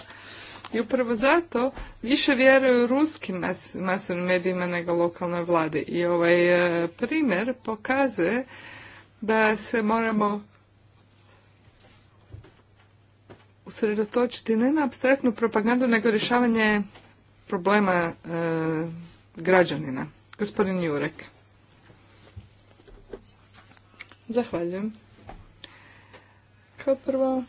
I upravo zato više vjeruju ruskim mas masovnim medijima nego lokalnoj vladi. I ovaj e, primjer pokazuje da se moramo usredotočiti ne na abstraktnu propagandu, nego rješavanje problema e, građanina. Gospodin Jurek. Zahvaljujem. Kao prvo,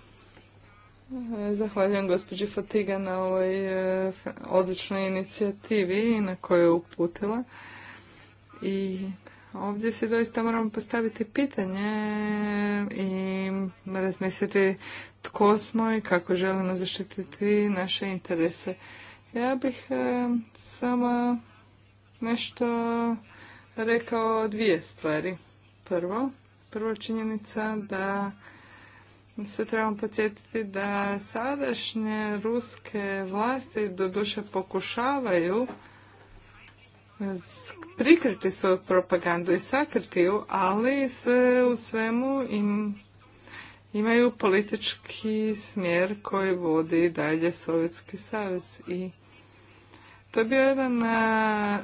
Zahvaljujem gospođi Fatiga na ovoj e, odličnoj inicijativi na koju je uputila. I ovdje se doista moramo postaviti pitanje i razmisliti tko smo i kako želimo zaštititi naše interese. Ja bih e, samo nešto rekao dvije stvari. Prvo, prvo činjenica da se trebamo podsjetiti da sadašnje ruske vlasti doduše pokušavaju prikriti svoju propagandu i sakriti ju, ali sve u svemu im imaju politički smjer koji vodi dalje Sovjetski savez i to je bio jedan e,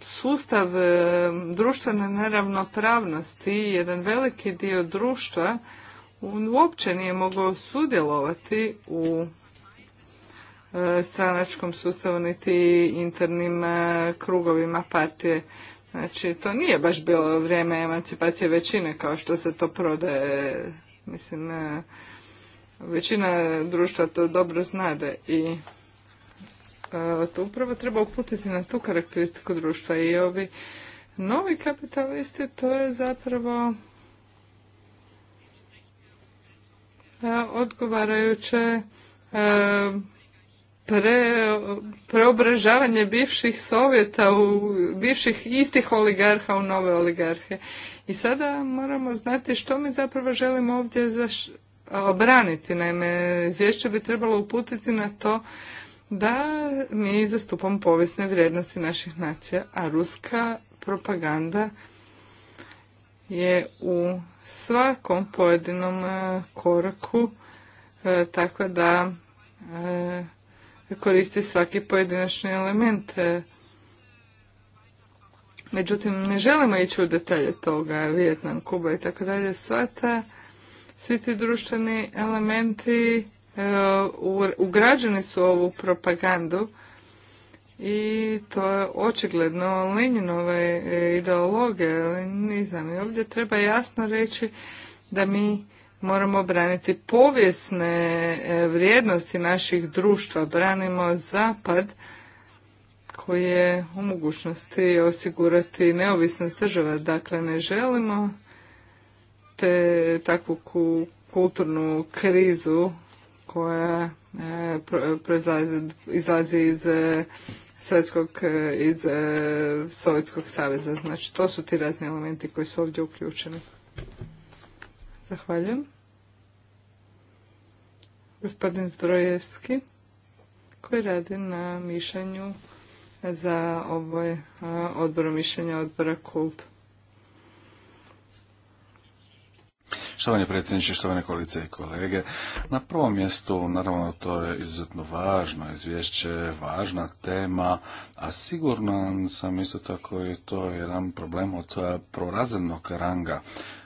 sustav e, društvene neravnopravnosti, jedan veliki dio društva on uopće nije mogao sudjelovati u e, stranačkom sustavu niti internim e, krugovima partije. Znači, to nije baš bilo vrijeme emancipacije većine kao što se to prodaje. Mislim, e, većina društva to dobro znade i to upravo treba uputiti na tu karakteristiku društva i ovi novi kapitalisti to je zapravo E, odgovarajuće e, pre, preobražavanje bivših sovjeta u bivših istih oligarha u nove oligarhe. I sada moramo znati što mi zapravo želimo ovdje zaš, obraniti. Naime, izvješće bi trebalo uputiti na to da mi zastupamo povijesne vrijednosti naših nacija, a ruska propaganda je u svakom pojedinom e, koraku e, tako da e, koristi svaki pojedinačni element. Međutim, ne želimo ići u detalje toga, Vjetnam, Kuba i tako dalje. Sva ta, svi ti društveni elementi ugrađeni su u ovu propagandu i to je očigledno Leninove e, ideologije, znam, I ovdje treba jasno reći da mi moramo braniti povijesne e, vrijednosti naših društva. Branimo zapad koji je u mogućnosti osigurati neovisnost država. Dakle, ne želimo te takvu kulturnu krizu koja e, izlazi iz Sovjetskog, e, iz e, Sovjetskog saveza. Znači, to su ti razni elementi koji su ovdje uključeni. Zahvaljujem. Gospodin Zdrojevski, koji radi na mišljenju za ovaj odbor mišljenja odbora KULT.
Štovani predsjedniče, štovane kolegice i kolege, na prvom mjestu, naravno, to je izuzetno važno izvješće, važna tema, a sigurno sam isto tako i to je jedan problem od prorazrednog ranga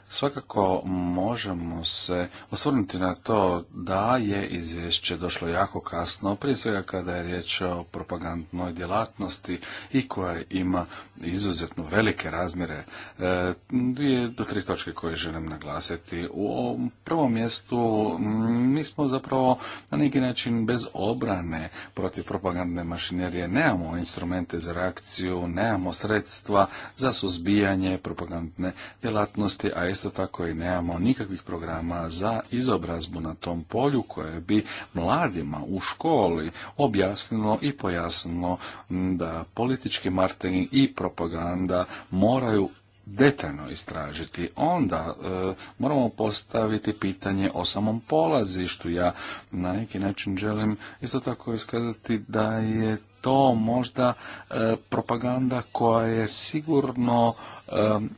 Svakako možemo se osvrnuti na to da je izvješće došlo jako kasno, prije svega kada je riječ o propagandnoj djelatnosti i koja ima izuzetno velike razmjere. E, dvije do tri točke koje želim naglasiti. U prvom mjestu mi smo zapravo na neki način bez obrane protiv propagandne mašinerije. Nemamo instrumente za reakciju, nemamo sredstva za suzbijanje propagandne djelatnosti, a isto isto tako i nemamo nikakvih programa za izobrazbu na tom polju koje bi mladima u školi objasnilo i pojasnilo da politički marketing i propaganda moraju detaljno istražiti, onda e, moramo postaviti pitanje o samom polazištu. Ja na neki način želim isto tako iskazati da je to možda e, propaganda koja je sigurno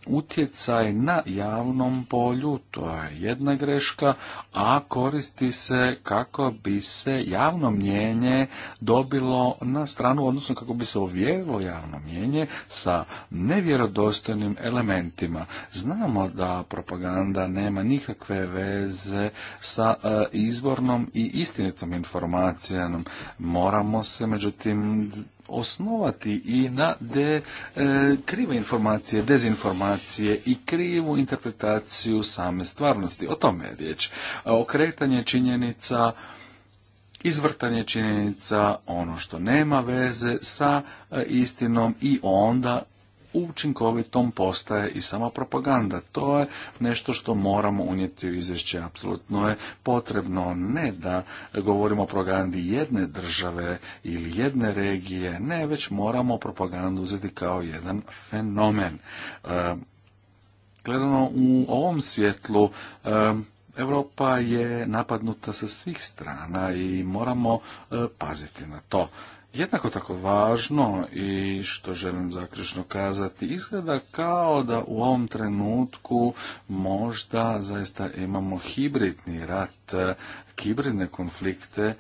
utjecaj na javnom polju, to je jedna greška, a koristi se kako bi se javno mjenje dobilo na stranu, odnosno kako bi se ovjerilo javno mjenje sa nevjerodostojnim elementima. Znamo da propaganda nema nikakve veze sa e, izvornom i istinitom informacijom. Moramo se međutim osnovati i na de, e, krive informacije, dezinformacije i krivu interpretaciju same stvarnosti. O tome je riječ. Okretanje činjenica, izvrtanje činjenica, ono što nema veze sa e, istinom i onda učinkovitom postaje i sama propaganda. To je nešto što moramo unijeti u izvješće. Apsolutno je potrebno ne da govorimo o propagandi jedne države ili jedne regije, ne, već moramo propagandu uzeti kao jedan fenomen. E, gledano u ovom svjetlu, e, Europa je napadnuta sa svih strana i moramo e, paziti na to. Jednako tako važno i što želim zaključno kazati, izgleda kao da u ovom trenutku možda zaista imamo hibridni rat, hibridne konflikte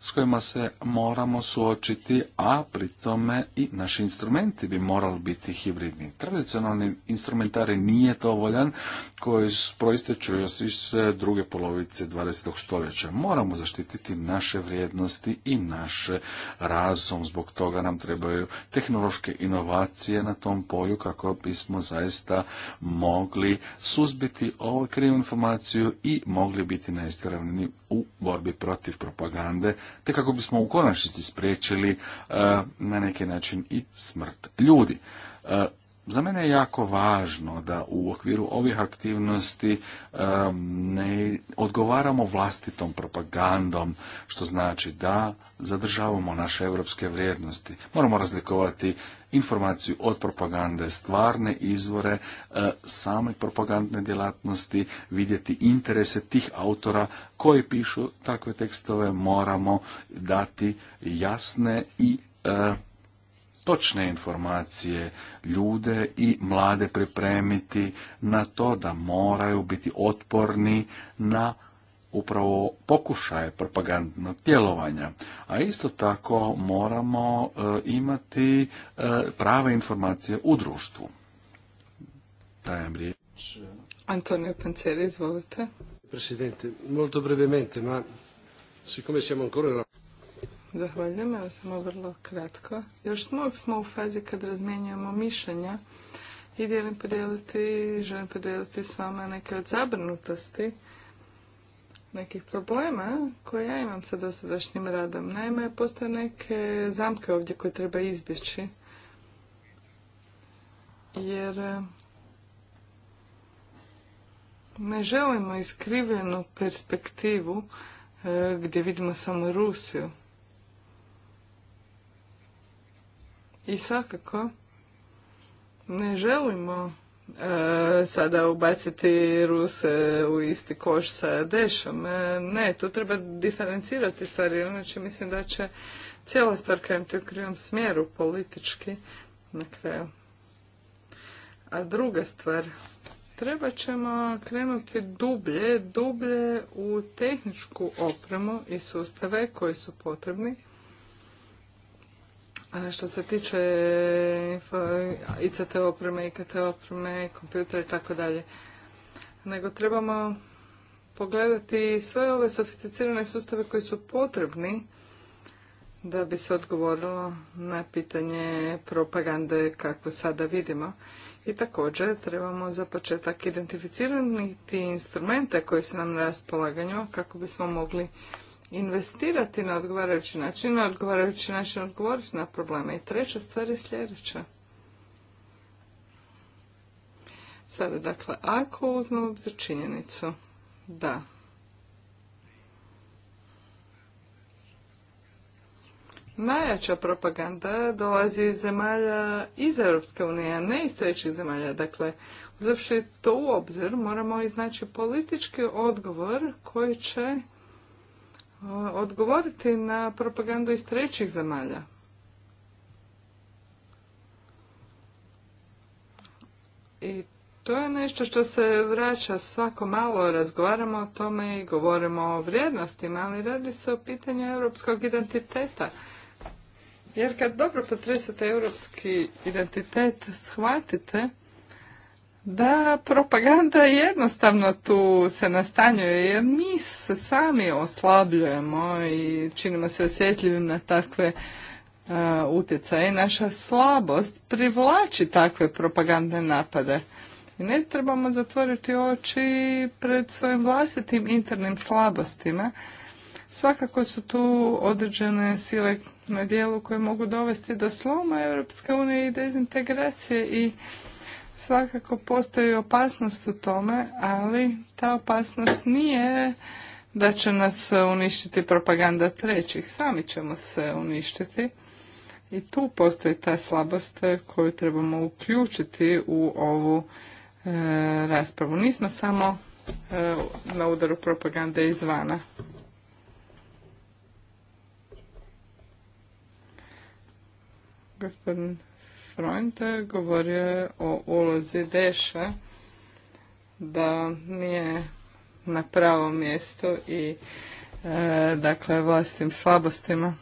s kojima se moramo suočiti, a pri tome i naši instrumenti bi morali biti hibridni. Tradicionalni instrumentari nije dovoljan koji proisteću još iz e, druge polovice 20. stoljeća. Moramo zaštititi naše vrijednosti i naš razum. Zbog toga nam trebaju tehnološke inovacije na tom polju kako bismo zaista mogli suzbiti ovu krivu informaciju i mogli biti na u borbi protiv propagande, te kako bismo u konačnici spriječili e, na neki način i smrt ljudi. E, za mene je jako važno da u okviru ovih aktivnosti e, ne odgovaramo vlastitom propagandom, što znači da zadržavamo naše europske vrijednosti. Moramo razlikovati informaciju od propagande, stvarne izvore e, same propagandne djelatnosti, vidjeti interese tih autora koji pišu takve tekstove, moramo dati jasne i e, točne informacije ljude i mlade pripremiti na to da moraju biti otporni na upravo pokušaje propagandnog djelovanja. A isto tako moramo e, imati e, prave informacije u društvu. Dajem riječ.
Antonio Panceri, izvolite.
Presidente, molto brevemente, ma siccome siamo ancora
Zahvaljujem, evo samo vrlo kratko. Još smo, smo u fazi kad razmjenjujemo mišljenja i dijelim podijeliti, želim podijeliti s vama neke od zabrinutosti nekih problema koje ja imam sa dosadašnjim radom. Naime, postoje neke zamke ovdje koje treba izbjeći. Jer e, ne želimo iskrivljenu perspektivu e, gdje vidimo samo Rusiju. I svakako ne želimo E, sada ubaciti Ruse u isti koš sa Dešom. E, ne, tu treba diferencirati stvari, Znači, mislim da će cijela stvar krenuti u krivom smjeru politički na kraju. A druga stvar, treba ćemo krenuti dublje, dublje u tehničku opremu i sustave koji su potrebni što se tiče ICT opreme, IKT opreme, kompjutera i tako dalje. Nego trebamo pogledati sve ove sofisticirane sustave koji su potrebni da bi se odgovorilo na pitanje propagande kako sada vidimo. I također trebamo za početak identificirati instrumente koji su nam na raspolaganju kako bismo mogli investirati na odgovarajući način, na odgovarajući način odgovoriti na probleme. I treća stvar je sljedeća. Sada, dakle, ako uzmemo obzir činjenicu da Najjača propaganda dolazi iz zemalja iz Europske unije, a ne iz trećih zemalja. Dakle, uzavši to u obzir, moramo iznaći politički odgovor koji će odgovoriti na propagandu iz trećih zemalja. I to je nešto što se vraća svako malo, razgovaramo o tome i govorimo o vrijednostima, ali radi se o pitanju europskog identiteta. Jer kad dobro potresete europski identitet, shvatite da propaganda jednostavno tu se nastanjuje jer mi se sami oslabljujemo i činimo se osjetljivim na takve uh, utjecaje. Naša slabost privlači takve propagandne napade. I ne trebamo zatvoriti oči pred svojim vlastitim internim slabostima. Svakako su tu određene sile na dijelu koje mogu dovesti do sloma Europske unije i dezintegracije i Svakako postoji opasnost u tome, ali ta opasnost nije da će nas uništiti propaganda trećih, sami ćemo se uništiti. I tu postoji ta slabost koju trebamo uključiti u ovu e, raspravu. Nismo samo e, na udaru propagande izvana. Gospodin Freund govorio je o ulozi Deša, da nije na pravom mjestu i e, dakle vlastim slabostima.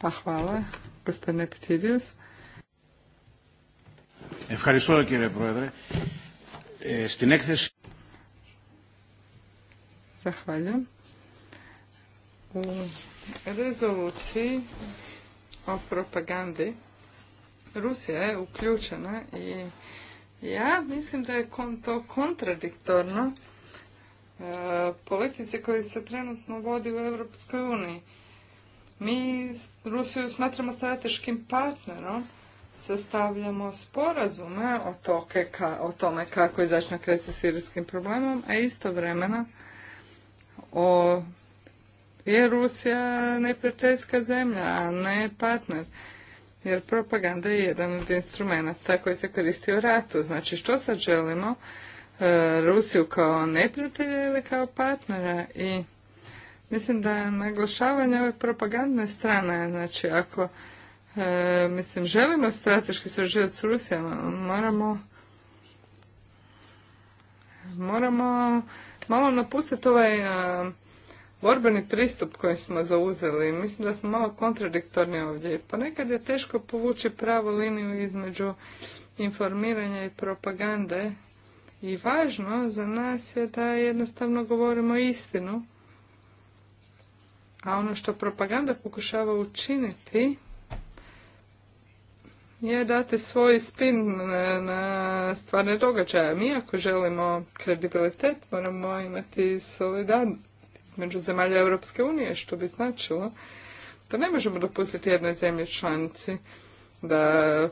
Pa hvala, gospodine Petidius.
Ευχαριστώ κύριε Πρόεδρε.
Zahvaljujem. U rezoluciji o propagandi Rusija je uključena i ja mislim da je to kontradiktorno e, politici koji se trenutno vodi u Europskoj uniji. Mi Rusiju smatramo strateškim partnerom, sastavljamo sporazume o, toke, o tome kako izaći na kraj s sirijskim problemom, a istovremeno o, je Rusija neprijateljska zemlja, a ne partner jer propaganda je jedan od instrumenata koji se koristi u ratu. Znači što sad želimo? E, Rusiju kao neprijatelja ili kao partnera i mislim da naglašavanje ove propagandne strane, znači ako e, mislim želimo strateški surađivati s Rusijama, moramo moramo malo napustiti ovaj e, borbeni pristup koji smo zauzeli. Mislim da smo malo kontradiktorni ovdje. Ponekad je teško povući pravu liniju između informiranja i propagande. I važno za nas je da jednostavno govorimo istinu. A ono što propaganda pokušava učiniti je dati svoj spin na stvarne događaje. Mi ako želimo kredibilitet moramo imati solidarnost među zemalja Europske unije, što bi značilo da ne možemo dopustiti jednoj zemlji članici da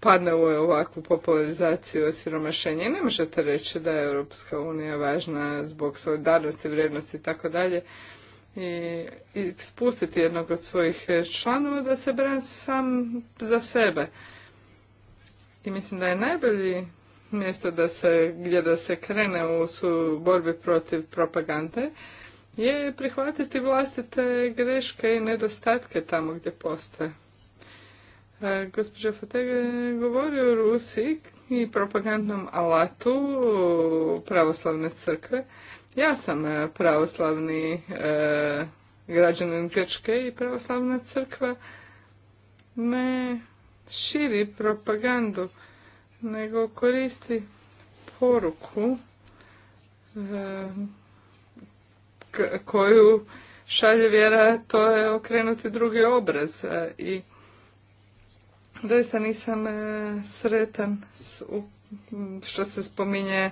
padne u ovakvu popularizaciju osiromašenja. I ne možete reći da je Europska unija važna zbog solidarnosti, vrijednosti i tako dalje. I, i spustiti jednog od svojih članova da se brani sam za sebe. I mislim da je najbolji mjesto da se, gdje da se krene u su borbi protiv propagande je prihvatiti vlastite greške i nedostatke tamo gdje postoje. gospođa Fatega govori o Rusiji i propagandnom alatu pravoslavne crkve. Ja sam e, pravoslavni e, građanin Grčke i pravoslavna crkva me širi propagandu nego koristi poruku ehm, koju šalje vjera, to je okrenuti drugi obraz. E, I doista nisam e, sretan što se spominje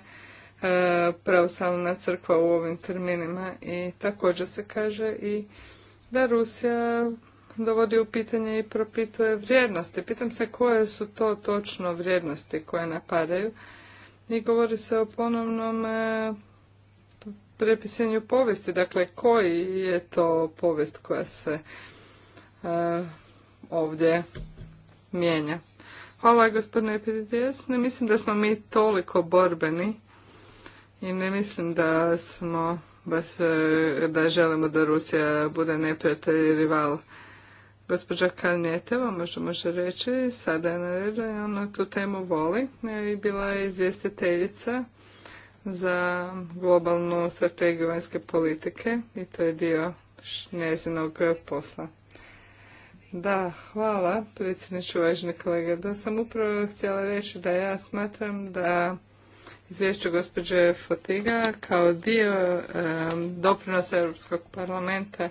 e, pravoslavna crkva u ovim terminima i također se kaže i da Rusija dovodi u pitanje i propituje vrijednosti. Pitam se koje su to točno vrijednosti koje napadaju i govori se o ponovnom e, prepisanju povijesti. Dakle, koji je to povijest koja se e, ovdje mijenja? Hvala gospodine Epididijes. Ne mislim da smo mi toliko borbeni i ne mislim da smo baš e, da želimo da Rusija bude neprijatelj i rival Gospođa Kalnjeteva, možemo možda može reći, sada je na redu i ona tu temu voli e, i bila je izvjestiteljica za globalnu strategiju vanjske politike i to je dio njezinog posla. Da, hvala predsjedniče uvažene kolege. Da sam upravo htjela reći da ja smatram da izvješće gospođe Fotiga kao dio e, doprinosa Europskog parlamenta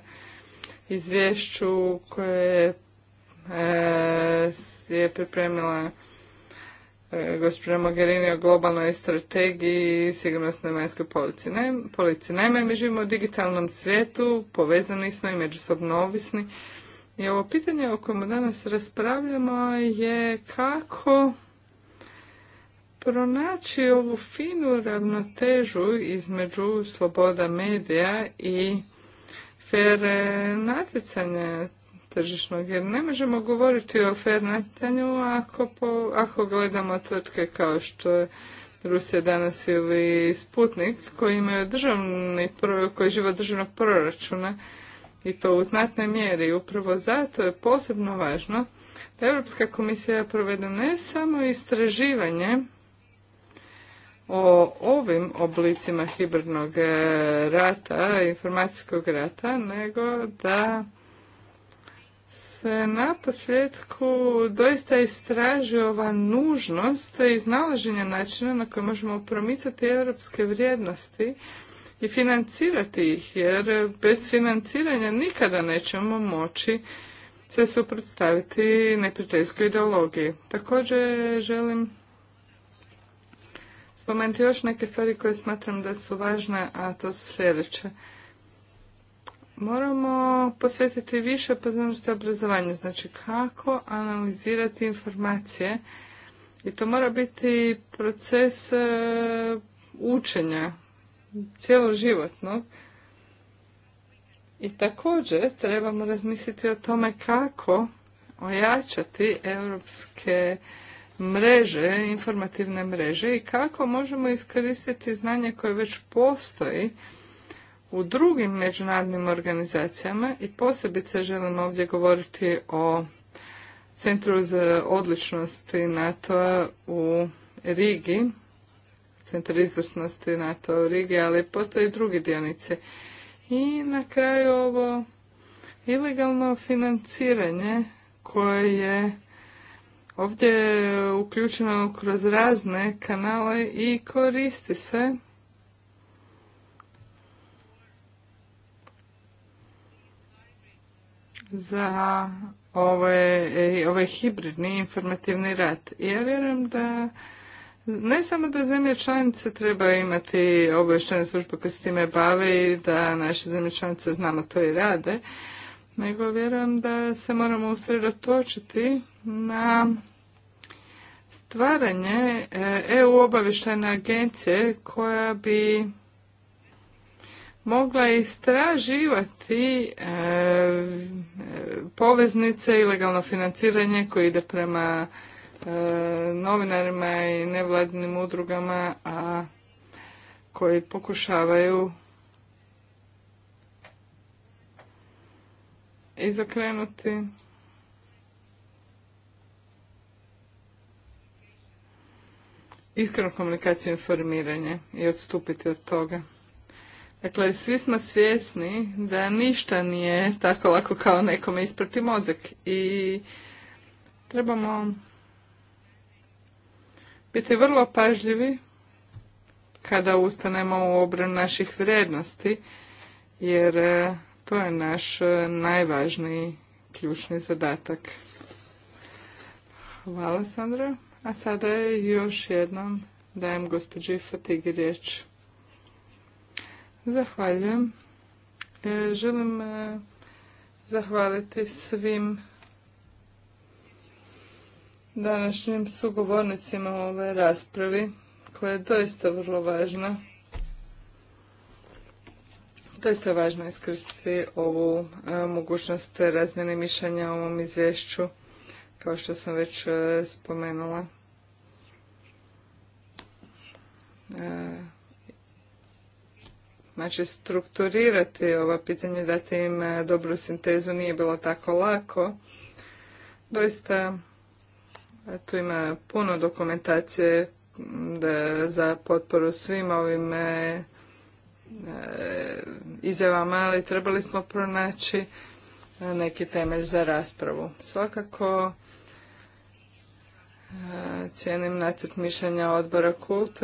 izvješću koje e, je pripremila e, gospođa Mogherini o globalnoj strategiji sigurnosnoj vanjskoj policiji. Naime, mi živimo u digitalnom svijetu, povezani smo i međusobno ovisni. I ovo pitanje o kojem danas raspravljamo je kako pronaći ovu finu ravnotežu između sloboda medija i fer e, natjecanja tržišnog, jer ne možemo govoriti o fer natjecanju ako, po, ako gledamo tvrtke kao što je Rusija danas ili Sputnik koji imaju državni, koji živa državnog proračuna i to u znatnoj mjeri. Upravo zato je posebno važno da Europska komisija provede ne samo istraživanje o ovim oblicima hibridnog e, rata, informacijskog rata, nego da se na doista istraži ova nužnost iznalaženja načina na koji možemo promicati europske vrijednosti i financirati ih, jer bez financiranja nikada nećemo moći se suprotstaviti neprijateljskoj ideologiji. Također želim spomenuti još neke stvari koje smatram da su važne, a to su sljedeće. Moramo posvetiti više pozornosti obrazovanju, znači kako analizirati informacije i to mora biti proces e, učenja cijeloživotnog. I također trebamo razmisliti o tome kako ojačati europske mreže, informativne mreže i kako možemo iskoristiti znanje koje već postoji u drugim međunarodnim organizacijama i posebice želim ovdje govoriti o Centru za odličnosti NATO-a u Rigi, Centar izvrsnosti NATO u Rigi, ali postoje i drugi dionice. I na kraju ovo ilegalno financiranje koje je ovdje je uključeno kroz razne kanale i koristi se za e, ovaj, hibridni informativni rad. ja vjerujem da ne samo da zemlje članice trebaju imati obavještajne službe koje se time bave i da naše zemlje članice znamo to i rade, nego vjerujem da se moramo usredotočiti na stvaranje e, EU obavještajne agencije koja bi mogla istraživati poveznice poveznice, ilegalno financiranje koje ide prema e, novinarima i nevladinim udrugama, a koji pokušavaju izokrenuti. Iskrenu komunikaciju informiranje i odstupiti od toga. Dakle, svi smo svjesni da ništa nije tako lako kao nekome isprati mozak i trebamo biti vrlo pažljivi kada ustanemo u obranu naših vrijednosti, jer to je naš e, najvažniji ključni zadatak. Hvala Sandra. A sada još jednom dajem gospođi Fatigi riječ. Zahvaljujem. E, želim e, zahvaliti svim današnjim sugovornicima u ovoj raspravi koja je doista vrlo važna. Doista je važno iskoristiti ovu e, mogućnost razmjene mišljenja o ovom izvješću, kao što sam već e, spomenula. E, znači, strukturirati ova pitanja, dati im dobru sintezu nije bilo tako lako. Doista, tu ima puno dokumentacije da, za potporu svim ovim E, izjavama, ali trebali smo pronaći e, neki temelj za raspravu. Svakako e, cijenim nacrt mišljenja odbora KULT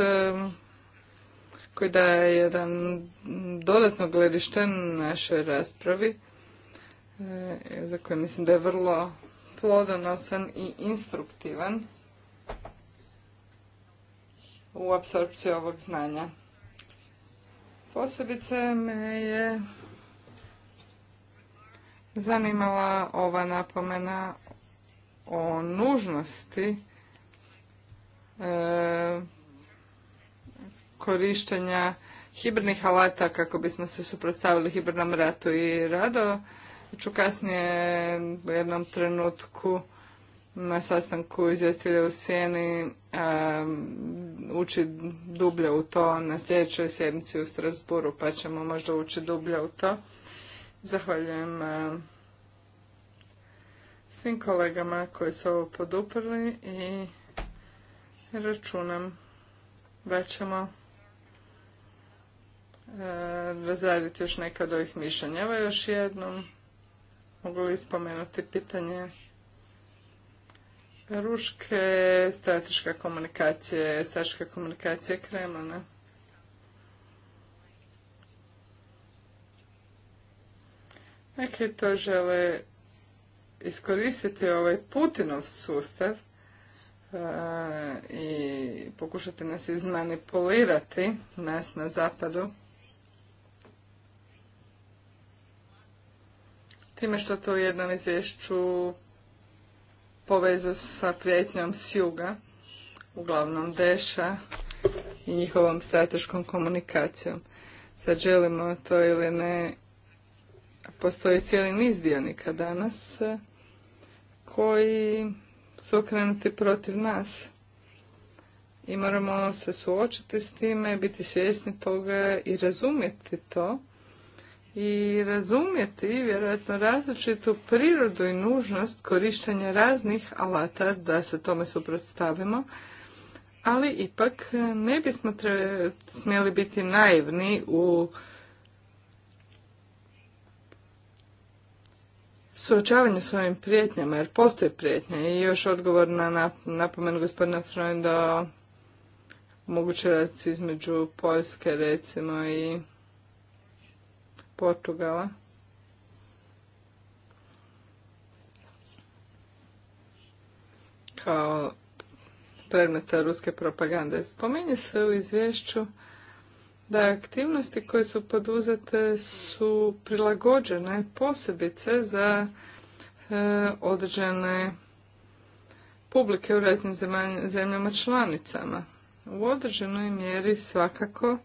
koji daje jedan dodatno gledište na našoj raspravi za koje mislim da je vrlo plodonosan i instruktivan u apsorpciji ovog znanja. Posebice me je zanimala ova napomena o nužnosti e, korištenja hibridnih alata kako bismo se suprotstavili hibridnom ratu i rado ću kasnije u jednom trenutku na sastanku izvjestitelja u sjeni ući dublje u to na sljedećoj sjednici u Strasburu, pa ćemo možda ući dublje u to. Zahvaljujem svim kolegama koji su ovo poduprli i računam da ćemo razraditi još neka od ovih mišljenja. Evo još jednom mogu li spomenuti pitanje Ruške strateška komunikacija, strateška komunikacija Kremlana. Neki to žele iskoristiti ovaj Putinov sustav i pokušati nas izmanipulirati, nas na zapadu, time što to u jednom izvješću povezu sa prijetnjom s juga, uglavnom Deša i njihovom strateškom komunikacijom. Sad želimo to ili ne, postoji cijeli niz dionika danas e, koji su okrenuti protiv nas. I moramo se suočiti s time, biti svjesni toga i razumjeti to i razumjeti vjerojatno različitu prirodu i nužnost korištenja raznih alata da se tome suprotstavimo, ali ipak ne bismo smjeli biti naivni u suočavanju s ovim prijetnjama, jer postoje prijetnje i još odgovor na napomenu gospodina Freunda o između Poljske recimo i Portugala. Kao predmeta ruske propagande. Spominje se u izvješću da aktivnosti koje su poduzete su prilagođene posebice za e, određene publike u raznim zemljama članicama. U određenoj mjeri svakako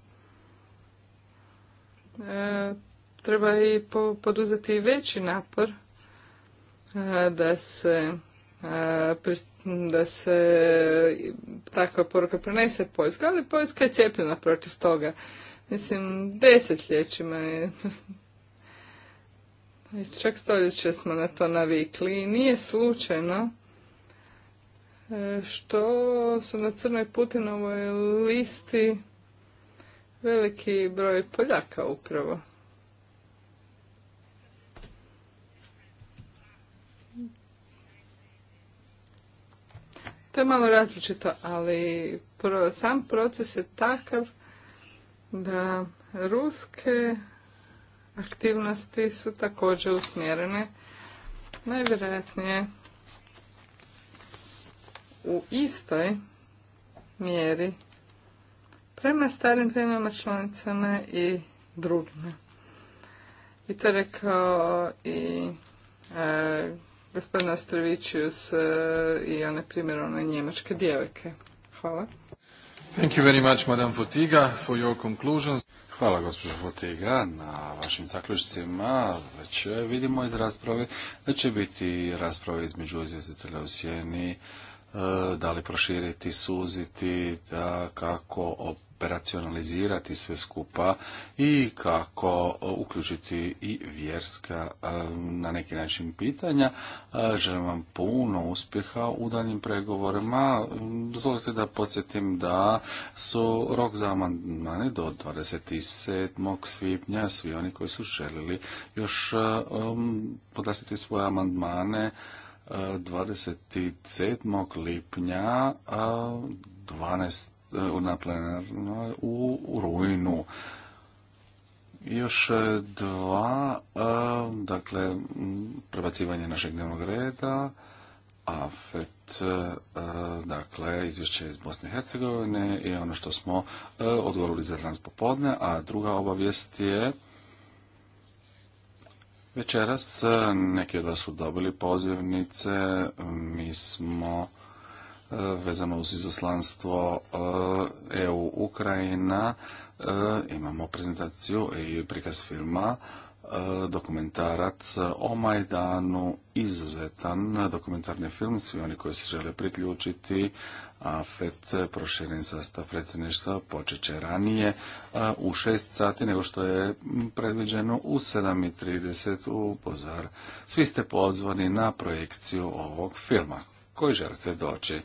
e, treba i poduzeti veći napor e, da se e, da se takva poruka prenese Poljska, ali Poljska je cijepljena protiv toga. Mislim, desetljećima je čak stoljeće smo na to navikli i nije slučajno e, što su na crnoj Putinovoj listi veliki broj Poljaka upravo. To je malo različito, ali pro, sam proces je takav da ruske aktivnosti su također usmjerene najvjerojatnije u istoj mjeri prema starim zemljama članicama i drugima. I to rekao i e, gospodina Ostrovićius e, i one primjer one njemačke djevojke. Hvala.
Thank you very much, Madame Fotiga, for your conclusions. Hvala gospođo Fotiga na vašim zaključcima. Već vidimo iz rasprave da će biti rasprave između izvjestitelja u Sjeni, e, da li proširiti, suziti, da kako operacionalizirati sve skupa i kako uključiti i vjerska e, na neki način pitanja. E, želim vam puno uspjeha u daljnjim pregovorima. Dozvolite da podsjetim da su rok za amandmane do 27. svibnja. Svi oni koji su želili još e, um, podlasiti svoje amandmane 27. lipnja 12 E, na plenarnoj u, u rujnu. Još e, dva, e, dakle, prebacivanje našeg dnevnog reda, AFET, dakle, izvješće iz Bosne i Hercegovine i ono što smo odgovorili za danas popodne, a druga obavijest je večeras, neki od vas su dobili pozivnice, mi smo E, vezano uz izaslanstvo EU e Ukrajina. E, imamo prezentaciju i prikaz filma dokumentarac o Majdanu, izuzetan dokumentarni film, svi oni koji se žele priključiti, a FED proširen sastav predsjedništva počet će ranije u 6 sati nego što je predviđeno u 7.30 u Pozar. Svi ste pozvani na projekciju ovog filma koji želite doći.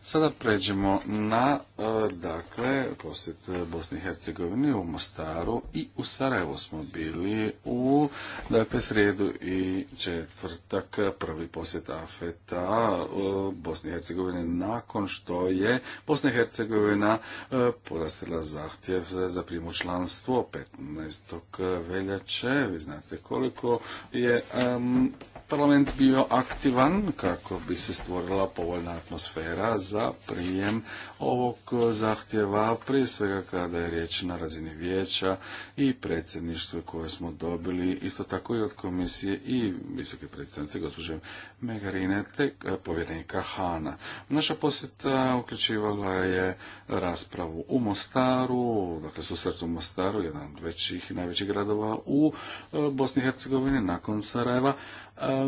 Sada pređemo na e, dakle, posjet Bosni i Hercegovini u Mostaru i u Sarajevu smo bili u dakle, srijedu i četvrtak prvi posjet Afeta e, Bosni i Hercegovini nakon što je Bosna i Hercegovina e, podastila zahtjev za primu članstvo 15. veljače. Vi znate koliko je parlament bio aktivan kako bi se stvorila povoljna atmosfera za prijem ovog zahtjeva, prije svega kada je riječ na razini vijeća i predsjedništva koje smo dobili, isto tako i od komisije i visoke predsjednice gospođe Megarine te e, povjerenika Hana. Naša posjeta uključivala je raspravu u Mostaru, dakle susret u Mostaru, jedan od većih i najvećih gradova u e, Bosni i Hercegovini nakon Sarajeva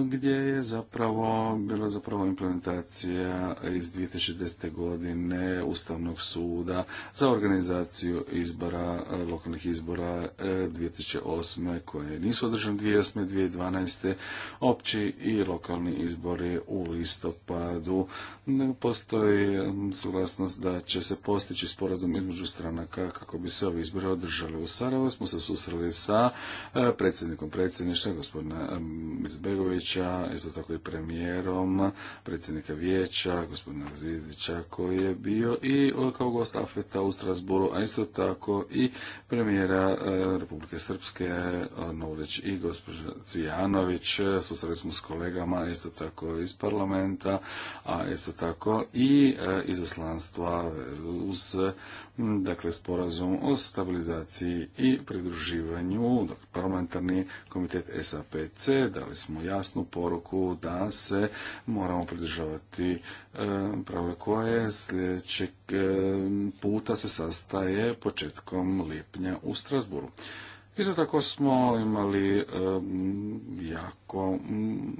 gdje je zapravo bila zapravo implementacija iz 2010. godine Ustavnog suda za organizaciju izbora, e, lokalnih izbora 2008. E, koje nisu održane 2008. 2012. opći i lokalni izbori u listopadu. Postoji suglasnost da će se postići sporazum između stranaka kako bi se ovi izbori održali. U Sarajevo smo se susreli sa e, predsjednikom predsjedništva, gospodina Izetbegovića, isto tako i premijerom, predsjednika vijeća, gospodina Zvidića, koji je bio i e, kao gost Afeta u Strasburu, a isto tako i premijera e, Republike Srpske, e, i gospođa Cvijanović. Susreli smo s kolegama, isto tako iz parlamenta, a isto tako i izaslanstva uz dakle sporazum o stabilizaciji i pridruživanju, parlamentarni komitet SAPC, dali smo jasnu poruku da se moramo pridržavati e, pravila koje sljedećeg e, puta se sastaje početkom lipnja u Strasburu. Isto tako smo imali e, jako mm,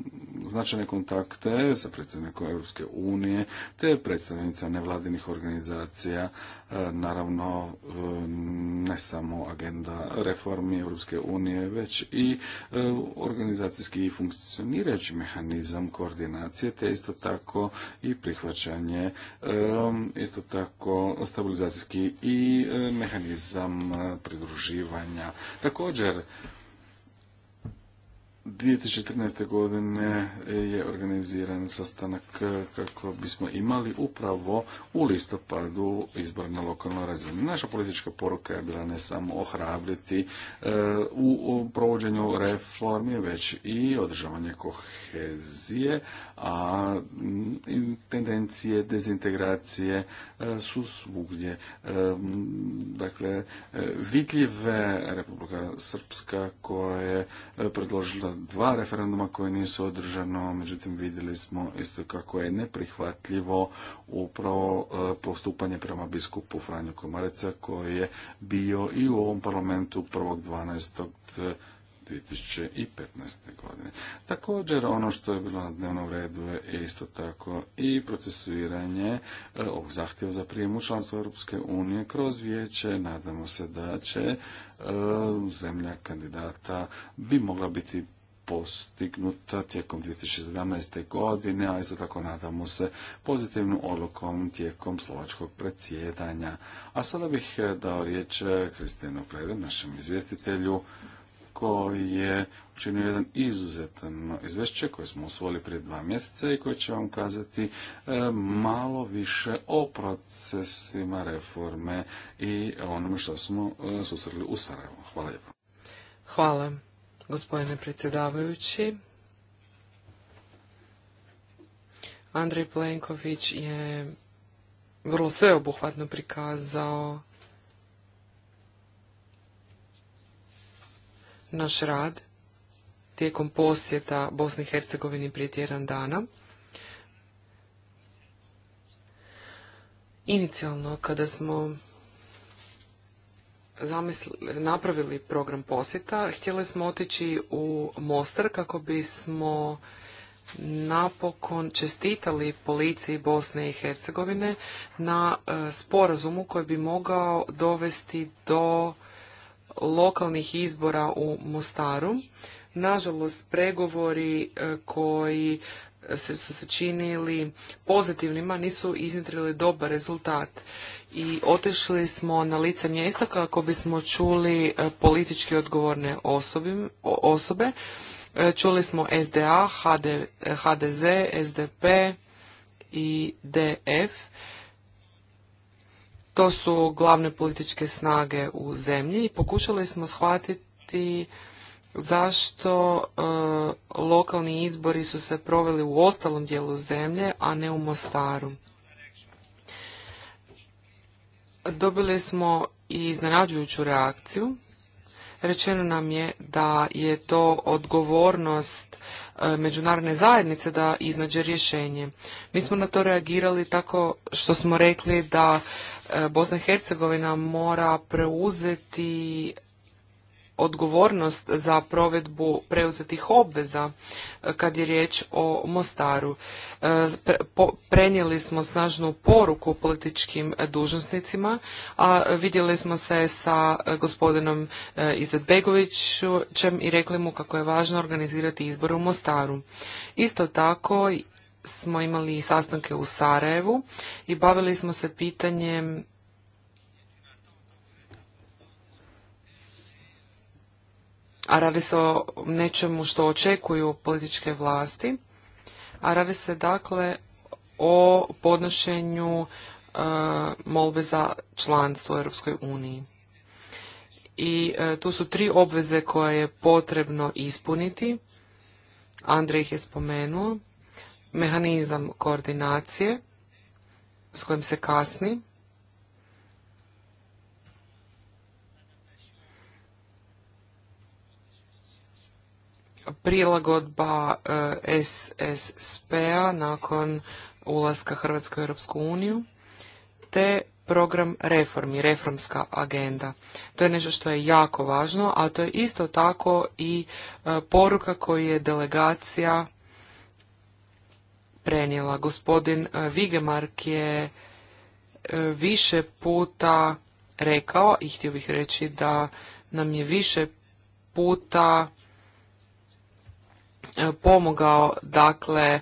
značajne kontakte sa predsjednikom Europske unije te predstavnica nevladinih organizacija E, naravno e, ne samo agenda reformi Europske unije, već i e, organizacijski i funkcionirajući mehanizam koordinacije, te isto tako i prihvaćanje, isto tako stabilizacijski i mehanizam pridruživanja. Također, 2014. godine je organiziran sastanak kako bismo imali upravo u listopadu izbor na lokalnoj razini. Naša politička poruka je bila ne samo ohrabriti e, u provođenju reformi, već i održavanje kohezije, a tendencije dezintegracije e, su svugdje. E, dakle, e, vidljive Republika Srpska koja je predložila dva referenduma koje nisu održano, međutim vidjeli smo isto kako je neprihvatljivo upravo postupanje prema biskupu Franju Komareca koji je bio i u ovom parlamentu 1.12. 2015. godine. Također, ono što je bilo na dnevnom redu je isto tako i procesuiranje e, ovog zahtjeva za prijem u članstvo Europske unije kroz vijeće. Nadamo se da će e, zemlja kandidata bi mogla biti postignuta tijekom 2017. godine, a isto tako nadamo se pozitivnom odlukom tijekom slovačkog predsjedanja. A sada bih e, dao riječ Kristijanu Predu, našem izvjestitelju, koji je učinio jedan izuzetan izvješće koje smo usvojili prije dva mjeseca i koje će vam kazati e, malo više o procesima reforme i onome što smo e, susreli u Sarajevu. Hvala lijepo.
Hvala, gospodine predsjedavajući. Andrej Plenković je vrlo sveobuhvatno prikazao naš rad tijekom posjeta Bosni i Hercegovini prije tjedan dana. Inicijalno, kada smo napravili program posjeta, htjeli smo otići u Mostar kako bismo napokon čestitali policiji Bosne i Hercegovine na e, sporazumu koji bi mogao dovesti do lokalnih izbora u Mostaru. Nažalost, pregovori e, koji se, su se činili pozitivnima nisu iznitrili dobar rezultat i otišli smo na lice mjesta kako bismo čuli e, politički odgovorne osobe. E, čuli smo SDA, HDZ, SDP i DF to su glavne političke snage u zemlji i pokušali smo shvatiti zašto e, lokalni izbori su se proveli u ostalom dijelu zemlje, a ne u Mostaru. Dobili smo i iznenađujuću reakciju. Rečeno nam je da je to odgovornost e, međunarodne zajednice da iznađe rješenje. Mi smo na to reagirali tako što smo rekli da E, Bosna i Hercegovina mora preuzeti odgovornost za provedbu preuzetih obveza e, kad je riječ o Mostaru. E, prenijeli smo snažnu poruku političkim dužnosnicima, a vidjeli smo se sa gospodinom Izetbegovićem i rekli mu kako je važno organizirati izbor u Mostaru. Isto tako smo imali sastanke u Sarajevu i bavili smo se pitanjem a radi se o nečemu što očekuju političke vlasti, a radi se dakle o podnošenju e, molbe za članstvo u Europskoj uniji. I e, tu su tri obveze koje je potrebno ispuniti. Andrej ih je spomenuo mehanizam koordinacije s kojim se kasni. Prilagodba eh, ssp a nakon ulaska Hrvatske u Europsku uniju, te program reformi, reformska agenda. To je nešto što je jako važno, a to je isto tako i eh, poruka koju je delegacija prenijela. Gospodin e, Vigemark je e, više puta rekao i htio bih reći da nam je više puta e, pomogao dakle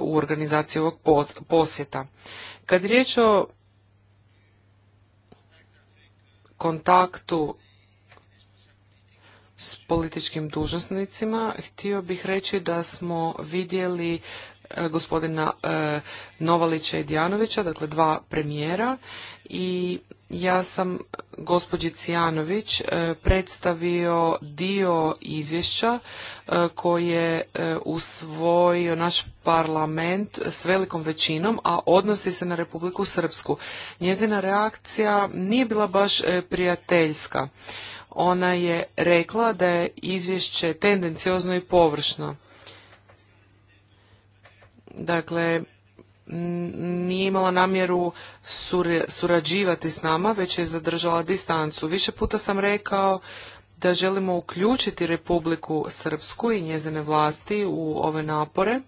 u organizaciji ovog posjeta. Kad je riječ o kontaktu s političkim dužnosnicima, htio bih reći da smo vidjeli E, gospodina e, Novalića i Dijanovića, dakle dva premijera i ja sam gospođi Cijanović e, predstavio dio izvješća koje usvojio naš parlament s velikom većinom, a odnosi se na Republiku Srpsku. Njezina reakcija nije bila baš prijateljska. Ona je rekla da je izvješće tendenciozno i površno. Dakle, nije imala namjeru surađivati s nama, već je zadržala distancu. Više puta sam rekao da želimo uključiti Republiku Srpsku i njezine vlasti u ove napore,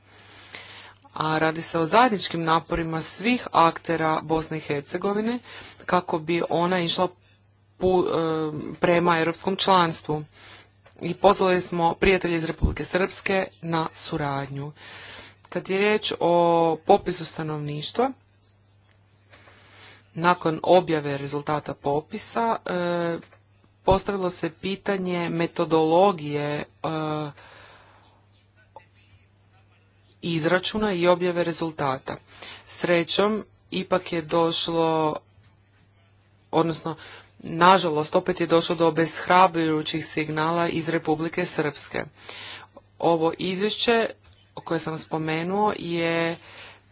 a radi se o zajedničkim naporima svih aktera Bosne i Hercegovine kako bi ona išla e, prema europskom članstvu. I pozvali smo prijatelje iz Republike Srpske na suradnju. Kad je riječ o popisu stanovništva, nakon objave rezultata popisa, e, postavilo se pitanje metodologije e, izračuna i objave rezultata. Srećom, ipak je došlo, odnosno, nažalost, opet je došlo do obeshrabrujućih signala iz Republike Srpske. Ovo izvješće koje sam spomenuo je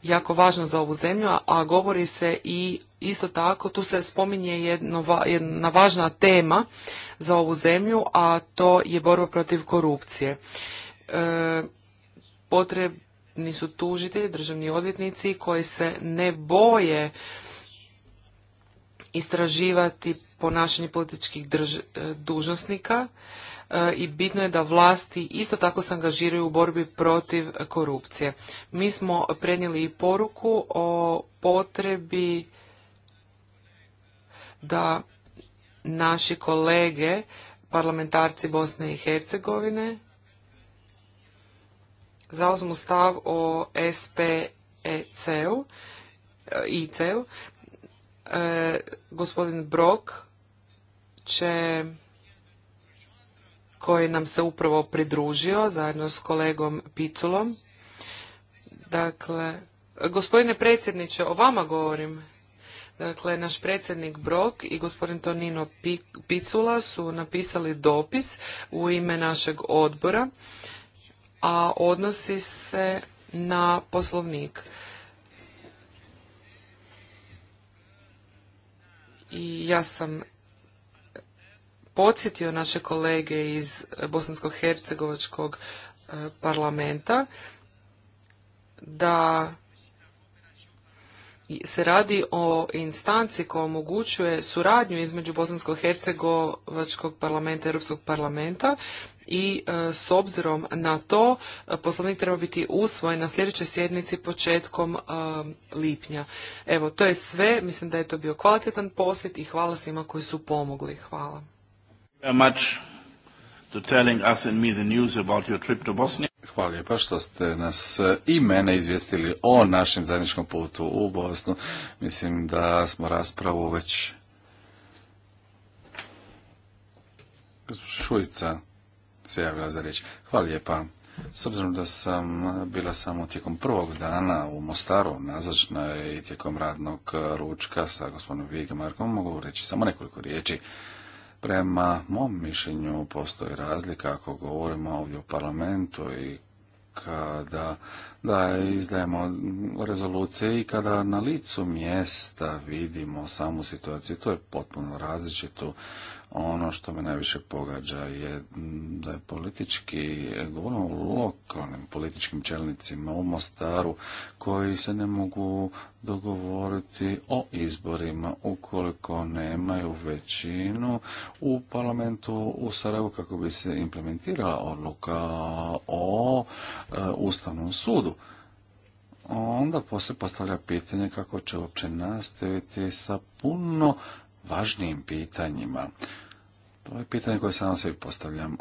jako važno za ovu zemlju, a govori se i isto tako, tu se spominje jedno, jedna važna tema za ovu zemlju, a to je borba protiv korupcije. E, potrebni su tužitelji, državni odvjetnici koji se ne boje istraživati ponašanje političkih drž e, dužnosnika E, i bitno je da vlasti isto tako se angažiraju u borbi protiv korupcije. Mi smo prenijeli i poruku o potrebi da naši kolege, parlamentarci Bosne i Hercegovine, zauzmu stav o SPEC-u e, i CEU. E, gospodin Brok će koji nam se upravo pridružio zajedno s kolegom Piculom. Dakle, gospodine predsjedniče, o vama govorim. Dakle, naš predsjednik Brok i gospodin Tonino Picula su napisali dopis u ime našeg odbora, a odnosi se na poslovnik. I ja sam podsjetio naše kolege iz Bosansko-Hercegovačkog e, parlamenta da se radi o instanci koja omogućuje suradnju između Bosansko-Hercegovačkog parlamenta i Europskog parlamenta i e, s obzirom na to e, poslovnik treba biti usvojen na sljedećoj sjednici početkom lipnja. Evo, to je sve. Mislim da je to bio kvalitetan posjet i hvala svima koji su pomogli. Hvala.
Hvala lijepa što ste nas e, i mene izvijestili o našem zajedničkom putu u Bosnu. Mislim da smo raspravu već... Šujica se javila za riječ. Hvala lijepa. S obzirom da sam bila samo tijekom prvog dana u Mostaru nazočna i tijekom radnog ručka sa gospodinom Vigemarkom, mogu reći samo nekoliko riječi. Prema mom mišljenju postoji razlika ako govorimo ovdje u parlamentu i kada da izdajemo rezolucije i kada na licu mjesta vidimo samu situaciju, to je potpuno različito ono što me najviše pogađa je mm, da je politički, e, govorimo o lokalnim političkim čelnicima u Mostaru koji se ne mogu dogovoriti o izborima ukoliko nemaju većinu u parlamentu u Sarajevu kako bi se implementirala odluka o e, Ustavnom sudu onda poslije postavlja pitanje kako će uopće nastaviti sa puno važnijim pitanjima. To je pitanje koje sam sebi postavljam.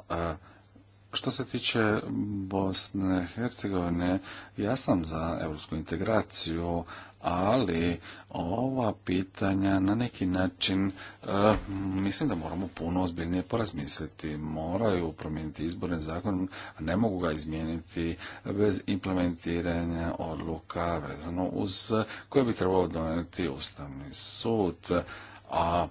Što se tiče Bosne i Hercegovine, ja sam za europsku integraciju, ali ova pitanja na neki način mislim da moramo puno ozbiljnije porazmisliti. Moraju promijeniti izborni zakon, a ne mogu ga izmijeniti bez implementiranja odluka vezano uz koje bi trebalo donijeti Ustavni sud a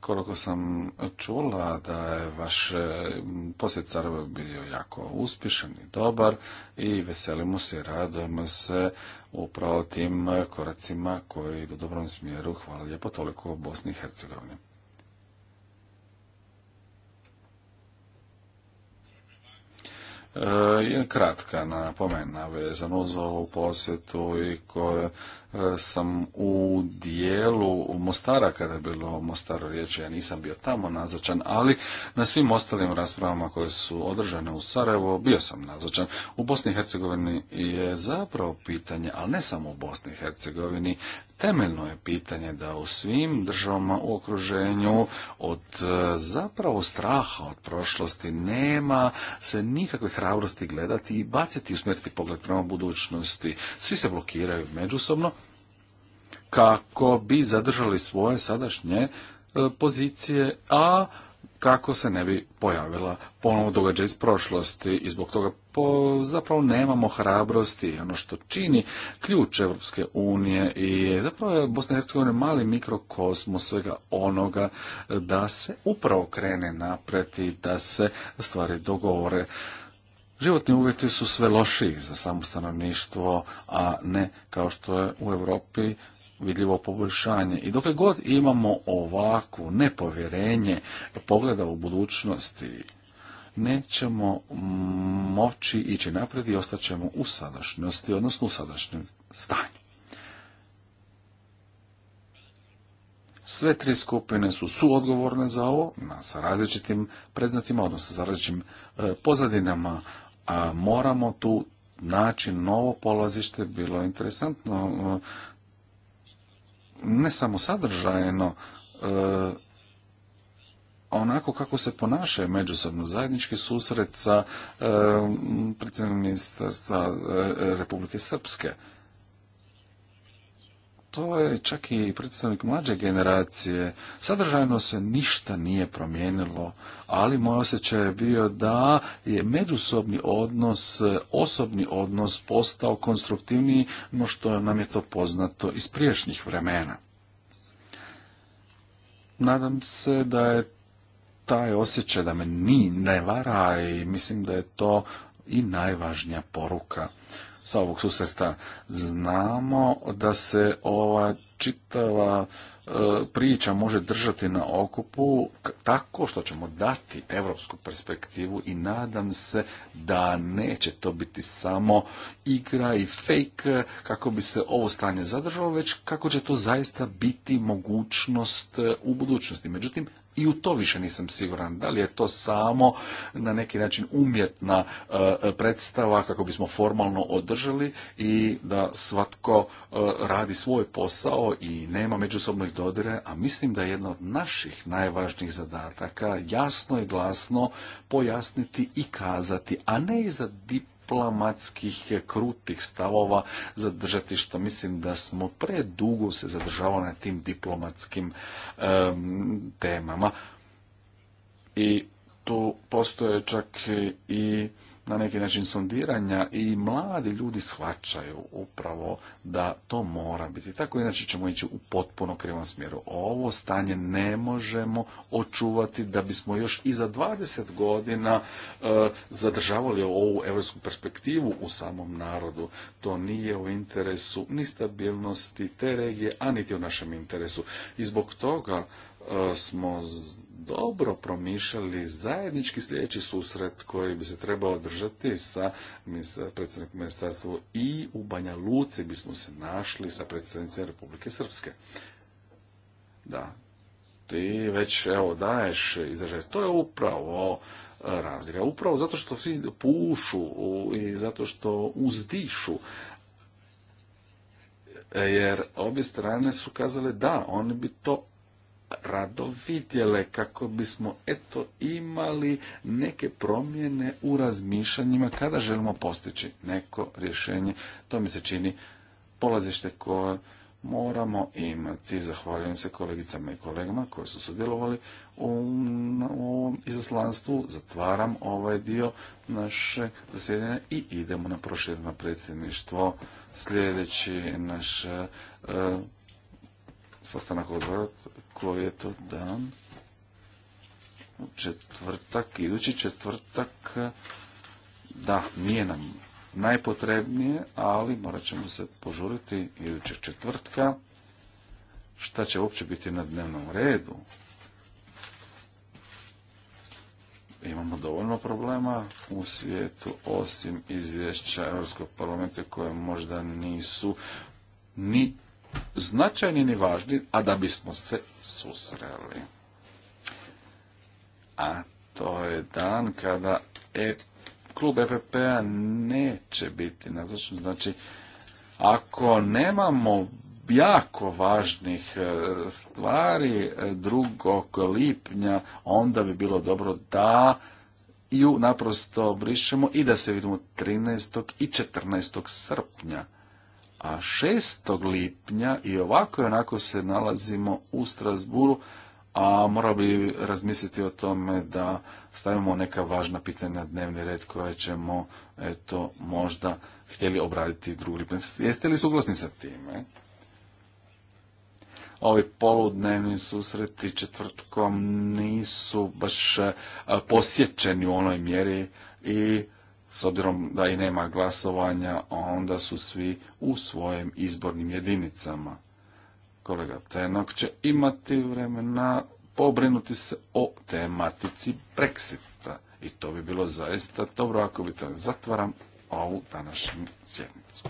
koliko sam čula da je vaš e, posjet bio jako uspješan i dobar i veselimo se i radujemo se upravo tim koracima koji idu u dobrom smjeru. Hvala lijepo toliko o Bosni i Hercegovini. E, je kratka napomena vezano uz ovu posjetu i koje e, sam u dijelu Mostara, kada je bilo Mostar riječ, ja nisam bio tamo nazočan, ali na svim ostalim raspravama koje su održane u Sarajevo bio sam nazočan. U Bosni i Hercegovini je zapravo pitanje, ali ne samo u Bosni i Hercegovini, temeljno je pitanje da u svim državama u okruženju od e, zapravo straha od prošlosti nema se nikakve hrabrosti gledati i baciti i smrti pogled prema budućnosti. Svi se blokiraju međusobno kako bi zadržali svoje sadašnje e, pozicije, a kako se ne bi pojavila ponovo događaj iz prošlosti i zbog toga po, zapravo nemamo hrabrosti. Ono što čini ključ Europske unije i zapravo je Bosna i Hercegovina mali mikrokosmos svega onoga e, da se upravo krene napred da se stvari dogovore. Životni uvjeti su sve lošiji za samo stanovništvo, a ne kao što je u Europi vidljivo poboljšanje. I dokle god imamo ovakvo nepovjerenje pogleda u budućnosti, nećemo moći ići naprijed i ostaćemo u sadašnjosti, odnosno u sadašnjem stanju. Sve tri skupine su suodgovorne za ovo, sa različitim predznacima, odnosno sa različitim e, pozadinama, a moramo tu naći novo polazište, bilo je interesantno, e, ne samo sadržajno, e, onako kako se ponašaju međusobno zajednički susret sa e, predsjednikom ministarstva e, e, Republike Srpske. To je čak i predstavnik mlađe generacije. Sadržajno se ništa nije promijenilo, ali moj osjećaj je bio da je međusobni odnos, osobni odnos postao konstruktivniji no što nam je to poznato iz priješnjih vremena. Nadam se da je taj osjećaj da me ni ne vara i mislim da je to i najvažnija poruka sa ovog susreta. Znamo da se ova čitava e, priča može držati na okupu tako što ćemo dati evropsku perspektivu i nadam se da neće to biti samo igra i fake kako bi se ovo stanje zadržalo, već kako će to zaista biti mogućnost e, u budućnosti. Međutim, i u to više nisam siguran. Da li je to samo na neki način umjetna e, e, predstava kako bismo formalno održali i da svatko e, radi svoj posao i nema međusobnih dodire, a mislim da je jedna od naših najvažnijih zadataka jasno i glasno pojasniti i kazati, a ne iza dip diplomatskih krutih stavova zadržati što mislim da smo predugo se zadržavali na tim diplomatskim temama i tu postoje čak i na neki način sondiranja i mladi ljudi shvaćaju upravo da to mora biti. Tako inače ćemo ići u potpuno krivom smjeru. Ovo stanje ne možemo očuvati da bismo još i za 20 godina e, zadržavali ovu evropsku perspektivu u samom narodu. To nije u interesu ni stabilnosti te regije, a niti u našem interesu. I zbog toga e, smo dobro promišljali zajednički sljedeći susret koji bi se trebao održati sa predsjednikom ministarstva i u Banja Luci bismo se našli sa predsjednicom Republike Srpske. Da, ti već evo daješ izražaj. To je upravo e, razlika. Upravo zato što ti pušu i zato što uzdišu e, jer obje strane su kazale da, oni bi to rado vidjele kako bismo eto imali neke promjene u razmišljanjima kada želimo postići neko rješenje. To mi se čini polazište koje moramo imati. Zahvaljujem se kolegicama i kolegama koji su sudjelovali u ovom izaslanstvu. Zatvaram ovaj dio naše zasjedanja i idemo na proširno predsjedništvo. Sljedeći naš e, sastanak odbora koji je to dan? U četvrtak, idući četvrtak, da, nije nam najpotrebnije, ali morat ćemo se požuriti idućeg četvrtka. Šta će uopće biti na dnevnom redu? imamo dovoljno problema u svijetu, osim izvješća Europskog parlamenta koje možda nisu ni značajni ni važni, a da bismo se susreli. A to je dan kada e, klub EPP-a neće biti nazočan. Znači, ako nemamo jako važnih e, stvari e, drugog lipnja, onda bi bilo dobro da ju naprosto brišemo i da se vidimo 13. i 14. srpnja a 6. lipnja i ovako i onako se nalazimo u Strasburu, a morao bi razmisliti o tome da stavimo neka važna pitanja na dnevni red koje ćemo eto, možda htjeli obraditi drugi lipnja. Jeste li suglasni sa time? Ovi poludnevni susreti četvrtkom nisu baš posjećeni u onoj mjeri i s obzirom da i nema glasovanja, onda su svi u svojim izbornim jedinicama. Kolega Tenok će imati vremena pobrinuti se o tematici Brexita. I to bi bilo zaista dobro ako bi to zatvaram ovu današnju sjednicu.